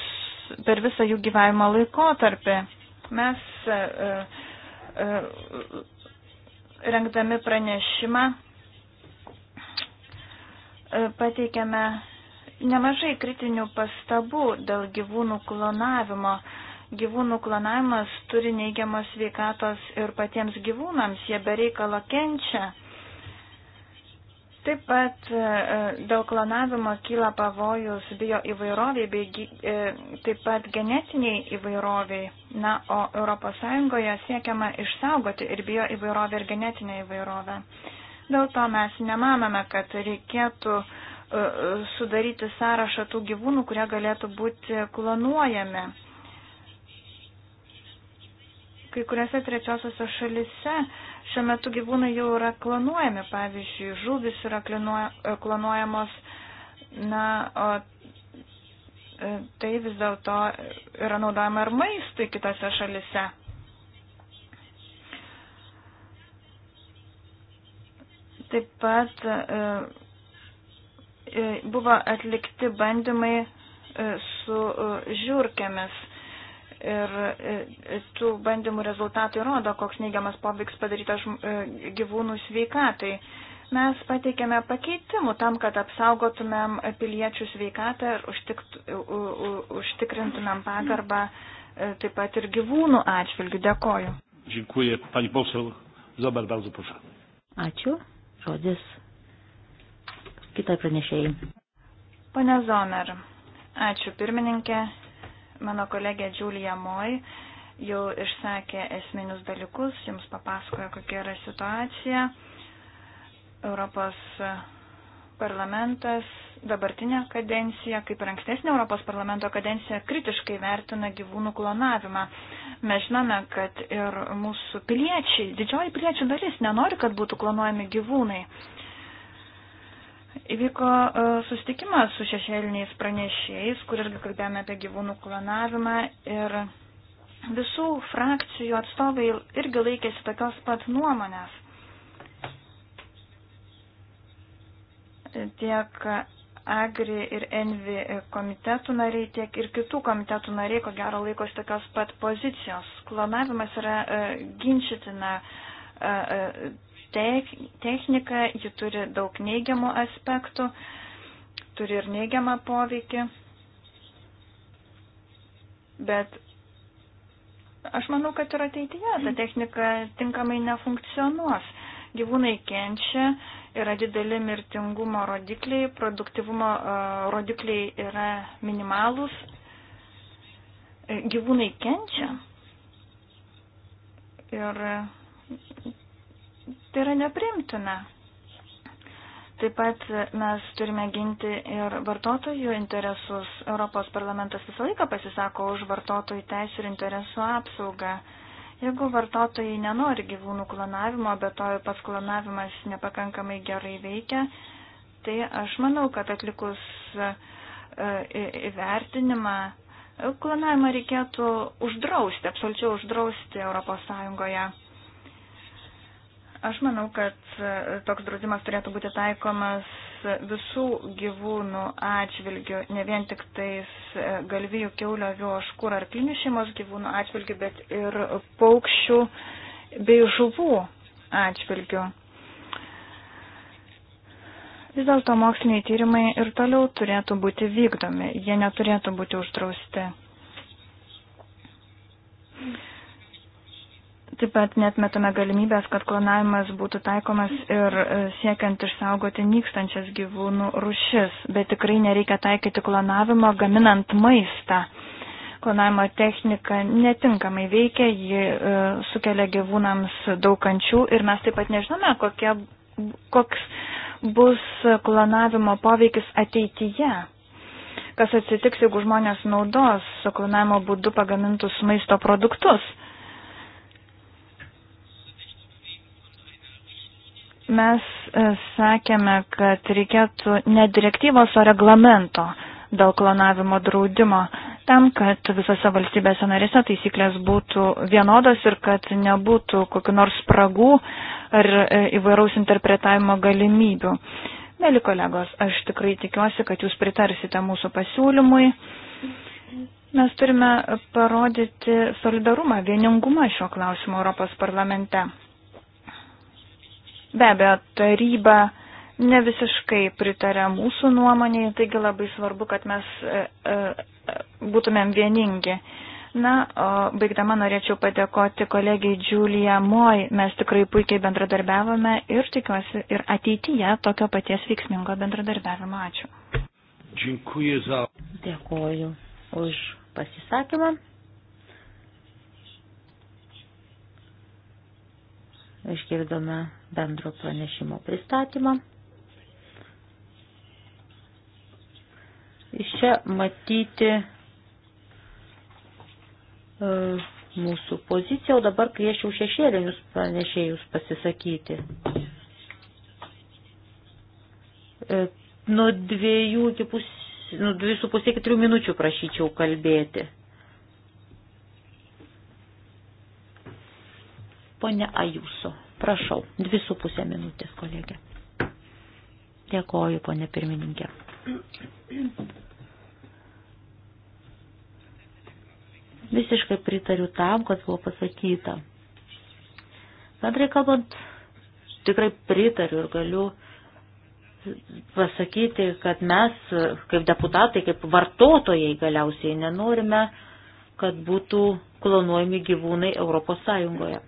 [SPEAKER 2] per visą jų gyvavimo laikotarpį. Mes rengdami pranešimą E, pateikėme nemažai kritinių pastabų dėl gyvūnų klonavimo. Gyvūnų klonavimas turi neigiamos sveikatos ir patiems gyvūnams, jie bereikalo kenčia. Taip pat e, dėl klonavimo kyla pavojus bio įvairoviai bei e, taip pat genetiniai įvairoviai. Na, o ES siekiama išsaugoti ir bio įvairovę ir genetinę įvairovę. Dėl to mes nemanome, kad reikėtų e, e, sudaryti sąrašą tų gyvūnų, kurie galėtų būti klonuojami. Kai kuriuose trečiosiuose šalise šiuo metu gyvūnai jau yra klonuojami, pavyzdžiui, žuvis yra e, klonuojamos, na, o tai vis dėlto yra naudojama ir maistui kitose šalise. Taip pat e, e, buvo atlikti bandymai e, su žiūrkėmis. Ir tų bandymų rezultatai rodo, koks neigiamas poveiks padarytas gyvūnų sveikatai. Mes pateikėme pakeitimų tam, kad apsaugotumėm piliečių sveikatą ir užtikrintumėm pagarbą taip pat ir gyvūnų atžvilgių. Dėkoju.
[SPEAKER 1] Dziękuję. Pani poseł, Zobar, bardzo proszę.
[SPEAKER 4] Ačiū žodis kitai pranešėjai.
[SPEAKER 2] Pane Zomer, ačiū pirmininkė. Mano kolegė Džiulija Moj jau išsakė esminius dalykus, jums papasakojo, kokia yra situacija. Europos parlamentas dabartinę kadenciją, kaip ir ankstesnė Europos parlamento kadencija, kritiškai vertina gyvūnų klonavimą. Mes žinome, kad ir mūsų piliečiai, didžioji piliečių dalis nenori, kad būtų klonuojami gyvūnai. Įvyko e, susitikimas su šešėliniais pranešėjais, kur irgi kalbėjome apie gyvūnų klonavimą ir visų frakcijų atstovai irgi laikėsi tokios pat nuomonės. tiek Agri ir Envi komitetų nariai, tiek ir kitų komitetų nariai, ko gero, laikosi tokios pat pozicijos. Klonavimas yra e, ginčitina e, e, technika, ji turi daug neigiamų aspektų, turi ir neigiamą poveikį. Bet aš manau, kad ir ateityje ta technika tinkamai nefunkcionuos. Gyvūnai kenčia, yra dideli mirtingumo rodikliai, produktivumo e, rodikliai yra minimalūs, e, gyvūnai kenčia. Ir tai yra neprimtina. Taip pat mes turime ginti ir vartotojų interesus. Europos parlamentas visą laiką pasisako už vartotojų teisų ir interesų apsaugą. Jeigu vartotojai nenori gyvūnų klonavimo, bet to pats klonavimas nepakankamai gerai veikia, tai aš manau, kad atlikus e, e, įvertinimą, e, klonavimą reikėtų uždrausti, absoliučiai uždrausti ES. Aš manau, kad toks draudimas turėtų būti taikomas visų gyvūnų atžvilgių, ne vien tik tais e, galvijų keulio avių oškų ar klinių šeimos gyvūnų atžvilgių, bet ir paukščių bei žuvų atžvilgių. Vis dėlto moksliniai tyrimai ir toliau turėtų būti vykdomi, jie neturėtų būti uždrausti. Taip pat netmetame galimybės, kad klonavimas būtų taikomas ir e, siekiant išsaugoti nykstančias gyvūnų rušis, bet tikrai nereikia taikyti klonavimo gaminant maistą. Klonavimo technika netinkamai veikia, ji e, sukelia gyvūnams daug kančių ir mes taip pat nežinome, kokie, koks bus klonavimo poveikis ateityje kas atsitiks, jeigu žmonės naudos su klonavimo būdu pagamintus maisto produktus. Mes e, sakėme, kad reikėtų ne direktyvos, o reglamento dėl klonavimo draudimo, tam, kad visose valstybėse narėse taisyklės būtų vienodos ir kad nebūtų kokiu nors spragų ar e, įvairaus interpretavimo galimybių. Mėly kolegos, aš tikrai tikiuosi, kad jūs pritarsite mūsų pasiūlymui. Mes turime parodyti solidarumą, vieningumą šio klausimo Europos parlamente. Be abejo, taryba ne visiškai pritarė mūsų nuomonėje, taigi labai svarbu, kad mes e, e, e, būtumėm vieningi. Na, o baigdama norėčiau padėkoti kolegijai Džiulija Moj. Mes tikrai puikiai bendradarbiavome ir tikiuosi ir ateityje tokio paties veiksmingo bendradarbiavimo. Ačiū.
[SPEAKER 1] Dėkuoju
[SPEAKER 4] už pasisakymą. išgirdome bendro pranešimo pristatymą. Iš čia matyti e, mūsų poziciją, o dabar kviečiau šešėlinius pranešėjus pasisakyti. E, nuo dviejų iki pus, nuo dviejų su pusė iki trijų minučių prašyčiau kalbėti. Pone Ajuso, prašau, dvi su pusė minutės, kolegė. Dėkoju, ponė pirmininkė. Visiškai pritariu tam, kas buvo pasakyta. Bendrai kalbant, tikrai pritariu ir galiu pasakyti, kad mes kaip deputatai, kaip vartotojai galiausiai nenorime, kad būtų klonuojami gyvūnai Europos Sąjungoje.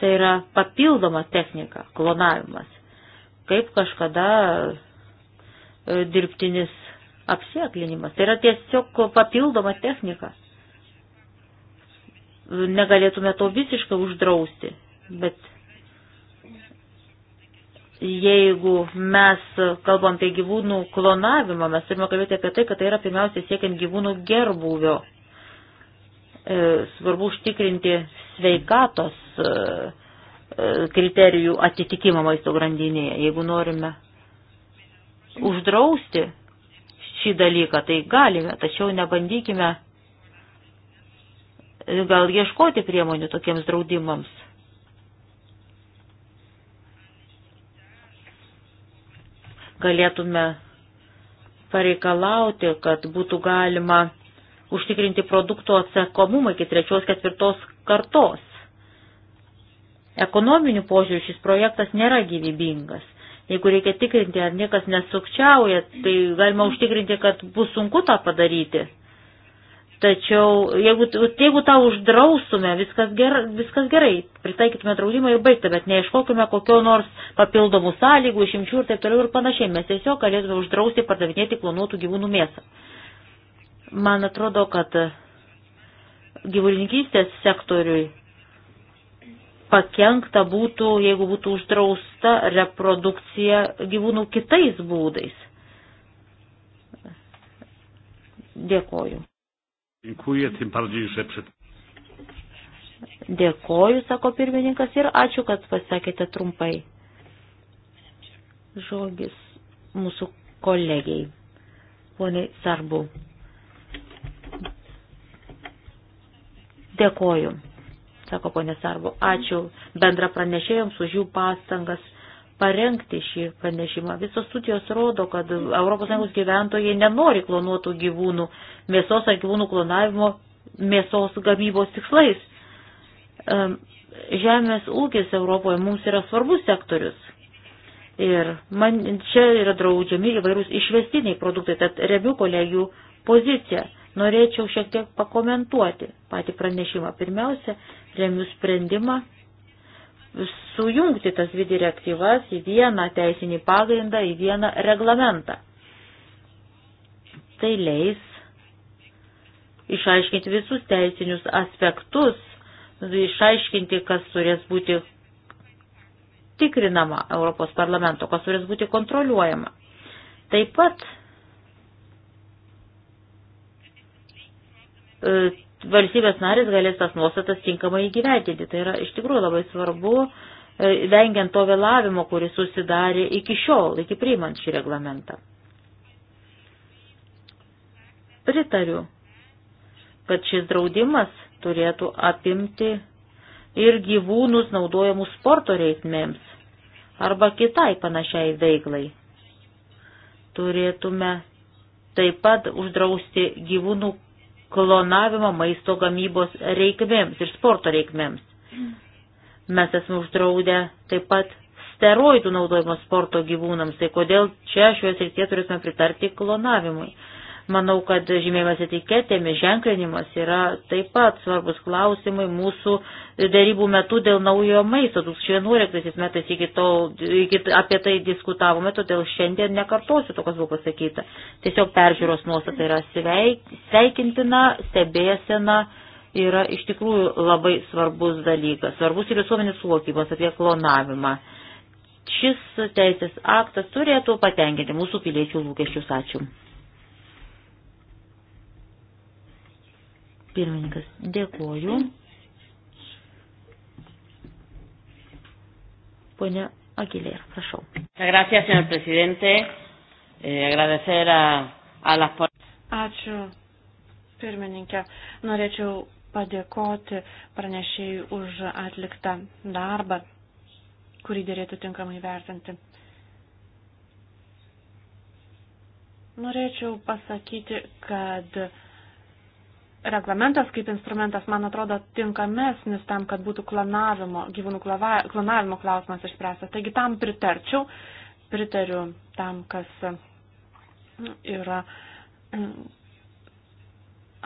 [SPEAKER 4] Tai yra papildoma technika, klonavimas, kaip kažkada e, dirbtinis apsieklinimas. Tai yra tiesiog papildoma technika. Negalėtume to visiškai uždrausti, bet jeigu mes kalbam apie gyvūnų klonavimą, mes turime kalbėti apie tai, kad tai yra pirmiausia siekiant gyvūnų gerbuvio E, svarbu užtikrinti sveikatos e, e, kriterijų atitikimą maisto grandinėje. Jeigu norime uždrausti šį dalyką, tai galime, tačiau nebandykime gal ieškoti priemonių tokiems draudimams. Galėtume pareikalauti, kad būtų galima užtikrinti produktų atsakomumą iki trečios ketvirtos kartos. Ekonominių požiūrių šis projektas nėra gyvybingas. Jeigu reikia tikrinti, ar niekas nesukčiauja, tai galima užtikrinti, kad bus sunku tą padaryti. Tačiau jeigu, jeigu tą uždraustume, viskas, ger, viskas gerai, pritaikytume draudimą ir baigtume, bet neieškotume kokio nors papildomų sąlygų, išimčių ir taip toliau ir panašiai. Mes tiesiog galėtume uždrausti pardavinėti klonuotų gyvūnų mėsą. Man atrodo, kad gyvulininkystės sektoriui pakengta būtų, jeigu būtų uždrausta reprodukcija gyvūnų kitais būdais.
[SPEAKER 1] Dėkoju. Dėkuoju, tim bardziej, że przed...
[SPEAKER 4] Dėkoju, sako pirmininkas, ir ačiū, kad pasakėte trumpai. Žodis mūsų kolegiai, poniai Sarbu. Dėkoju, sako ponė Sarvo. Ačiū bendra pranešėjams už jų pastangas parengti šį pranešimą. Visos studijos rodo, kad ES gyventojai nenori klonuotų gyvūnų mėsos ar gyvūnų klonavimo mėsos gamybos tikslais. Žemės ūkis Europoje mums yra svarbus sektorius. Ir man čia yra draudžiami įvairūs išvestiniai produktai, tad remiu kolegijų poziciją. Norėčiau šiek tiek pakomentuoti patį pranešimą. Pirmiausia, remiu sprendimą sujungti tas dvi direktyvas į vieną teisinį pagrindą, į vieną reglamentą. Tai leis išaiškinti visus teisinius aspektus, išaiškinti, kas turės būti tikrinama Europos parlamento, kas turės būti kontroliuojama. Taip pat E, valstybės narės galės tas nuostatas tinkamai įgyvendinti. Tai yra iš tikrųjų labai svarbu, e, vengiant to vėlavimo, kuris susidarė iki šiol, iki priimant šį reglamentą. Pritariu, kad šis draudimas turėtų apimti ir gyvūnus naudojamus sporto reismėms arba kitai panašiai veiklai. Turėtume taip pat uždrausti gyvūnų klonavimo maisto gamybos reikmėms ir sporto reikmėms. Mes esame uždraudę taip pat steroidų naudojimo sporto gyvūnams, tai kodėl čia šioje srityje turėsime pritarti klonavimui. Manau, kad žymėjimas etiketėmis, ženklinimas yra taip pat svarbus klausimai mūsų dėrybų metu dėl naujojo maisto. 2011 metais iki to, iki, apie tai diskutavome, todėl šiandien nekartosiu to, kas buvo pasakyta. Tiesiog peržiūros nuostata yra sveikintina, stebėsena yra iš tikrųjų labai svarbus dalykas. Svarbus ir visuomenės suvokimas apie klonavimą. Šis teisės aktas turėtų patenkinti mūsų piliečių lūkesčius. Ačiū. Pirmininkas, dėkoju. Pone Aguilera, prašau. Gracias, señor presidente. Eh, agradecer a, a las.
[SPEAKER 3] Ačiū, pirmininkė. Norėčiau padėkoti pranešėjai už atliktą darbą, kurį dėrėtų tinkamai vertinti. Norėčiau pasakyti, kad reglamentas kaip instrumentas, man atrodo, tinkamesnis tam, kad būtų klonavimo, gyvūnų klonavimo klausimas išspręstas. Taigi tam pritarčiau, pritariu tam, kas yra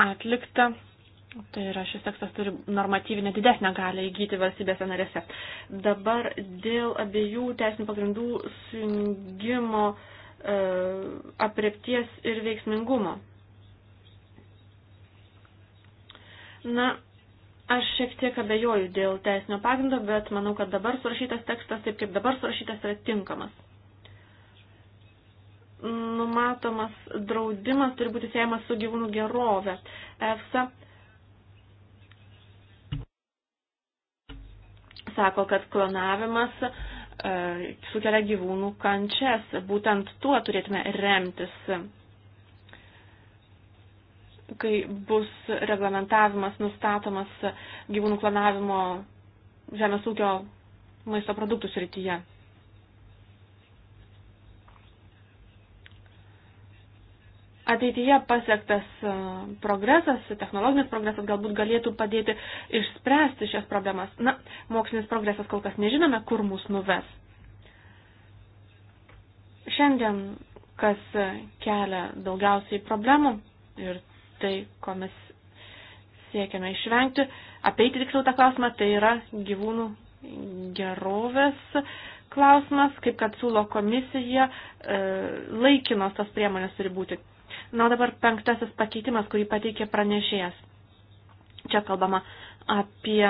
[SPEAKER 3] atlikta. Tai yra, šis tekstas turi normatyvinę didesnę galę įgyti valstybėse narėse. Dabar dėl abiejų teisinių pagrindų sujungimo e, apriepties ir veiksmingumo. Na, aš šiek tiek abejoju dėl teisinio pagrindo, bet manau, kad dabar surašytas tekstas, taip kaip dabar surašytas, yra tinkamas. Numatomas draudimas turi būti siejamas su gyvūnų gerove. EFSA sako, kad klonavimas e, sukelia gyvūnų kančias. Būtent tuo turėtume remtis kai bus reglamentavimas nustatomas gyvūnų planavimo žemės ūkio maisto produktų srityje. Ateityje pasiektas e, progresas, technologinis progresas galbūt galėtų padėti išspręsti šias problemas. Na, mokslinis progresas kol kas nežinome, kur mus nuves. Šiandien, kas kelia daugiausiai problemų ir tai, ko mes siekiame išvengti, apeiti tiksliau tą klausimą, tai yra gyvūnų gerovės klausimas, kaip kad siūlo komisija, e, laikinos tos priemonės turi būti. Na, dabar penktasis pakeitimas, kurį pateikė pranešėjas. Čia kalbama apie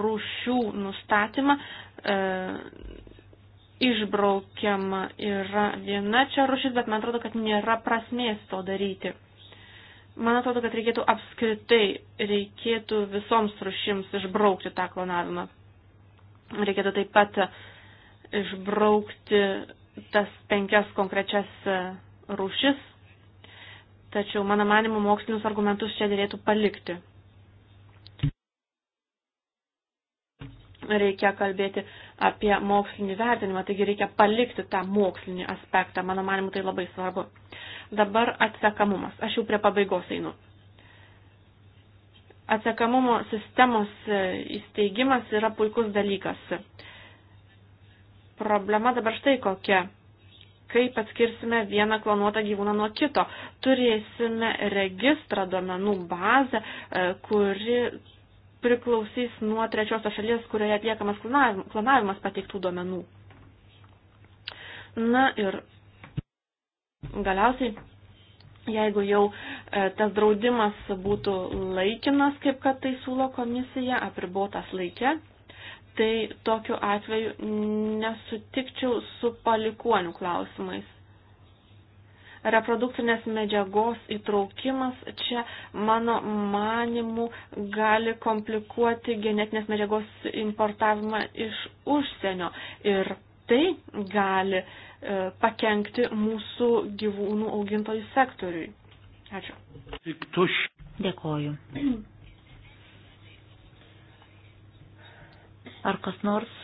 [SPEAKER 3] rūšių nustatymą. E, išbraukiama yra viena čia rūšis, bet man atrodo, kad nėra prasmės to daryti. Man atrodo, kad reikėtų apskritai, reikėtų visoms rušims išbraukti tą klonavimą. Reikėtų taip pat išbraukti tas penkias konkrečias rušis, tačiau mano manimu mokslinius argumentus čia dėlėtų palikti. Reikia kalbėti apie mokslinį vertinimą, taigi reikia palikti tą mokslinį aspektą, mano manimu tai labai svarbu. Dabar atsekamumas. Aš jau prie pabaigos einu. Atsekamumo sistemos e, įsteigimas yra puikus dalykas. Problema dabar štai kokia. Kaip atskirsime vieną klonuotą gyvūną nuo kito? Turėsime registrą duomenų bazę, e, kuri priklausys nuo trečiosios šalies, kurioje atliekamas klonavimas pateiktų duomenų. Na ir Galiausiai, jeigu jau e, tas draudimas būtų laikinas, kaip kad tai siūlo komisija, apribotas laikė, tai tokiu atveju nesutikčiau su palikuonių klausimais reprodukcinės medžiagos įtraukimas čia, mano manimu, gali komplikuoti genetinės medžiagos importavimą iš užsienio. Ir tai gali E, pakengti mūsų gyvūnų augintojų sektoriui. Ačiū.
[SPEAKER 4] Dėkoju. Ar kas nors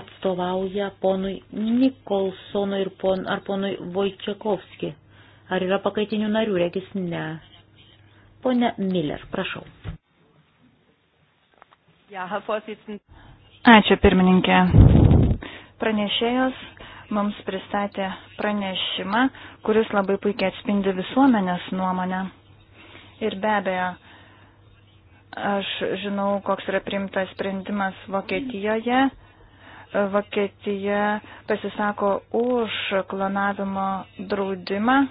[SPEAKER 4] atstovauja ponui Nikolsonui ir pon, ar ponui Vojčiakovski? Ar yra pakaitinių narių, regis ne. Pone Miller, prašau.
[SPEAKER 2] Ačiū pirmininkė. Pranešėjos mums pristatė pranešimą, kuris labai puikiai atspindi visuomenės nuomonę. Ir be abejo, aš žinau, koks yra primtas sprendimas Vokietijoje. Vokietija pasisako už klonavimo draudimą e,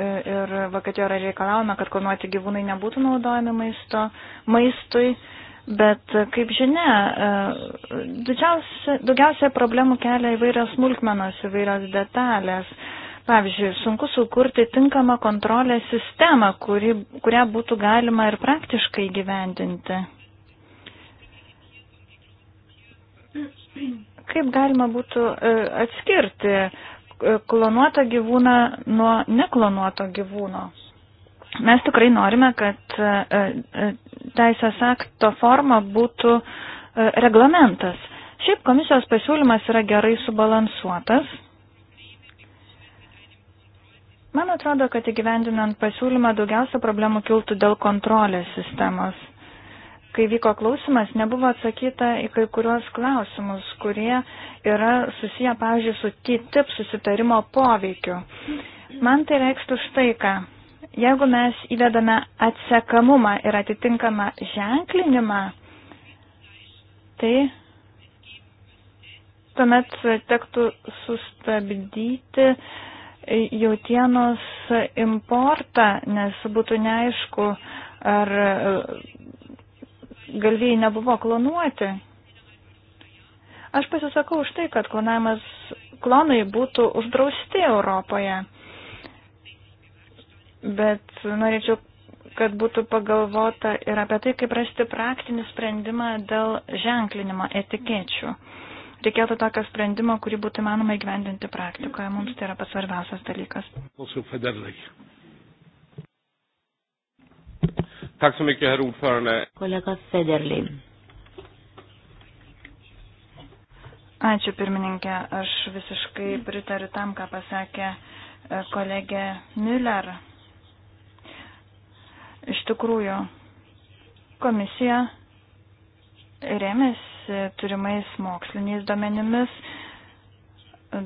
[SPEAKER 2] ir Vokietijoje yra reikalaujama, kad klonuoti gyvūnai nebūtų naudojami maisto, maistui. Bet, kaip žinia, e, daugiausia problemų kelia įvairios smulkmenos, įvairios detalės. Pavyzdžiui, sunku sukurti tinkamą kontrolės sistemą, kuri, kurią būtų galima ir praktiškai gyvendinti. Kaip galima būtų e, atskirti e, klonuotą gyvūną nuo neklonuoto gyvūno? Mes tikrai norime, kad e, e, teisės akto forma būtų e, reglamentas. Šiaip komisijos pasiūlymas yra gerai subalansuotas. Man atrodo, kad įgyvendinant pasiūlymą daugiausia problemų kiltų dėl kontrolės sistemos. Kai vyko klausimas, nebuvo atsakyta į kai kuriuos klausimus, kurie yra susiję, pavyzdžiui, su TTIP susitarimo poveikiu. Man tai reikštų štai ką. Jeigu mes įvedame atsekamumą ir atitinkamą ženklinimą, tai tuomet tektų sustabdyti jautienos importą, nes būtų neaišku, ar galvijai nebuvo klonuoti. Aš pasisakau už tai, kad klonavimas klonai būtų uždrausti Europoje bet norėčiau, kad būtų pagalvota ir apie tai, kaip rasti praktinį sprendimą dėl ženklinimo etikečių. Reikėtų tokio sprendimo, kurį būtų manoma įgyvendinti praktikoje. Mums tai yra pats svarbiausias dalykas.
[SPEAKER 5] Tack så mycket, herr ordförande.
[SPEAKER 2] Kollega Federley. Ačiū pirmininkė, aš visiškai pritariu tam, ką pasakė e, kolegė Müller. Iš tikrųjų, komisija rėmėsi turimais moksliniais domenimis.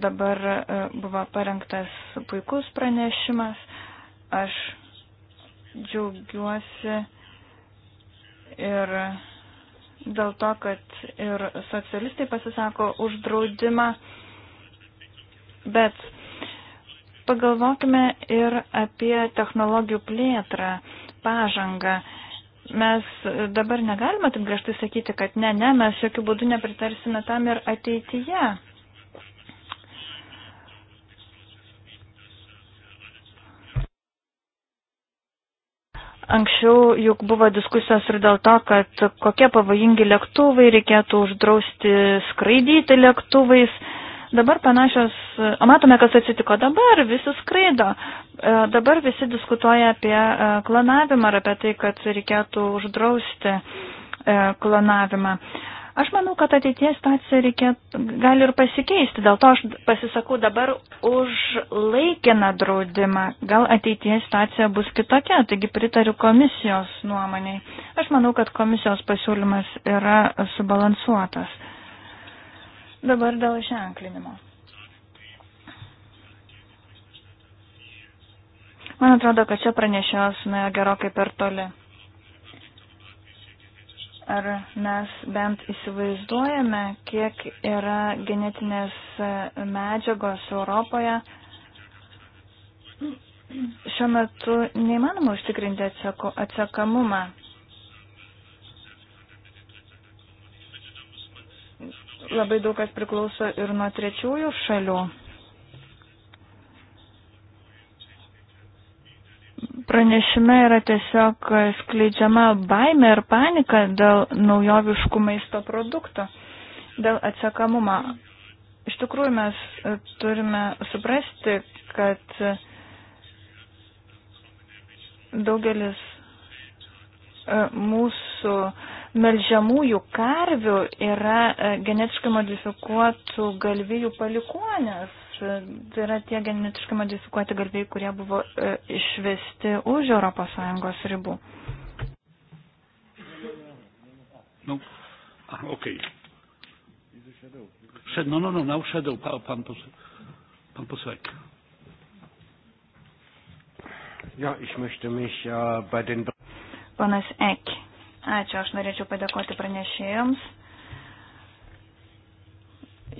[SPEAKER 2] Dabar e, buvo parengtas puikus pranešimas. Aš džiaugiuosi ir dėl to, kad ir socialistai pasisako už draudimą. Bet pagalvokime ir apie technologijų plėtrą pažangą. Mes dabar negalime taip griežtai sakyti, kad ne, ne, mes jokių būdų nepritarsime tam ir ateityje. Anksčiau juk buvo diskusijos ir dėl to, kad kokie pavojingi lėktuvai reikėtų uždrausti skraidyti lėktuvais. Dabar panašios, o matome, kas atsitiko dabar, visi skraido. E, dabar visi diskutuoja apie e, klonavimą ar apie tai, kad reikėtų uždrausti e, klonavimą. Aš manau, kad ateitie situacija reikėtų, gali ir pasikeisti, dėl to aš pasisakau dabar už laikiną draudimą. Gal ateitie situacija bus kitokia, taigi pritariu komisijos nuomoniai. Aš manau, kad komisijos pasiūlymas yra subalansuotas. Dabar dėl ženklinimo. Man atrodo, kad čia pranešėjos nuėjo gerokai per toli. Ar mes bent įsivaizduojame, kiek yra genetinės medžiagos Europoje? Šiuo metu neįmanoma užtikrinti atsakomumą. labai daug kas priklauso ir nuo trečiųjų šalių. Pranešime yra tiesiog skleidžiama baime ir panika dėl naujoviškų maisto produktų, dėl atsakamumo. Iš tikrųjų mes turime suprasti, kad daugelis e, mūsų uh, melžiamųjų karvių yra e, genetiškai modifikuotų galvijų palikuonės. Tai yra tie genetiškai modifikuoti galvijai, kurie buvo e, išvesti už ES ribų.
[SPEAKER 1] No. A, okej. Okay. No, no, no, no, szedł pan, pan, poseł, pan posłek. Ja, ich möchte mich ja äh, bei den...
[SPEAKER 2] Panas Eck. Ačiū, aš norėčiau padėkoti pranešėjams.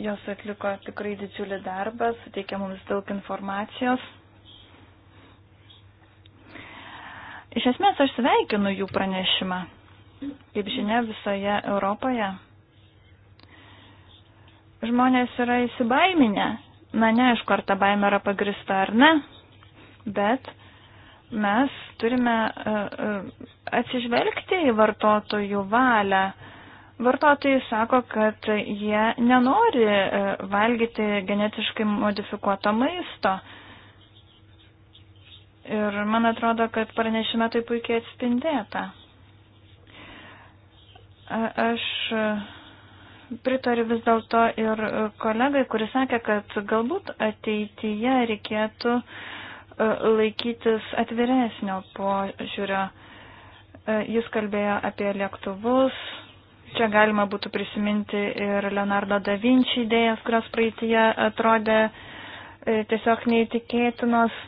[SPEAKER 2] Jos atliko tikrai didžiulį darbą, suteikė mums daug informacijos. Iš esmės aš sveikinu jų pranešimą. Kaip žinia, visoje Europoje žmonės yra įsibaiminę. Na neaišku, ar ta baimė yra pagrista ar ne, bet mes turime e, e, atsižvelgti į vartotojų valią. Vartotojai sako, kad jie nenori e, valgyti genetiškai modifikuoto maisto. Ir man atrodo, kad pranešime tai puikiai atspindėta. Aš pritariu vis dėlto ir kolegai, kuris sakė, kad galbūt ateityje reikėtų uh, E, laikytis atviresnio požiūrio. E, jis kalbėjo apie lėktuvus. Čia galima būtų prisiminti ir Leonardo da Vinci idėjas, kurios praeitie atrodė e, tiesiog neįtikėtinos.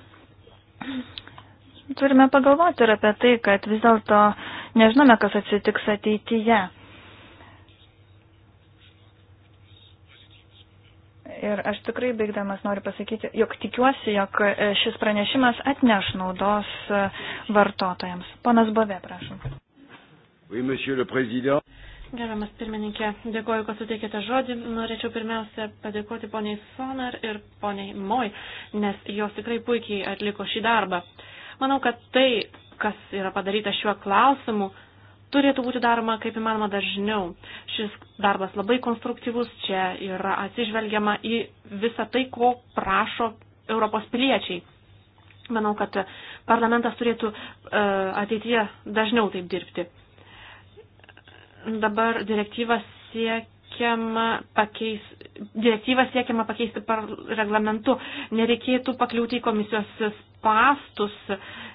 [SPEAKER 2] Turime pagalvoti ir apie tai, kad vis dėlto nežinome, kas atsitiks ateityje. Ir aš tikrai baigdamas noriu pasakyti, jog tikiuosi, jog e, šis pranešimas atneš naudos e, vartotojams. Ponas Bove, prašom.
[SPEAKER 5] Oui, monsieur le président.
[SPEAKER 2] Gerbiamas pirmininkė, dėkoju,
[SPEAKER 3] kad suteikėte žodį. Norėčiau pirmiausia padėkoti poniai Sonar ir poniai Moj, nes jos tikrai puikiai atliko šį darbą. Manau, kad tai, kas yra padaryta šiuo klausimu, turėtų būti daroma kaip įmanoma dažniau. Šis darbas labai konstruktyvus, čia yra atsižvelgiama į visą tai, ko prašo Europos piliečiai. Manau, kad parlamentas turėtų e, ateityje dažniau taip dirbti. Dabar direktyvas siekiama pakeisti. Direktyvą siekiama pakeisti par reglamentu. Nereikėtų pakliūti į komisijos spastus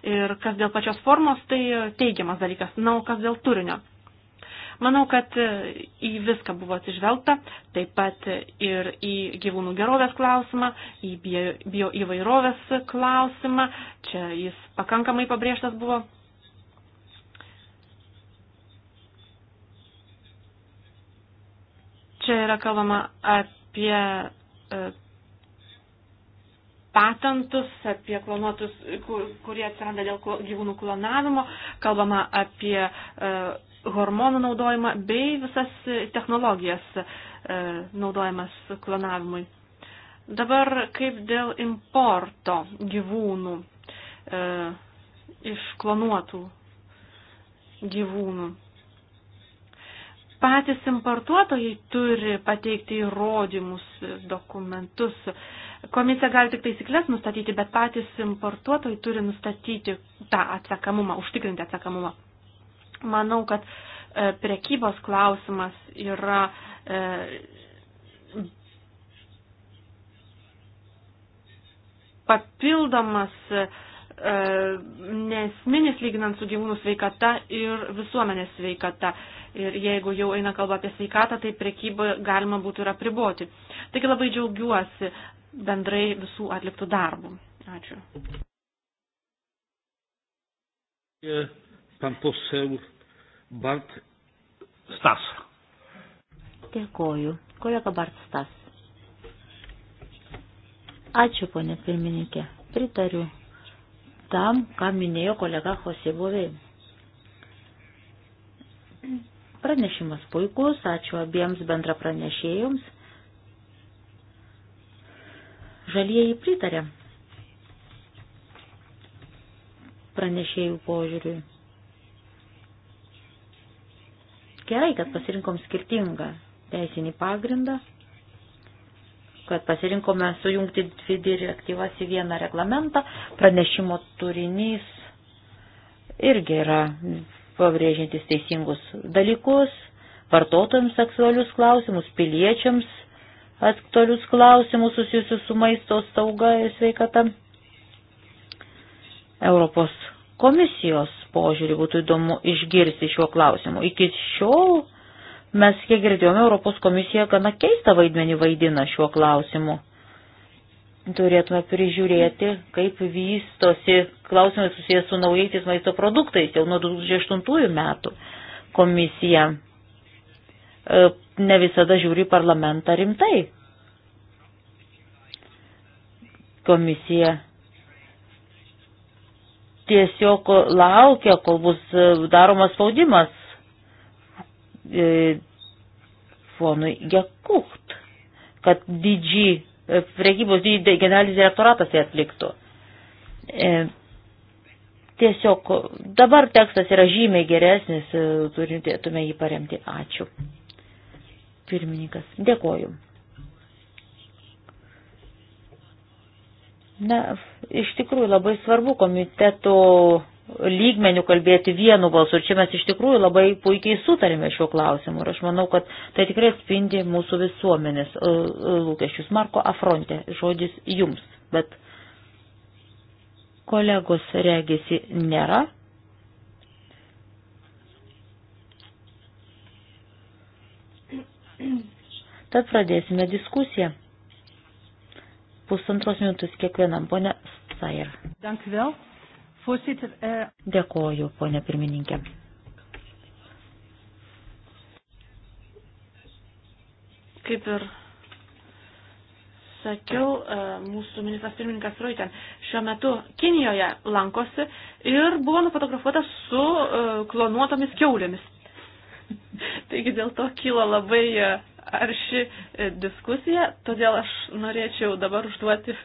[SPEAKER 3] ir kas dėl pačios formos, tai teigiamas dalykas. Na, o kas dėl turinio? Manau, kad į viską buvo atsižvelgta, taip pat ir į gyvūnų gerovės klausimą, į bio įvairovės klausimą. Čia jis pakankamai pabrėžtas buvo. Čia yra kalbama apie e, patentus, apie klonuotus, kurie atsiranda dėl gyvūnų klonavimo, kalbama apie e, hormonų naudojimą bei visas technologijas e, naudojimas klonavimui. Dabar kaip dėl importo gyvūnų e, iš klonuotų gyvūnų patys importuotojai turi pateikti įrodymus, dokumentus, Komisija gali tik taisyklės nustatyti, bet patys importuotojai turi nustatyti tą atsakamumą, užtikrinti atsakamumą. Manau, kad e, prekybos klausimas yra e, papildomas e, nesminis lyginant su gyvūnų sveikata ir visuomenės sveikata. Ir jeigu jau eina kalba apie sveikatą, tai prekybą galima būtų ir apriboti. Taigi labai džiaugiuosi bendrai visų atliktų darbų. Ačiū.
[SPEAKER 4] Pan poseł Bart Stas. Dėkoju. Kolega Bart Stas. Ačiū, ponė pirmininkė. Pritariu tam, ką minėjo kolega Hosibovė. Pranešimas puikus, ačiū abiems bendra pranešėjoms Žalieji pritarė pranešėjų požiūriui. Gerai, kad pasirinkom skirtingą teisinį pagrindą, kad pasirinkome sujungti dvi direktyvas į vieną reglamentą, pranešimo turinys irgi yra pabrėžiantis teisingus dalykus, vartotojams seksualius klausimus, piliečiams aktualius klausimus susijusius su maisto sauga ir sveikata. Europos komisijos požiūrį būtų įdomu išgirsti šiuo klausimu. Iki šiol mes, kiek girdėjome, Europos komisija gana keistą vaidmenį vaidina šiuo klausimu. Turėtume prižiūrėti, kaip vystosi klausimai susijęs su naujaisiais maisto produktais jau nuo 2008 metų komisija e, ne visada žiūri parlamentą rimtai. Komisija tiesiog laukia, kol bus e, daromas spaudimas e, ponui Gekucht, kad didžiai e, prekybos dydį generalinis direktoratas jį atliktų. E, tiesiog dabar tekstas yra žymiai geresnis, turėtume jį paremti. Ačiū. Pirmininkas, dėkoju. Na, iš tikrųjų labai svarbu komiteto lygmenių kalbėti vienu balsu. Čia mes iš tikrųjų labai puikiai sutarėme šiuo klausimu ir aš manau, kad tai tikrai spindi mūsų visuomenės e, e, lūkesčius. Marko Afronte, žodis jums, bet kolegos regėsi nėra. Tad pradėsime diskusiją. Pusantros minutės kiekvienam, ponė Sair. Eh, Dėkoju, ponė pirmininkė.
[SPEAKER 3] Kaip ir sakiau, eh, mūsų ministras pirmininkas Ruiten šiuo metu Kinijoje lankosi ir buvo nufotografuotas su eh, klonuotomis keulėmis. Taigi dėl to kilo labai e, arši e, diskusija, todėl aš norėčiau dabar užduoti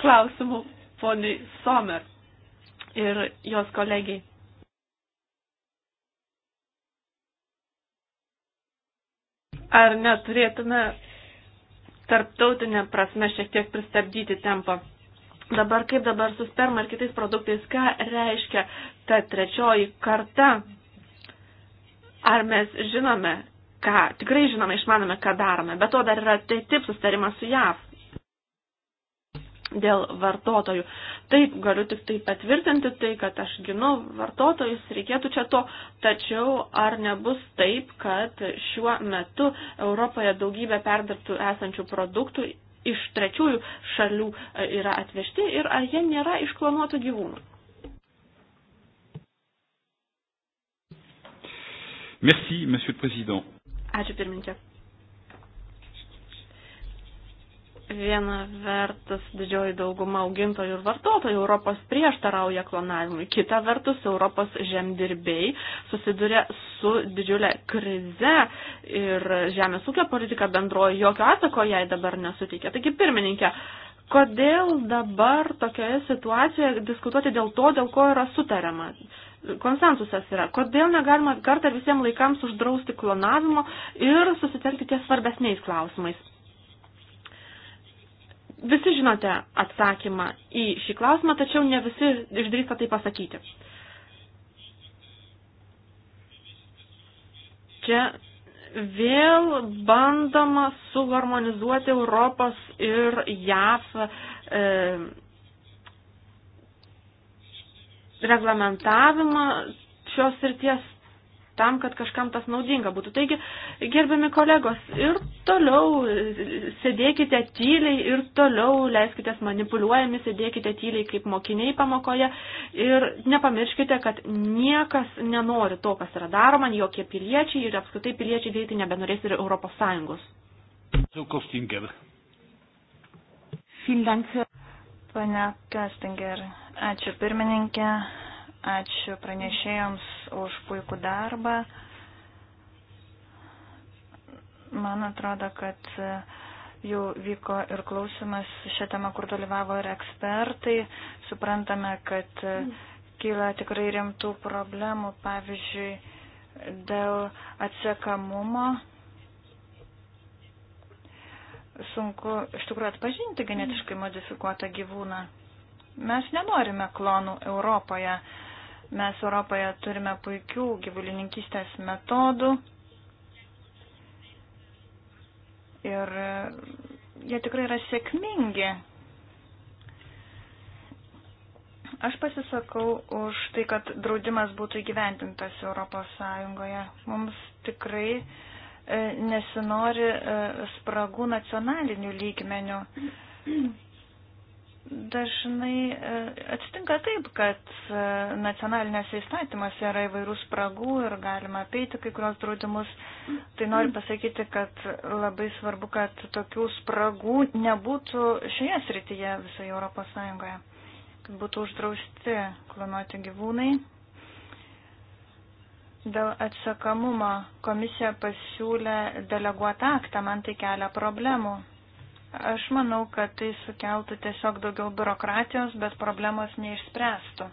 [SPEAKER 3] klausimų poniai Somer ir jos kolegiai. Ar neturėtume tarptautinę prasme šiek tiek pristabdyti tempą? Dabar kaip dabar su sperma ir kitais produktais, ką reiškia ta trečioji karta Ar mes žinome, ką tikrai žinome, išmanome, ką darome. Bet to dar yra tai taip sustarimas su JAV dėl vartotojų. Taip, galiu tik tai patvirtinti tai, kad aš ginu vartotojus, reikėtų čia to, tačiau ar nebus taip, kad šiuo metu Europoje daugybė perdirbtų esančių produktų iš trečiųjų šalių e, yra atvežti ir ar jie nėra išklonuotų gyvūnų.
[SPEAKER 1] Merci, Monsieur le Président.
[SPEAKER 3] Ačiū pirmininkė. Viena vertus didžioji dauguma augintojų ir vartotojų Europos prieštarauja klonavimui, kita vertus Europos žemdirbiai susiduria su didžiulė krize ir žemės ūkio politika bendroji jokio atsako jai dabar nesuteikia. Taigi pirmininkė, kodėl dabar tokioje situacijoje diskutuoti dėl to, dėl ko yra sutariama? Uh, konsensusas yra. Kodėl negalima kartą visiems laikams uždrausti klonavimo ir susitelkti ties svarbesniais klausimais? Visi žinote atsakymą į šį klausimą, tačiau ne visi išdrįsta tai pasakyti. Čia vėl bandoma suharmonizuoti Europos ir JAF e, reglamentavimą šios srities tam, kad kažkam tas naudinga būtų. Taigi, gerbiami kolegos, ir toliau sėdėkite tyliai, ir toliau leiskite manipuliuojami, sėdėkite tyliai kaip mokiniai pamokoje ir nepamirškite, kad niekas nenori to, kas yra daroma, jokie piliečiai ir apskritai piliečiai
[SPEAKER 2] greitai nebenorės ir Europos Sąjungos. Pane Kastinger, Ačiū pirmininkė, ačiū pranešėjams už puikų darbą. Man atrodo, kad jau vyko ir klausimas šią temą, kur dalyvavo ir ekspertai. Suprantame, kad kyla tikrai rimtų problemų, pavyzdžiui, dėl atsiekamumo. Sunku iš tikrųjų atpažinti genetiškai modifikuotą gyvūną. Mm. Mes nenorime klonų Europoje. Mes Europoje turime puikių gyvulininkystės metodų ir jie tikrai yra sėkmingi. Aš pasisakau už tai, kad draudimas būtų įgyventintas Europos Sąjungoje. Mums tikrai e, nesinori e, spragų nacionalinių lygmenių. Dažnai e, atsitinka taip, kad e, nacionalinėse įstatymuose yra įvairių spragų ir galima apeiti kai kurios draudimus. Tai noriu pasakyti, kad labai svarbu, kad tokių spragų nebūtų šioje srityje visoje Europos Sąjungoje, kad būtų uždrausti klonuoti gyvūnai. Dėl atsakamumo komisija pasiūlė deleguotą aktą, man tai kelia problemų Aš manau, kad tai sukeltų tiesiog daugiau biurokratijos, bet problemos neišspręstų.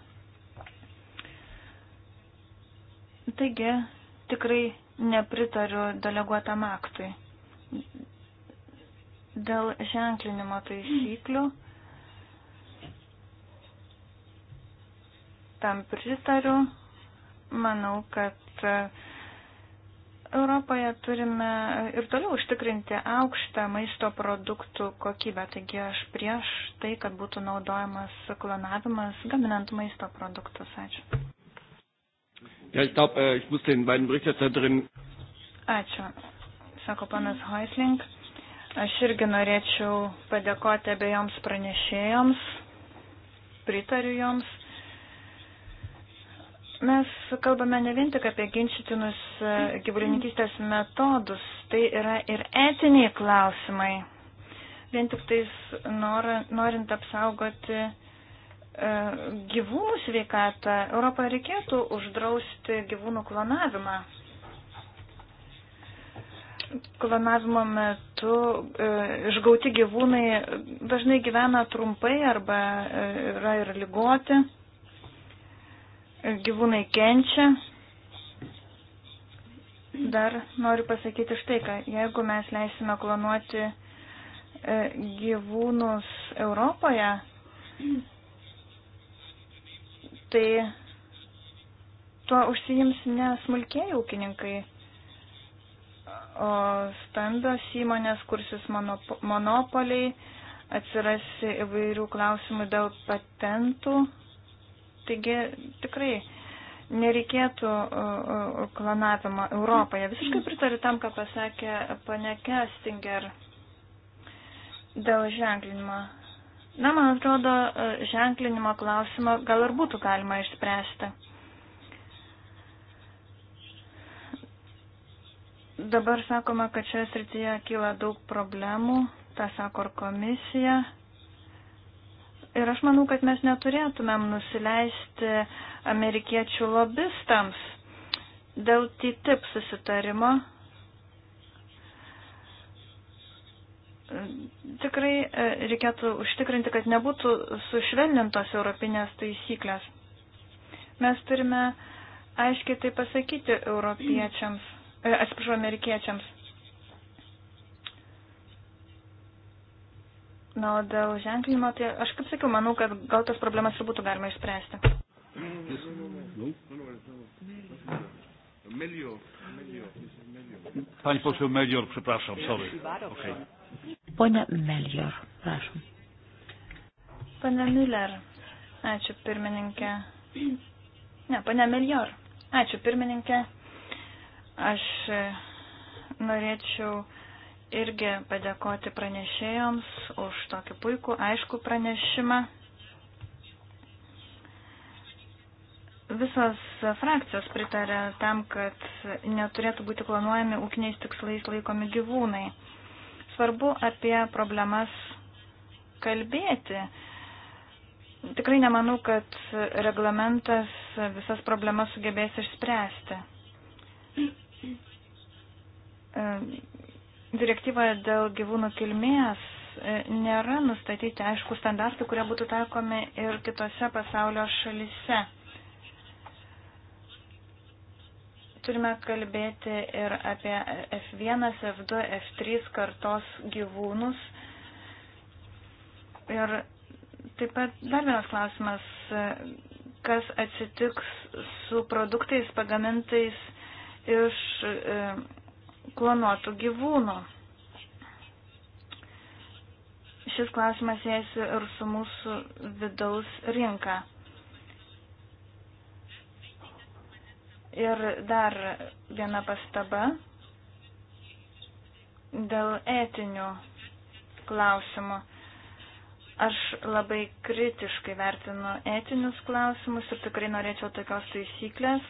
[SPEAKER 2] Taigi, tikrai nepritariu deleguotam aktui. Dėl ženklinimo taisyklių tam pritariu. Manau, kad Europoje turime ir toliau užtikrinti aukštą maisto produktų kokybę, taigi aš prieš tai, kad būtų naudojamas klonavimas gaminant maisto produktus. Ačiū.
[SPEAKER 5] Ja, ich glaub, äh, ich muss den beiden Berichterstatterinnen.
[SPEAKER 2] Ačiū, sako panas Hoisling. Aš irgi norėčiau padėkoti abiejoms pranešėjoms, pritariu joms. Mes kalbame ne vien tik apie ginčytinus e, gyvulininkystės metodus, tai yra ir etiniai klausimai. Vien tik tais nor, norint apsaugoti e, gyvūnų sveikatą, Europoje reikėtų uždrausti gyvūnų klonavimą. Klonavimo metu e, išgauti gyvūnai dažnai gyvena trumpai arba e, yra ir lygoti. E, gyvūnai kenčia. Dar noriu pasakyti štai ką, jeigu mes leisime klonuoti e, gyvūnus Europoje, tai tuo užsijims ne smulkėjai ūkininkai, o stambios įmonės kursis monopoliai, atsiras įvairių klausimų dėl patentų Taigi tikrai nereikėtų klonavimo Europoje. Visiškai pritariu tam, ką pasakė pane Kestinger dėl ženklinimo. Na, man atrodo, e, ženklinimo klausimą gal ir būtų galima išspręsti. Dabar sakoma, kad šioje srityje kyla daug problemų, tą sako ir komisija. Ir aš manau, kad mes neturėtumėm nusileisti amerikiečių lobistams dėl TTIP susitarimo. Tikrai e, reikėtų užtikrinti, kad nebūtų sušvelnintos europinės taisyklės. Mes turime aiškiai tai pasakyti europiečiams, e, atsiprašau, amerikiečiams. Na, o dėl ženklinimo, tai aš kaip sakiau, manau, kad gal tas problemas ir būtų galima išspręsti.
[SPEAKER 1] Pani poseł Melior, przepraszam, sorry. Okay.
[SPEAKER 4] Pone Melior, prašom.
[SPEAKER 2] Pane Miller, ačiū pirmininkė. Ne, pane Melior, ačiū pirmininkė. Aš e, norėčiau irgi padėkoti pranešėjoms už tokį puikų, aišku pranešimą. Visos frakcijos pritarė tam, kad neturėtų būti planuojami ūkiniais tikslais laikomi gyvūnai. Svarbu apie problemas kalbėti. Tikrai nemanau, kad reglamentas visas problemas sugebės išspręsti direktyvoje dėl gyvūnų kilmės e, nėra nustatyti aišku standartų, kurie būtų taikomi ir kitose pasaulio šalise. Turime kalbėti ir apie F1, F2, F3 kartos gyvūnus. Ir taip pat dar vienas klausimas, e, kas atsitiks su produktais pagamintais iš e, klonuotų gyvūnų. Šis klausimas jėsi ir su mūsų vidaus rinka. Ir dar viena pastaba dėl etinių klausimų. Aš labai kritiškai vertinu etinius klausimus ir tikrai norėčiau tokios taisyklės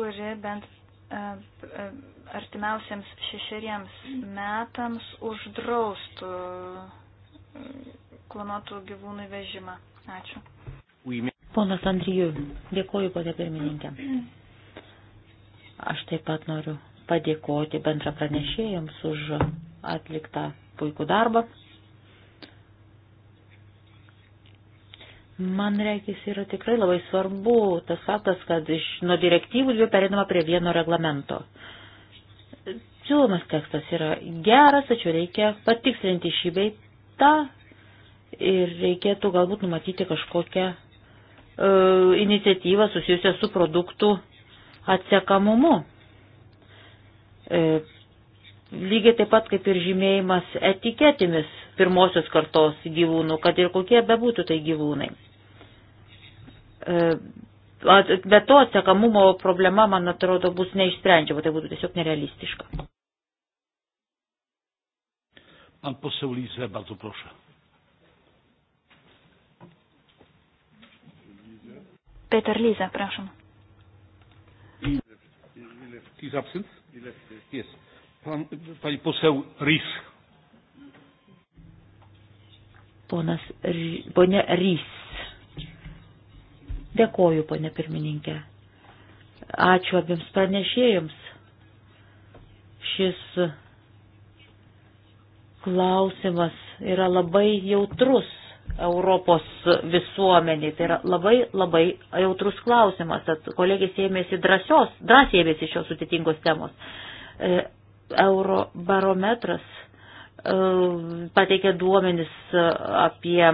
[SPEAKER 2] kuri bent e, e, artimiausiams šešeriems metams uždraustų e, klonuotų gyvūnų vežimą. Ačiū.
[SPEAKER 4] Ponas Andrijų, dėkoju, ponė pirmininkė. Aš taip pat noriu padėkoti bendra pranešėjams už atliktą puikų darbą. Man reikės yra tikrai labai svarbu tas faktas, kad iš nuo direktyvų dviejų pereinama prie vieno reglamento. Siūlomas tekstas yra geras, tačiau reikia patikslinti šį beitą ir reikėtų galbūt numatyti kažkokią e, iniciatyvą susijusią su produktų atsekamumu. E, lygiai taip pat kaip ir žymėjimas etiketėmis pirmosios kartos gyvūnų, kad ir kokie bebūtų tai gyvūnai. E, Bet to atsekamumo problema, man atrodo, bus neišsprendžiama, tai būtų tiesiog nerealistiška.
[SPEAKER 1] Pan poseł Lizę, bardzo proszę.
[SPEAKER 2] Peter Liza, proszę.
[SPEAKER 1] He's absent? Yes. Pan, pani poseł Rys.
[SPEAKER 4] Ponas, ponia Rys. Dėkoju, ponė pirmininkė. Ačiū abiems pranešėjams. Šis klausimas yra labai jautrus Europos visuomeniai. Tai yra labai, labai jautrus klausimas. Tad kolegės ėmėsi drąsios, drąsiai ėmėsi šios sutitingos temos. E, Eurobarometras e, pateikė duomenis e, apie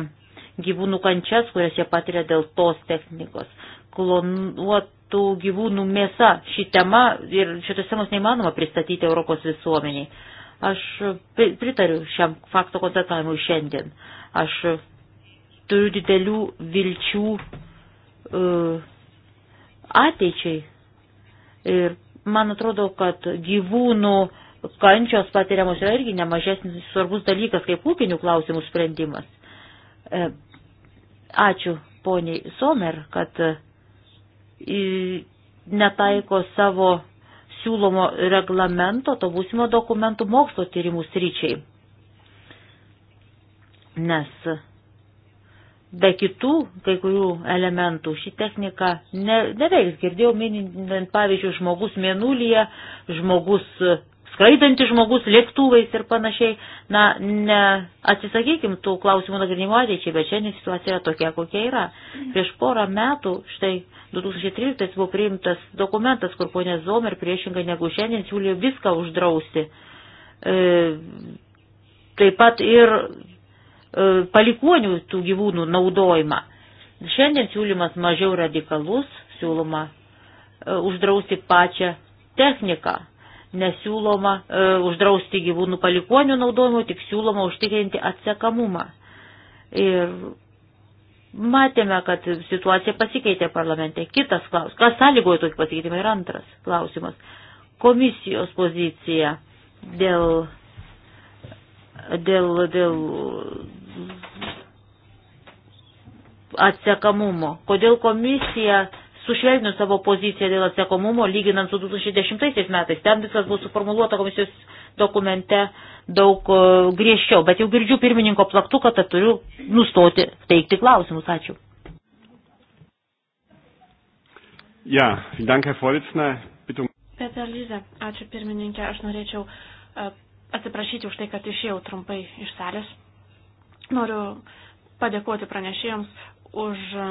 [SPEAKER 4] gyvūnų kančias, kurias jie patiria dėl tos technikos. Klonuotų gyvūnų mėsa. Ši tema ir šitos temos neįmanoma pristatyti Europos visuomeniai. Aš pritariu šiam fakto konstatavimui šiandien. Aš turiu didelių vilčių uh, ateičiai. Ir man atrodo, kad gyvūnų kančios patiriamos yra irgi nemažesnis svarbus dalykas kaip ūkinių klausimų sprendimas. E, Ačiū poniai Somer, kad e, netaiko savo siūlomo reglamento, to būsimo dokumentų mokslo tyrimų sryčiai. Nes be kitų kai kurių elementų ši technika ne, neveiks. Girdėjau minint, pavyzdžiui, žmogus mėnulyje, žmogus skraidantis žmogus lėktuvais ir panašiai. Na, ne, atsisakykim tų klausimų nagrinimo ateičiai, bet šiandien situacija yra tokia, kokia yra. Prieš porą metų, štai 2013 buvo priimtas dokumentas, kur ponė Zomer priešingai negu šiandien siūlė viską uždrausti. E, taip pat ir e, palikonių tų gyvūnų naudojimą. Šiandien siūlymas mažiau radikalus, siūloma e, uždrausti pačią techniką nesiūloma e, uždrausti gyvūnų palikonių naudojimo, tik siūloma užtikrinti atsekamumą. Ir matėme, kad situacija pasikeitė parlamente. Kitas klausimas, kas sąlygoja tokį pasikeitimą ir antras klausimas. Komisijos pozicija dėl, dėl, dėl atsekamumo. Kodėl komisija sušvelnino savo poziciją dėl atsekomumo, lyginant su 2010 metais. Ten viskas buvo suformuoluota komisijos dokumente daug e, griežčiau, bet jau girdžiu pirmininko plaktuką, tad turiu nustoti teikti klausimus. Ačiū.
[SPEAKER 1] Ja, danke, Herr Vorsitzender. Bitte. Um-
[SPEAKER 3] Peter Lyze, ačiū pirmininkė. Aš norėčiau e, atsiprašyti už tai, kad išėjau trumpai iš salės. Noriu padėkoti pranešėjams už e,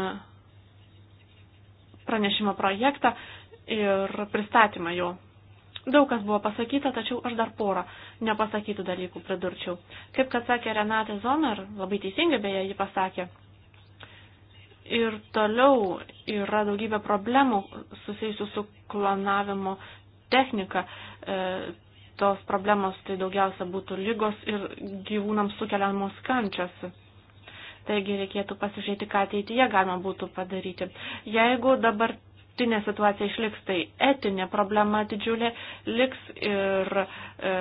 [SPEAKER 3] pranešimo projektą ir pristatymą jo. Daug kas buvo pasakyta, tačiau aš dar porą nepasakytų dalykų pridurčiau. Kaip kad sakė Renate Zomer, labai teisingai beje ji pasakė, ir toliau yra daugybė problemų susijusių su klonavimo technika. E, tos problemos tai daugiausia būtų lygos ir gyvūnams sukeliamos kančios. Taigi reikėtų pasižiūrėti, ką ateityje galima būtų padaryti. Jeigu dabar dabartinė situacija išliks, tai etinė problema didžiulė liks ir e,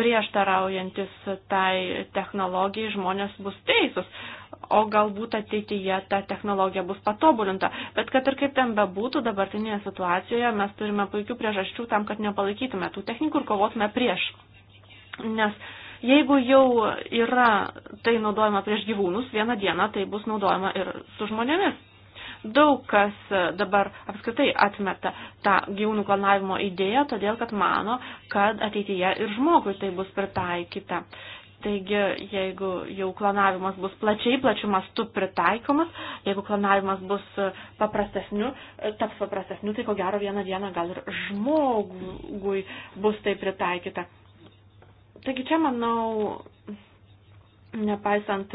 [SPEAKER 3] prieštaraujantis tai technologijai žmonės bus teisūs, o galbūt ateityje ta technologija bus patobulinta. Bet kad ir kaip ten bebūtų, dabartinėje situacijoje mes turime puikių priežasčių tam, kad nepalaikytume tų technikų ir kovotume prieš. Nes Jeigu jau yra tai naudojama prieš gyvūnus, vieną dieną tai bus naudojama ir su žmonėmis. Daug kas dabar apskritai atmeta tą gyvūnų klonavimo idėją, todėl kad mano, kad ateityje ir žmogui tai bus pritaikyta. Taigi, jeigu jau klonavimas bus plačiai, plačiu mastu pritaikomas, jeigu klonavimas bus paprastesniu, taps paprastesniu, tai ko gero vieną dieną gal ir žmogui bus tai pritaikyta. Taigi čia, manau, nepaisant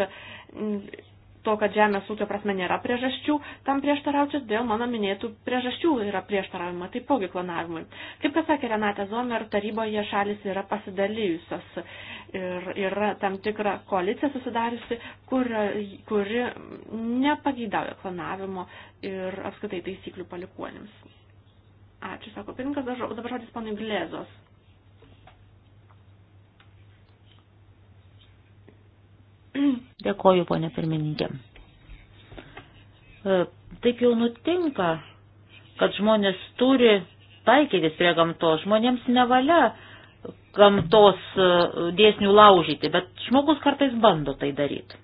[SPEAKER 3] to, kad žemės ūkio prasme nėra priežasčių, tam prieštaraučius dėl mano minėtų priežasčių yra prieštaravimo, taipogi klonavimui. Kaip pasakė Renate Zomer, taryboje šalis yra pasidalijusios ir yra tam tikra koalicija susidariusi, kur, kuri nepageidauja klonavimo ir apskaitai taisyklių palikuonims. Ačiū, sako pirinkas, dabar žodis ponui Glezos.
[SPEAKER 4] Dėkoju, ponė pirmininkė. E, taip jau nutinka, kad žmonės turi taikytis prie gamtos. Žmonėms nevalia gamtos e, dėsnių laužyti, bet žmogus kartais bando tai daryti.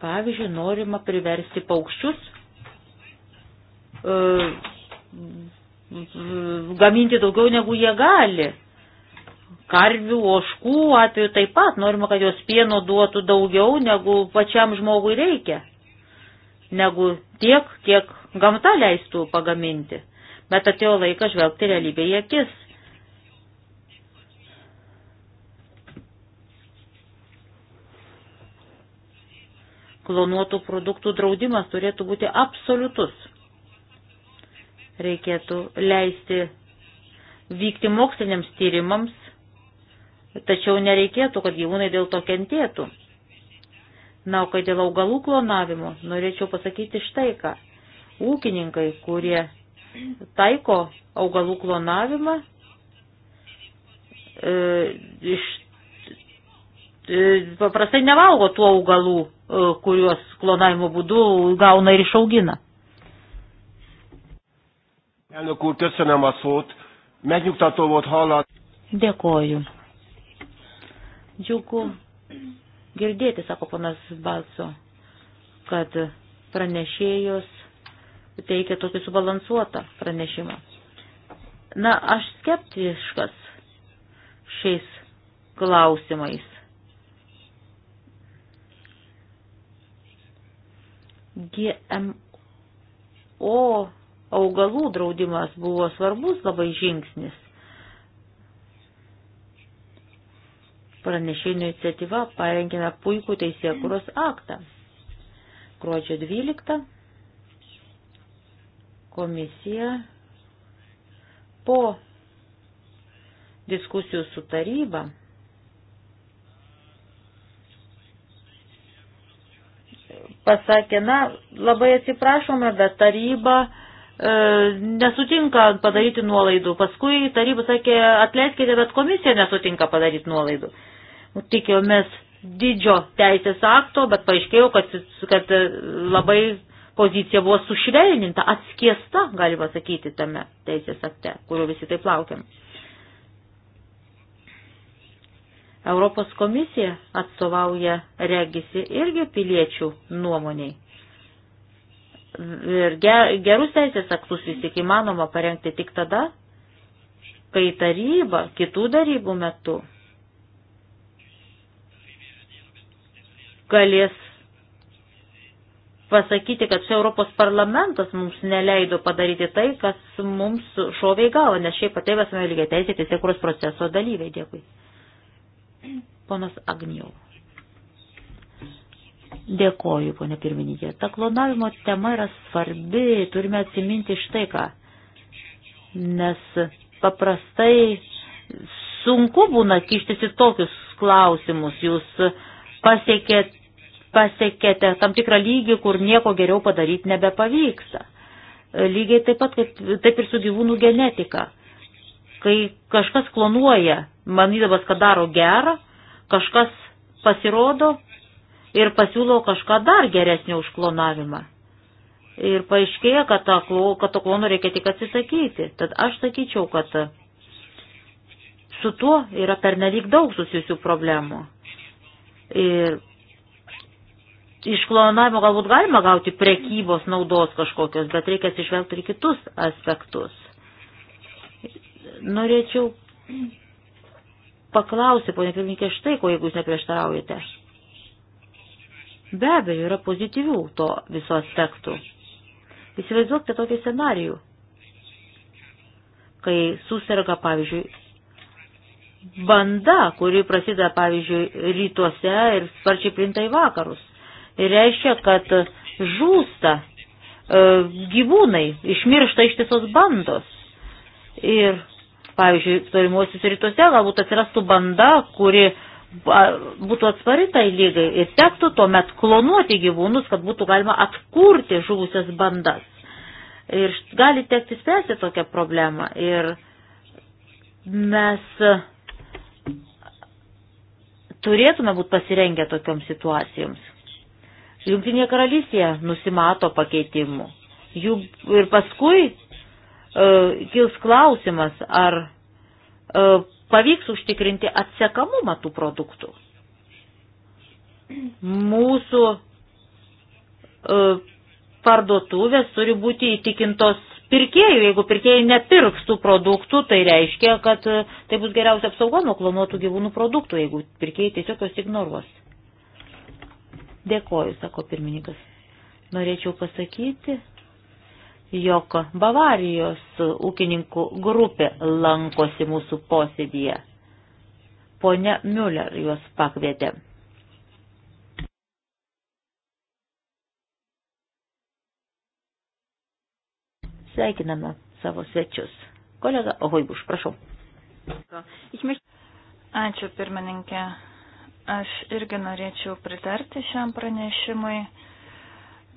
[SPEAKER 4] Pavyzdžiui, norima priversti paukščius e, gaminti daugiau negu jie gali karvių, oškų atveju taip pat norima, kad jos pieno duotų daugiau, negu pačiam žmogui reikia, negu tiek, kiek gamta leistų pagaminti. Bet atėjo laikas žvelgti realybę į akis. Klonuotų produktų draudimas turėtų būti absoliutus. Reikėtų leisti vykti moksliniams tyrimams tačiau nereikėtų, kad gyvūnai dėl to kentėtų. Na, o kai dėl augalų klonavimo, norėčiau pasakyti štai ką. Ūkininkai, kurie taiko augalų klonavimą, e, iš, e, paprastai nevalgo tų augalų, e, kuriuos klonavimo būdu gauna ir išaugina.
[SPEAKER 5] Elnök úr, köszönöm a szót. Megnyugtató volt hallani.
[SPEAKER 4] Dėkoju. Džiugu girdėti, sako ponas Balso, kad pranešėjos teikia tokį subalansuotą pranešimą. Na, aš skeptiškas šiais klausimais. GMO augalų draudimas buvo svarbus labai žingsnis pranešėjų iniciatyva parengėme puikų teisėkuros aktą. Gruodžio 12 komisija po diskusijų su taryba pasakė, na, labai atsiprašome, bet taryba E, nesutinka padaryti nuolaidų. Paskui taryba sakė, atleiskite, bet komisija nesutinka padaryti nuolaidų. Tikėjomės didžio teisės akto, bet paaiškėjo, kad, kad e, labai pozicija buvo sušvelninta, atskiesta, galima sakyti, tame teisės akte, kurio visi taip laukiam. Europos komisija atstovauja regisi irgi piliečių nuomoniai. Ir gerus teisės aktus vis tik įmanoma parengti tik tada, kai taryba kitų darybų metu galės pasakyti, kad čia Europos parlamentas mums neleido padaryti tai, kas mums šovė į galvą, nes šiaip patėvėsime lygiai teisė teisėkuros proceso dalyviai. Dėkui. Ponas Agniau. Dėkoju, ponė pirmininkė. Ta klonavimo tema yra svarbi, turime atsiminti štai ką. Nes paprastai sunku būna kištis į tokius klausimus. Jūs pasiekėt, pasiekėte tam tikrą lygį, kur nieko geriau padaryti nebepavyksta. Lygiai taip pat, kaip, taip ir su gyvūnų genetika. Kai kažkas klonuoja, manydamas, kad daro gerą, kažkas pasirodo, ir pasiūlo kažką dar geresnio už klonavimą. Ir paaiškėja, kad, ta, kad to klono reikia tik atsisakyti. Tad aš sakyčiau, kad su tuo yra pernelyg daug susijusių problemų. Ir iš klonavimo galbūt galima gauti prekybos naudos kažkokios, bet reikia atsižvelgti ir kitus aspektus. Norėčiau paklausyti, ponė pirmininkė, štai ko, jeigu jūs neprieštaraujate. Be abejo, yra pozityvių to viso aspektų. Įsivaizduokite tokį scenarijų, kai susirga, pavyzdžiui, banda, kuri prasideda, pavyzdžiui, rytuose ir sparčiai plinta į vakarus. Ir tai reiškia, kad žūsta e, gyvūnai, išmiršta ištisos bandos. Ir, pavyzdžiui, tolimuosius rytuose galbūt atsirastų banda, kuri būtų atspari tai lygai ir tektų tuomet klonuoti gyvūnus, kad būtų galima atkurti žuvusias bandas. Ir gali tekti spręsti tokią problemą. Ir mes turėtume būti pasirengę tokioms situacijoms. Junktinėje karalystėje nusimato pakeitimų. Jų ir paskui uh, kils klausimas, ar uh, pavyks užtikrinti atsekamumą tų produktų. Mūsų e, parduotuvės turi būti įtikintos pirkėjų. Jeigu pirkėjai nepirks tų produktų, tai reiškia, kad e, tai bus geriausia apsauga nuo klonuotų gyvūnų produktų, jeigu pirkėjai tiesiog juos ignoruos. Dėkoju, sako pirmininkas. Norėčiau pasakyti, jog Bavarijos ūkininkų grupė lankosi mūsų posėdėje. Pone Müller juos pakvietė. Sveikiname savo svečius. Kolega Ohoibuš, prašau.
[SPEAKER 2] Ačiū pirmininkė. Aš irgi norėčiau pritarti šiam pranešimui.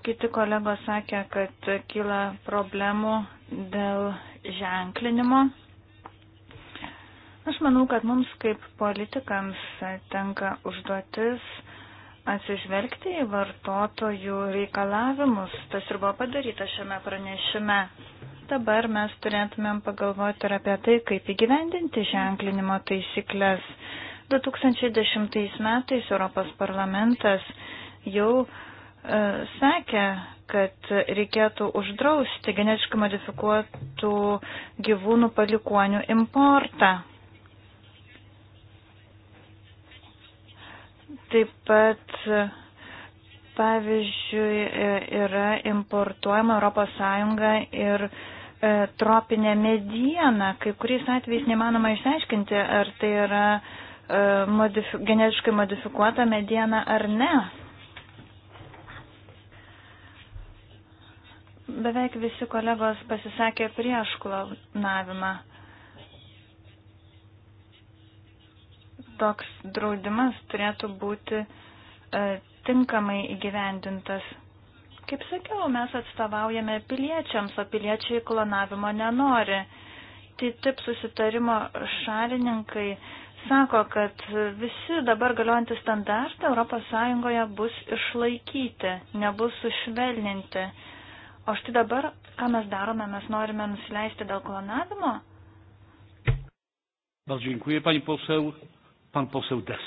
[SPEAKER 2] Kiti kolegos sakė, kad kyla problemų dėl ženklinimo. Aš manau, kad mums kaip politikams tenka užduotis atsižvelgti į vartotojų reikalavimus. Tas ir buvo padaryta šiame pranešime. Dabar mes turėtumėm pagalvoti ir apie tai, kaip įgyvendinti ženklinimo taisyklės. 2010 metais Europos parlamentas jau E, sakė, kad reikėtų uždrausti genetiškai modifikuotų gyvūnų palikonių importą. Taip pat, pavyzdžiui, e, yra importuojama ES ir e, tropinė mediena. Kai kuriais atvejais nemanoma išsiaiškinti, ar tai yra modifi genetiškai modifikuota mediena ar ne. Beveik visi kolegos pasisakė prieš klonavimą. Toks draudimas turėtų būti e, tinkamai įgyvendintas. Kaip sakiau, mes atstovaujame piliečiams, o piliečiai klonavimo nenori. Tai taip susitarimo šalininkai sako, kad visi dabar galiojantys standartai ES bus išlaikyti, nebus sušvelninti O štai dabar, ką mes darome, mes norime nusileisti dėl klonavimo?
[SPEAKER 1] Bardzo dziękuję pani poseł. Pan poseł Des.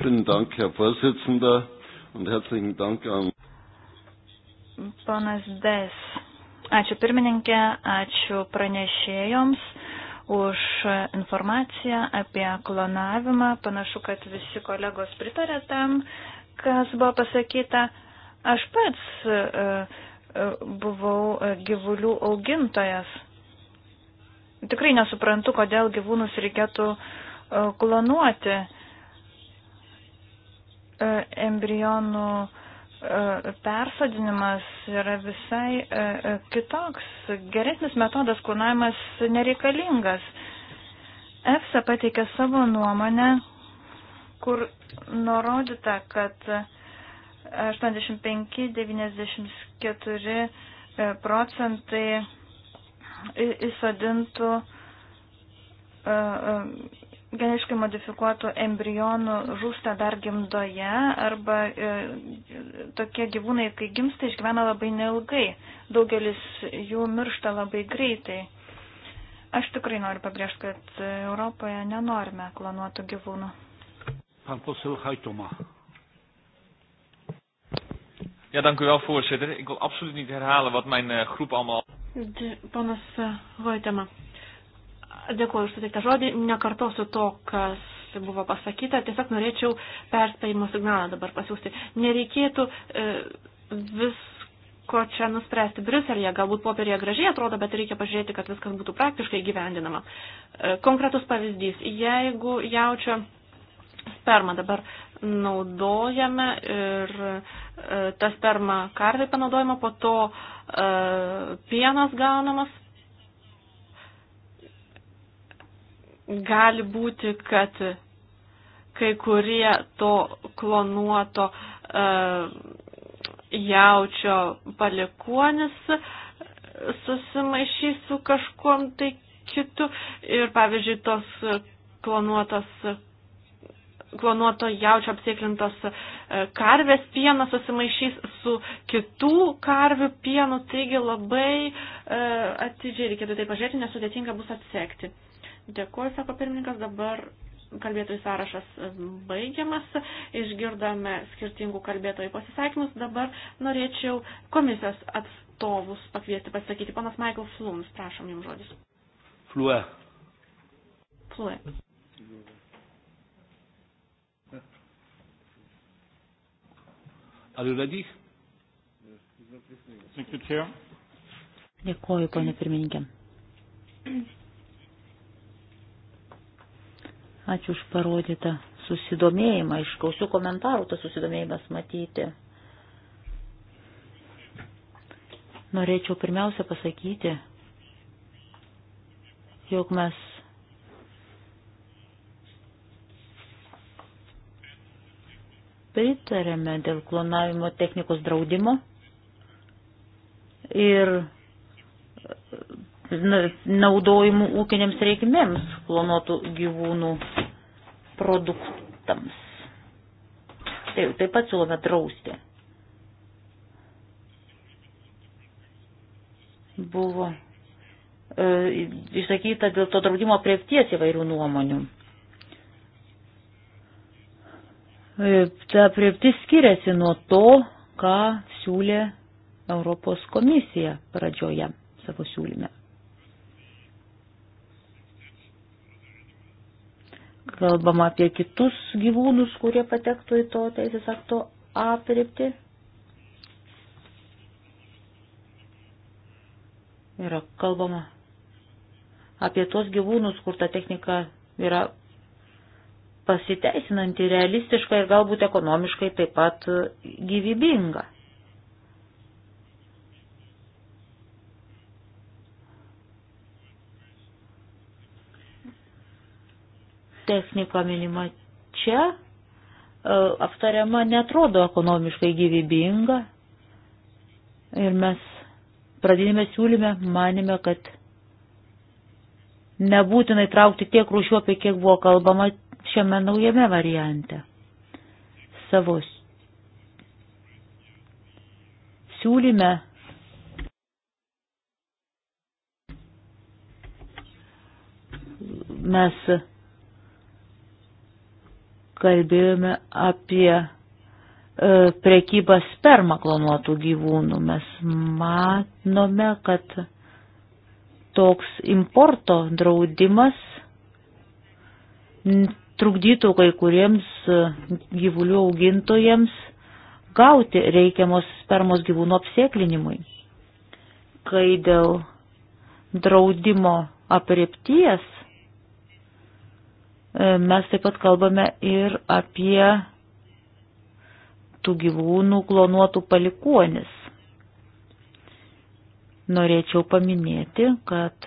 [SPEAKER 1] Vielen Dank, Herr Vorsitzender, und herzlichen Dank an.
[SPEAKER 2] Ponas Des. Ačiū pirmininkė, ačiū pranešėjoms už informaciją apie klonavimą. Panašu, kad visi kolegos pritarė tam, kas buvo pasakyta. Aš pats e, e, e, buvau gyvulių augintojas. Tikrai nesuprantu, kodėl gyvūnus reikėtų klonuoti. Embrionų persodinimas yra visai kitoks. Geresnis metodas klonavimas nereikalingas. EFSA pateikė savo nuomonę, kur nurodyta, kad 85-94 e, procentai įsodintų e, e, geniškai modifikuotų embrionų žūsta dar gimdoje arba e, tokie gyvūnai, kai gimsta, išgyvena labai neilgai. Daugelis jų miršta labai greitai. Aš tikrai noriu pabrėžti, kad Europoje nenorime klonuotų gyvūnų.
[SPEAKER 1] Pan posel Haitoma. Ja, dank u wel, voorzitter. Ik wil absoluut niet herhalen wat mijn uh, groep allemaal...
[SPEAKER 3] De, panas Hoitema, eh, dėkuoju už suteiktą žodį, nekartosiu to, kas buvo pasakyta, tiesiog norėčiau perspėjimo signalą dabar pasiūsti. Nereikėtų e, visko čia nuspręsti Briuselėje, galbūt popierėje gražiai atrodo, bet reikia pažiūrėti, kad viskas būtų praktiškai gyvendinama. E, konkretus pavyzdys, jeigu jaučia sperma dabar naudojame ir e, tas sperma karvė panaudojama, po to e, pienas gaunamas. Gali būti, kad kai kurie to klonuoto e, jaučio palikuonis susimaišys su kažkuom tai kitu ir pavyzdžiui tos klonuotos klonuoto jaučio apsiklintos e, karvės pienas susimaišys su kitų karvių pienu, taigi labai e, atidžiai reikėtų tai pažiūrėti, nes sudėtinga bus atsekti. Dėkuoju, sako pirmininkas, dabar kalbėtojų sąrašas e, baigiamas, išgirdome skirtingų kalbėtojų pasisakymus, dabar norėčiau komisijos atstovus pakviesti pasakyti. Panas Michael Flums, prašom jums žodis.
[SPEAKER 1] Flue. Flue. Are you ready? Thank you, Chair.
[SPEAKER 4] Dėkuoju, ponė pirmininkė. Ačiū už parodytą susidomėjimą. Iš gausių komentarų tas susidomėjimas matyti. Norėčiau pirmiausia pasakyti, jog mes pritarėme dėl klonavimo technikos draudimo ir naudojimų ūkiniams reikmėms klonuotų gyvūnų produktams. Taip, taip pat siūlome drausti. Buvo e, išsakyta dėl to draudimo priepties įvairių nuomonių. ta prieptis skiriasi nuo to, ką siūlė Europos komisija pradžioje savo siūlyme. Kalbama apie kitus gyvūnus, kurie patektų į to teisės akto apripti. Yra kalbama apie tuos gyvūnus, kur ta technika yra pasiteisinanti, realistiška ir galbūt ekonomiškai taip pat gyvybinga. Technika minima čia, e, aptariama netrodo ekonomiškai gyvybinga ir mes pradinėme siūlyme manime, kad nebūtinai traukti tiek rūšių, apie kiek buvo kalbama šiame naujame variante savo siūlyme mes kalbėjome apie e, prekybą sperma klonuotų gyvūnų. Mes manome, kad toks importo draudimas trukdytų kai kuriems e, gyvulių augintojams gauti reikiamos spermos gyvūnų apsėklinimui. Kai dėl draudimo apriepties e, mes taip pat kalbame ir apie tų gyvūnų klonuotų palikuonis. Norėčiau paminėti, kad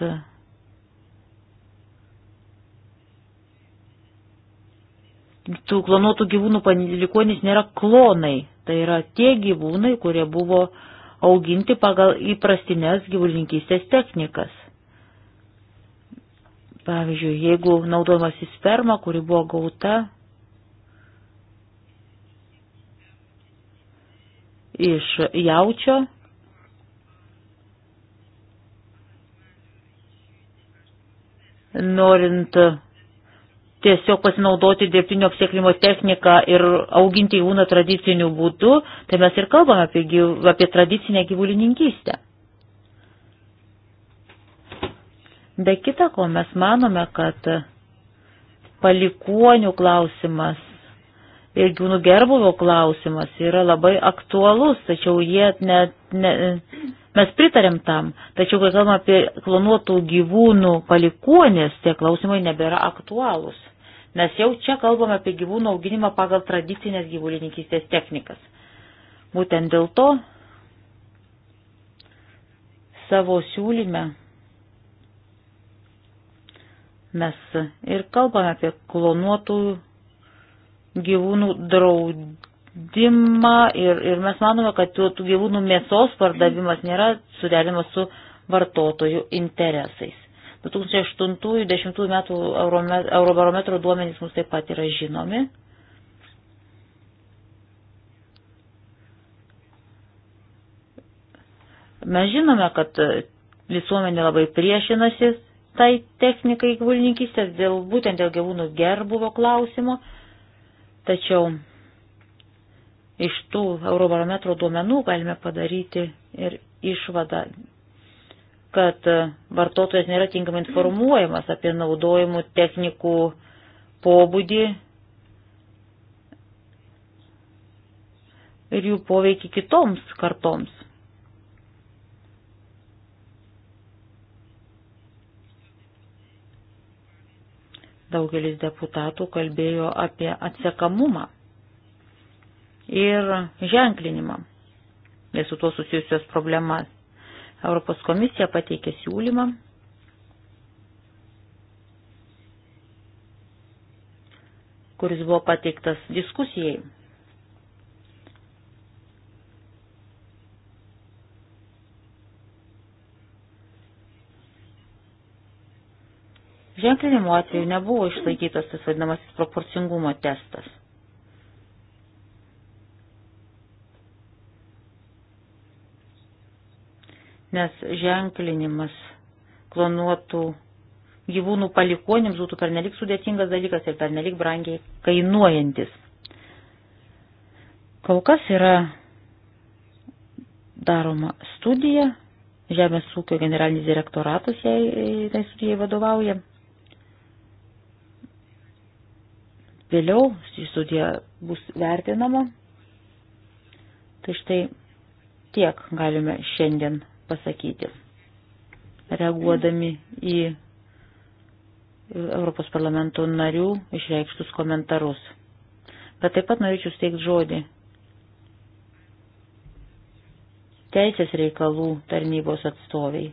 [SPEAKER 4] tų klonuotų gyvūnų panilikonis nėra klonai, tai yra tie gyvūnai, kurie buvo auginti pagal įprastinės gyvulininkystės technikas. Pavyzdžiui, jeigu naudojamas į spermą, kuri buvo gauta iš jaučio, norint tiesiog pasinaudoti dirbtinio apsieklimo techniką ir auginti gyvūną tradiciniu būdu, tai mes ir kalbame apie, gyv... apie tradicinę gyvulininkystę. Be kita ko, mes manome, kad palikuonių klausimas ir gyvūnų gerbuvo klausimas yra labai aktualus, tačiau jie net, ne, mes pritarėm tam, tačiau kai kalbame apie klonuotų gyvūnų palikuonės, tie klausimai nebėra aktualūs nes jau čia kalbame apie gyvūnų auginimą pagal tradicinės gyvulininkystės technikas. Būtent dėl to savo siūlyme mes ir kalbame apie klonuotų gyvūnų draudimą ir, ir mes manome, kad tų, tų gyvūnų mėsos pardavimas nėra suderimas su vartotojų interesais. 2008-2010 metų Eurobarometro duomenys mums taip pat yra žinomi. Mes žinome, kad visuomenė labai priešinasi tai technikai gyvulininkystės, dėl, būtent dėl gyvūnų gerbuvo klausimo. Tačiau iš tų Eurobarometro duomenų galime padaryti ir išvadą kad vartotojas nėra tinkamai informuojamas apie naudojimų technikų pobūdį ir jų poveikį kitoms kartoms. Daugelis deputatų kalbėjo apie atsekamumą ir ženklinimą ir su tuo susijusios problemas. Europos komisija pateikė siūlymą kuris buvo pateiktas diskusijai. Ženklinimo atveju nebuvo išlaikytas tas vadinamasis proporcingumo testas. nes ženklinimas klonuotų gyvūnų palikonims būtų pernelik sudėtingas dalykas ir pernelik brangiai kainuojantis. Kol kas yra daroma studija, Žemės ūkio generalinis direktoratas jai tai studijai vadovauja. Vėliau ši studija bus vertinama. Tai štai tiek galime šiandien pasakyti, reaguodami į Europos parlamento narių išreikštus komentarus. Bet taip pat norėčiau steigti žodį teisės reikalų tarnybos atstoviai,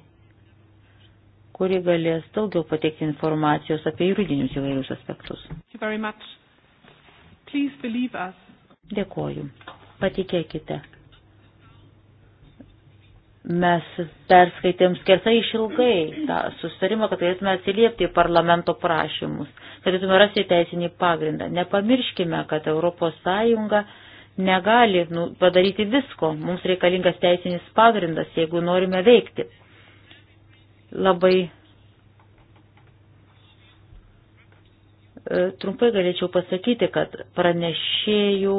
[SPEAKER 4] kuri galės daugiau pateikti informacijos apie juridinius įvairius aspektus. Dėkoju. Patikėkite Mes perskaitėm skersai išilgai tą sustarimą, kad galėtume atsiliepti į parlamento prašymus, kad galėtume rasti teisinį pagrindą. Nepamirškime, kad ES negali nu, padaryti visko. Mums reikalingas teisinis pagrindas, jeigu norime veikti. Labai e, trumpai galėčiau pasakyti, kad pranešėjų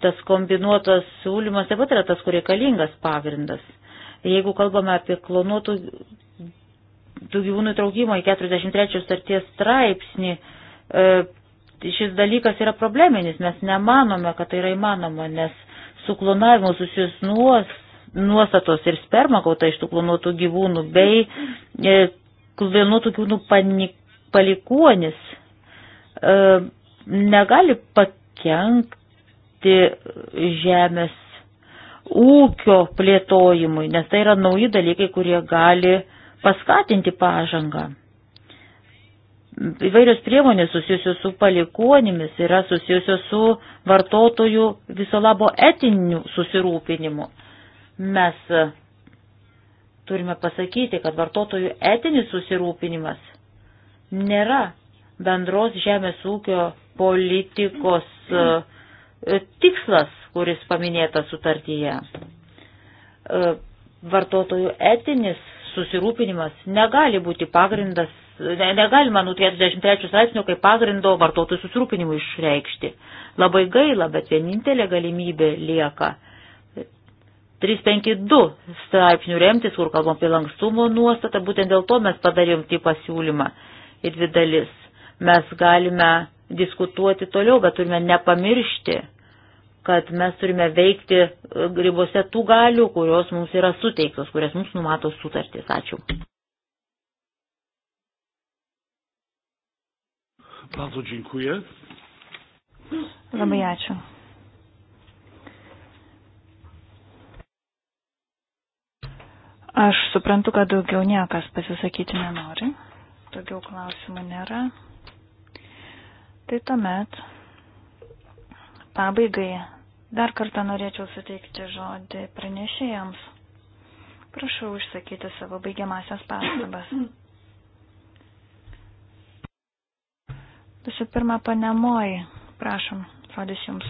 [SPEAKER 4] tas kombinuotas siūlymas taip pat yra tas, kur reikalingas pagrindas. Jeigu kalbame apie klonuotų gyvūnų įtraukimą į 43 starties straipsnį, e, šis dalykas yra probleminis, mes nemanome, kad tai yra įmanoma, nes su klonavimu susijus nuos, nuostatos ir sperma gauta iš tų klonuotų gyvūnų bei e, klonuotų gyvūnų panik, palikuonis e, negali pakenkti skirti žemės ūkio plėtojimui, nes tai yra nauji dalykai, kurie gali paskatinti pažangą. Įvairios priemonės susijusios su palikuonimis yra susijusios su vartotojų viso labo etiniu susirūpinimu. Mes e, turime pasakyti, kad vartotojų etinis susirūpinimas nėra bendros žemės ūkio politikos uh, E, tikslas, kuris paminėta sutartyje. E, vartotojų etinis susirūpinimas negali būti pagrindas, ne, negalima nuo 43 straipsnio kaip pagrindo vartotojų susirūpinimui išreikšti. Labai gaila, bet vienintelė galimybė lieka 352 straipsnių remtis, kur kalbam apie lankstumo nuostatą, būtent dėl to mes padarėm tį pasiūlymą į dvi dalis. Mes galime diskutuoti toliau, bet turime nepamiršti, kad mes turime veikti e, ribose tų galių, kurios mums yra suteiktos, kurias mums numato sutartys. Ačiū.
[SPEAKER 1] Bardzo dziękuję.
[SPEAKER 2] Labai ačiū. Aš suprantu, kad daugiau niekas pasisakyti nenori. Daugiau klausimų nėra tai tuomet pabaigai dar kartą norėčiau suteikti žodį pranešėjams. Prašau išsakyti savo baigiamasias pastabas. Visų pirma, panemoji, prašom, žodis jums.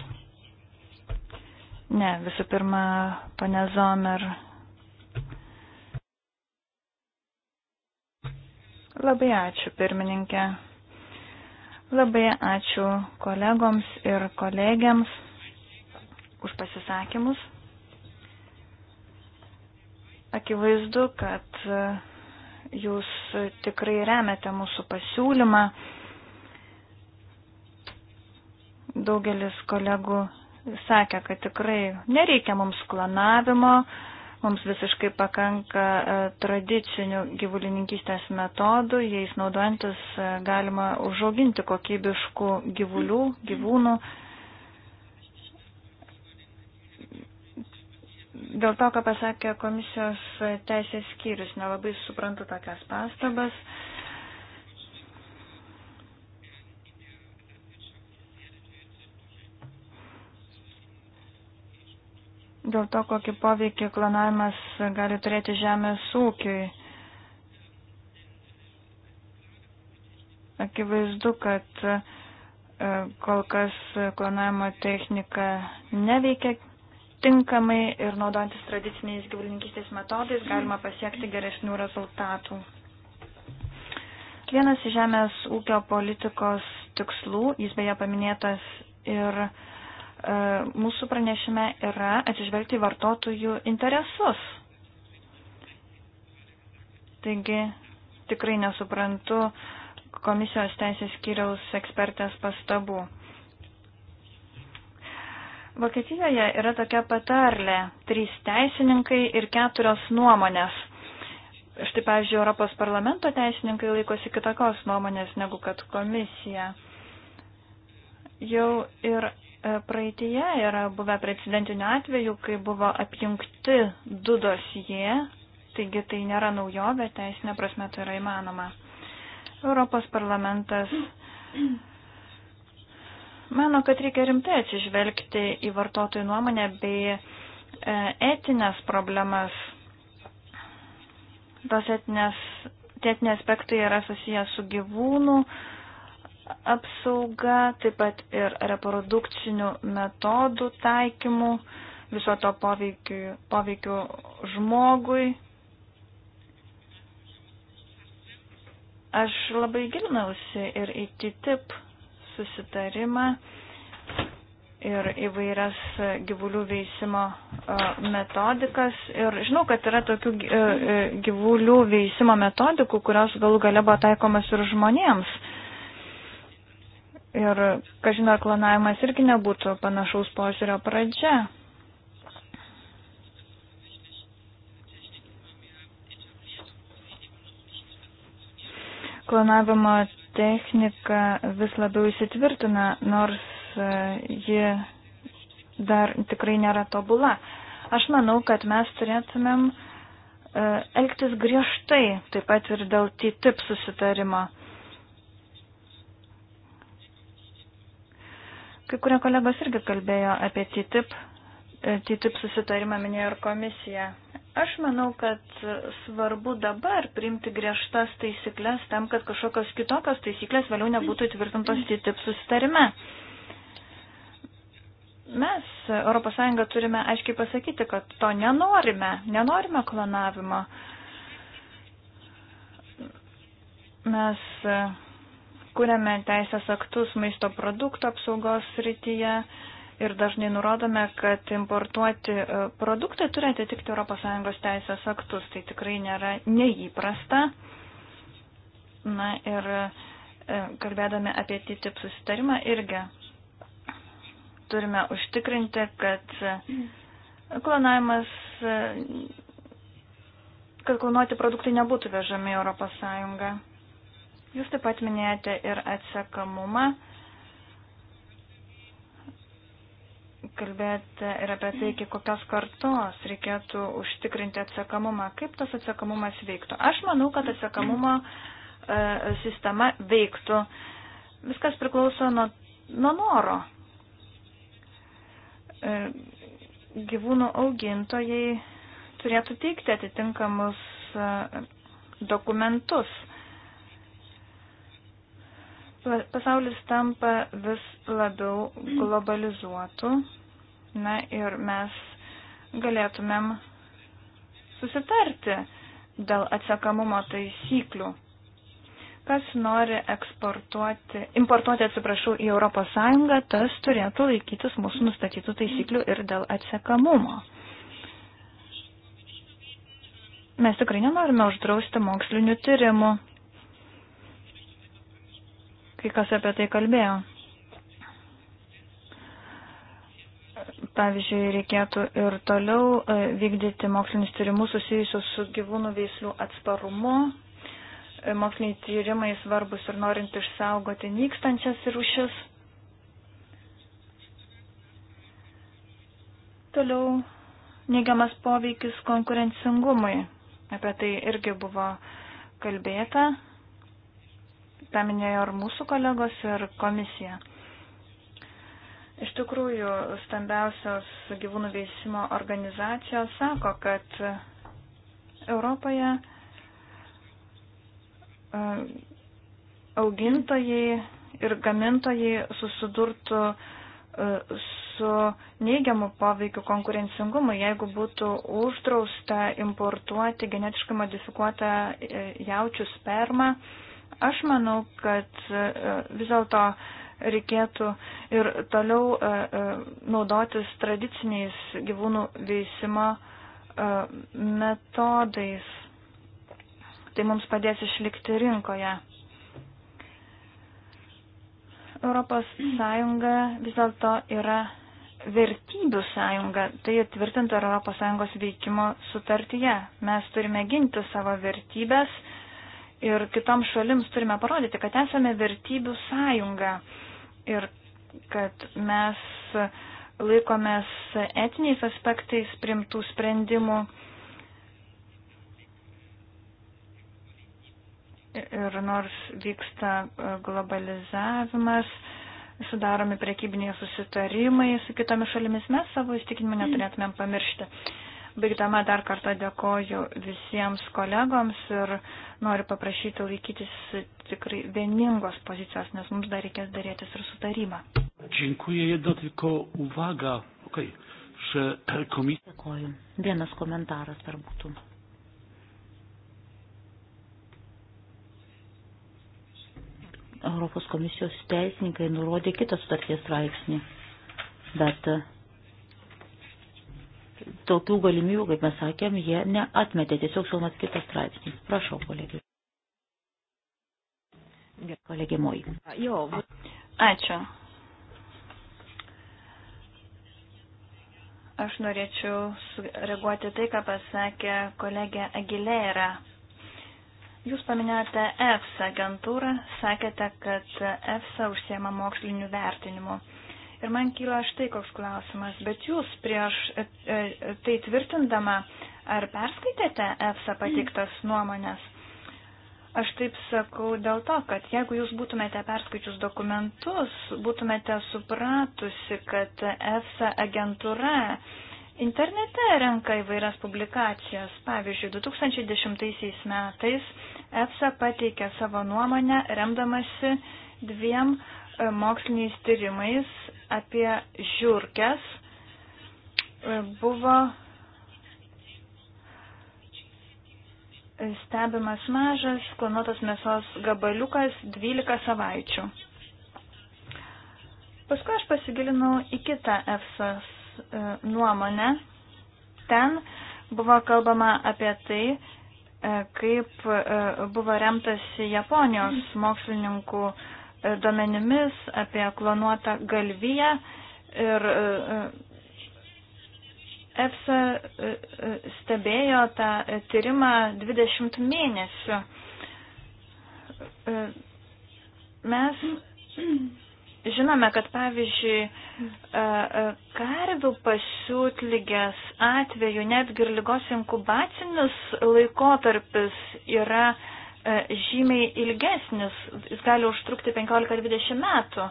[SPEAKER 2] Ne, visų pirma, pane Zomer. Labai ačiū, pirmininkė. Labai ačiū kolegoms ir kolegiams už pasisakymus. Akivaizdu, kad jūs tikrai remiate mūsų pasiūlymą. Daugelis kolegų sakė, kad tikrai nereikia mums planavimo, Mums visiškai pakanka e, tradicinių gyvulininkystės metodų, jais naudojantis e, galima užauginti kokybiškų gyvulių, gyvūnų. Dėl to, ką pasakė komisijos teisės skyrius, nelabai suprantu tokias pastabas. Uh, dėl to, kokį poveikį klonavimas gali turėti žemės ūkiui. Akivaizdu, kad e, kol kas klonavimo technika neveikia tinkamai ir naudojantis tradiciniais gyvulininkystės metodais galima pasiekti geresnių rezultatų. Vienas žemės ūkio politikos tikslų, jis beje paminėtas ir uh, E, mūsų pranešime yra atsižvelgti vartotojų interesus. Taigi tikrai nesuprantu komisijos teisės skyriaus ekspertės pastabų. Vokietijoje yra tokia patarlė - trys teisininkai ir keturios nuomonės. Štai, pavyzdžiui, Europos parlamento teisininkai laikosi kitokios nuomonės negu kad komisija. Jau ir E, praeitie yra buvę precedentinių atvejų, kai buvo apjungti du dosije, taigi tai nėra naujovė, teisinė prasme tai yra įmanoma. Europos parlamentas mano, kad reikia rimtai atsižvelgti į vartotojų nuomonę bei e, etinės problemas. Tos etinės, tie etiniai aspektai yra susijęs su gyvūnų, uh, apsauga, taip pat ir reprodukcinių metodų taikymų, viso to poveikiu, poveikiu žmogui. Aš labai gilinausi ir į TTIP susitarimą ir įvairias gyvulių veisimo e, metodikas. Ir žinau, kad yra tokių e, e, gyvulių veisimo metodikų, kurios galų gale buvo taikomas ir žmonėms. Ir, kažina, klonavimas irgi nebūtų panašaus požiūrio pradžia. Klonavimo technika vis labiau įsitvirtina, nors e, ji dar tikrai nėra tobula. Aš manau, kad mes turėtumėm e, elgtis griežtai, taip pat ir dėl TTIP susitarimo Kai kurie kolegos irgi kalbėjo apie TTIP. E, TTIP susitarimą minėjo ir komisija. Aš manau, kad svarbu dabar priimti griežtas taisyklės tam, kad kažkokios kitokios taisyklės vėliau nebūtų įtvirtintos TTIP susitarime. Mes, ES, turime aiškiai pasakyti, kad to nenorime, nenorime klonavimo. Mes kuriame teisės aktus maisto produktų apsaugos srityje ir dažnai nurodome, kad importuoti e, produktai turi atitikti ES teisės aktus. Tai tikrai nėra neįprasta. Na ir e, kalbėdami apie TTIP susitarimą irgi turime užtikrinti, kad klonavimas e, kad klonuoti produktai nebūtų vežami į Europos Sąjungą. Jūs taip pat minėjote ir atsakamumą. Kalbėjote ir apie tai, iki kokios kartos reikėtų užtikrinti atsakamumą. Kaip tas atsakamumas veiktų? Aš manau, kad atsakamumo e, sistema veiktų. Viskas priklauso nuo, nuo noro. E, gyvūnų augintojai turėtų teikti atitinkamus e, dokumentus. Pasaulis tampa vis labiau globalizuotų. Na ir mes galėtumėm susitarti dėl atsakamumo taisyklių. Kas nori eksportuoti, importuoti, atsiprašau, į ES, tas turėtų laikytis mūsų nustatytų taisyklių ir dėl atsakamumo. Mes tikrai nenorime uždrausti mokslinių tyrimų kai kas apie tai kalbėjo. Pavyzdžiui, reikėtų ir toliau e, vykdyti mokslinius tyrimus susijusius su gyvūnų veislių atsparumu. E, moksliniai tyrimai svarbus ir norint išsaugoti nykstančias rūšis. Toliau neigiamas poveikis konkurencingumui. Apie tai irgi buvo kalbėta tą minėjo ir mūsų kolegos, ir komisija. Iš tikrųjų, stambiausios gyvūnų veisimo organizacijos sako, kad Europoje e, augintojai ir gamintojai susidurtų e, su neigiamu poveikiu konkurencingumui, jeigu būtų uždrausta importuoti genetiškai modifikuotą e, jaučių spermą Aš manau, kad e, vis dėlto reikėtų ir toliau e, e, naudotis tradiciniais gyvūnų veisimo metodais. Tai mums padės išlikti rinkoje. Europos Sąjunga vis dėlto yra vertybių sąjunga, tai tvirtinta Europos Sąjungos veikimo sutartyje. Mes turime ginti savo vertybės ir kitoms šalims turime parodyti, kad esame vertybių sąjunga ir kad mes laikomės etiniais aspektais primtų sprendimų. Ir nors vyksta e, globalizavimas, sudaromi prekybiniai susitarimai su kitomis šalimis, mes savo įstikinimų neturėtumėm pamiršti. Baigdama dar kartą dėkoju visiems kolegoms ir noriu paprašyti laikytis tikrai vieningos pozicijos, nes mums dar reikės darėtis ir sutarimą.
[SPEAKER 1] Dziękuję. Jedna tylko uwaga, okay, że komisja. Dėkoju.
[SPEAKER 4] Vienas komentaras dar būtų. Europos komisijos teisininkai nurodė kitą sutarties straipsnį, bet tokių galimybių, kaip mes sakėm, jie neatmetė, tiesiog siūlomas kitas straipsnis. Prašau, kolegė. Kolegė Moj.
[SPEAKER 2] Jo, ačiū. Aš norėčiau reaguoti tai, ką pasakė kolegė Agilėra. Jūs paminėjote EFSA agentūrą, sakėte, kad EFSA užsiema mokslinių vertinimų. Ir man kyla štai koks klausimas, bet jūs prieš e, e, tai tvirtindama, ar perskaitėte EFSA patiktas nuomonės? Aš taip sakau dėl to, kad jeigu jūs būtumėte perskaičius dokumentus, būtumėte supratusi, kad EFSA agentūra internete renka įvairias publikacijas. Pavyzdžiui, 2010 metais EFSA pateikė savo nuomonę remdamasi dviem e, moksliniais tyrimais apie žiūrkės, e, buvo stebimas mažas klonotos mėsos gabaliukas 12 savaičių. Paskui aš pasigilinau į kitą EFSAS e, nuomonę. Ten buvo kalbama apie tai, e, kaip buvo remtasi Japonijos mokslininkų duomenimis apie klonuotą galviją ir e, e, EFSA e, stebėjo tą tyrimą 20 mėnesių. Mes žinome, kad pavyzdžiui, karvių pasiūtlygės atveju netgi ir lygos inkubacinis laikotarpis yra E, žymiai ilgesnis, jis gali užtrukti 15-20 metų.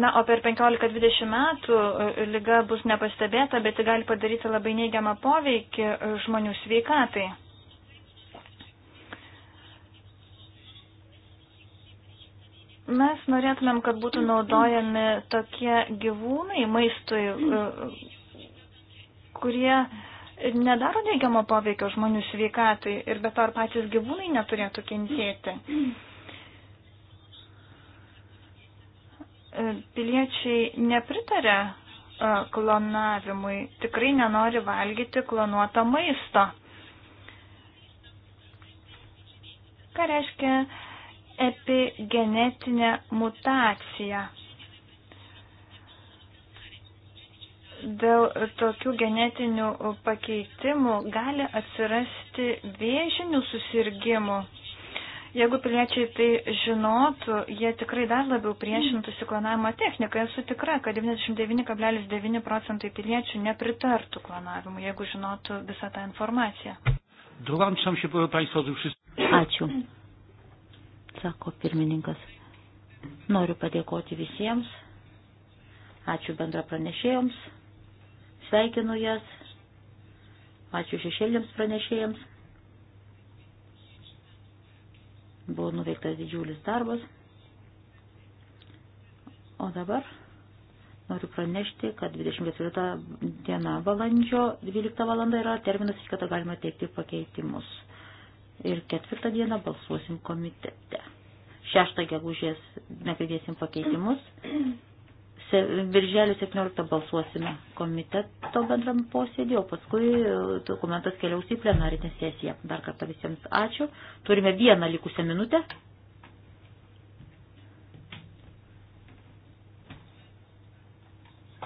[SPEAKER 2] Na, o per 15-20 metų e, lyga bus nepastebėta, bet ji gali padaryti labai neigiamą poveikį e, žmonių sveikatai. Mes norėtumėm, kad būtų naudojami tokie gyvūnai maistui, kurie uh, nedaro neigiamo poveikio žmonių sveikatai ir be to ar patys gyvūnai neturėtų kentėti. E, piliečiai nepritarė e, klonavimui, tikrai nenori valgyti klonuoto maisto. Ką reiškia epigenetinė mutacija? dėl tokių genetinių pakeitimų gali atsirasti vėžinių susirgymų. Jeigu piliečiai tai žinotų, jie tikrai dar labiau priešintųsi klonavimo techniką. Esu tikra, kad 99,9 procentai piliečių nepritartų klonavimui, jeigu žinotų visą tą informaciją.
[SPEAKER 4] Dołączam się, proszę Państwa, do wszystkich. Ačiū, sako pirmininkas. Noriu padėkoti visiems. Ačiū bendra pranešėjoms. Sveikinu jas. Ačiū šešėliams pranešėjams. Buvo nuveiktas didžiulis darbas. O dabar noriu pranešti, kad 24 diena valandžio 12 valanda yra terminas, iš kada galima teikti pakeitimus. Ir ketvirtą dieną balsuosim komitete. Šeštą gegužės nekridėsim pakeitimus. Birželio 17 balsuosime komiteto bendram posėdį, o paskui e, dokumentas keliaus į plenarinę sesiją. Dar kartą visiems ačiū. Turime vieną likusią minutę.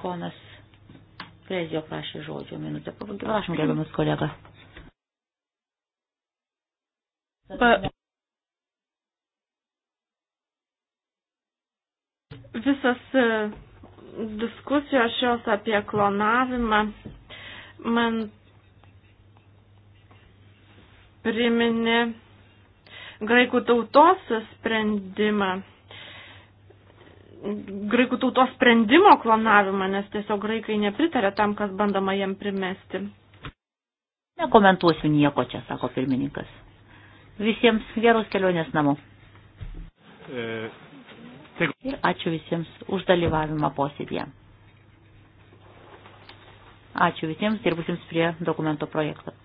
[SPEAKER 4] Ponas Prezio prašė žodžio minutę. Prašom, gerbiamas kolega. Pa... Visas e,
[SPEAKER 3] diskusijos šios apie klonavimą man priminė graikų tautos sprendimą. Graikų tautos sprendimo klonavimą, nes tiesiog graikai nepritarė tam, kas bandoma jam primesti.
[SPEAKER 4] Nekomentuosiu nieko čia, sako pirmininkas. Visiems geros kelionės namo. E... Ir ačiū visiems už dalyvavimą posėdėje. Ačiū visiems dirbusiems prie dokumento projekto.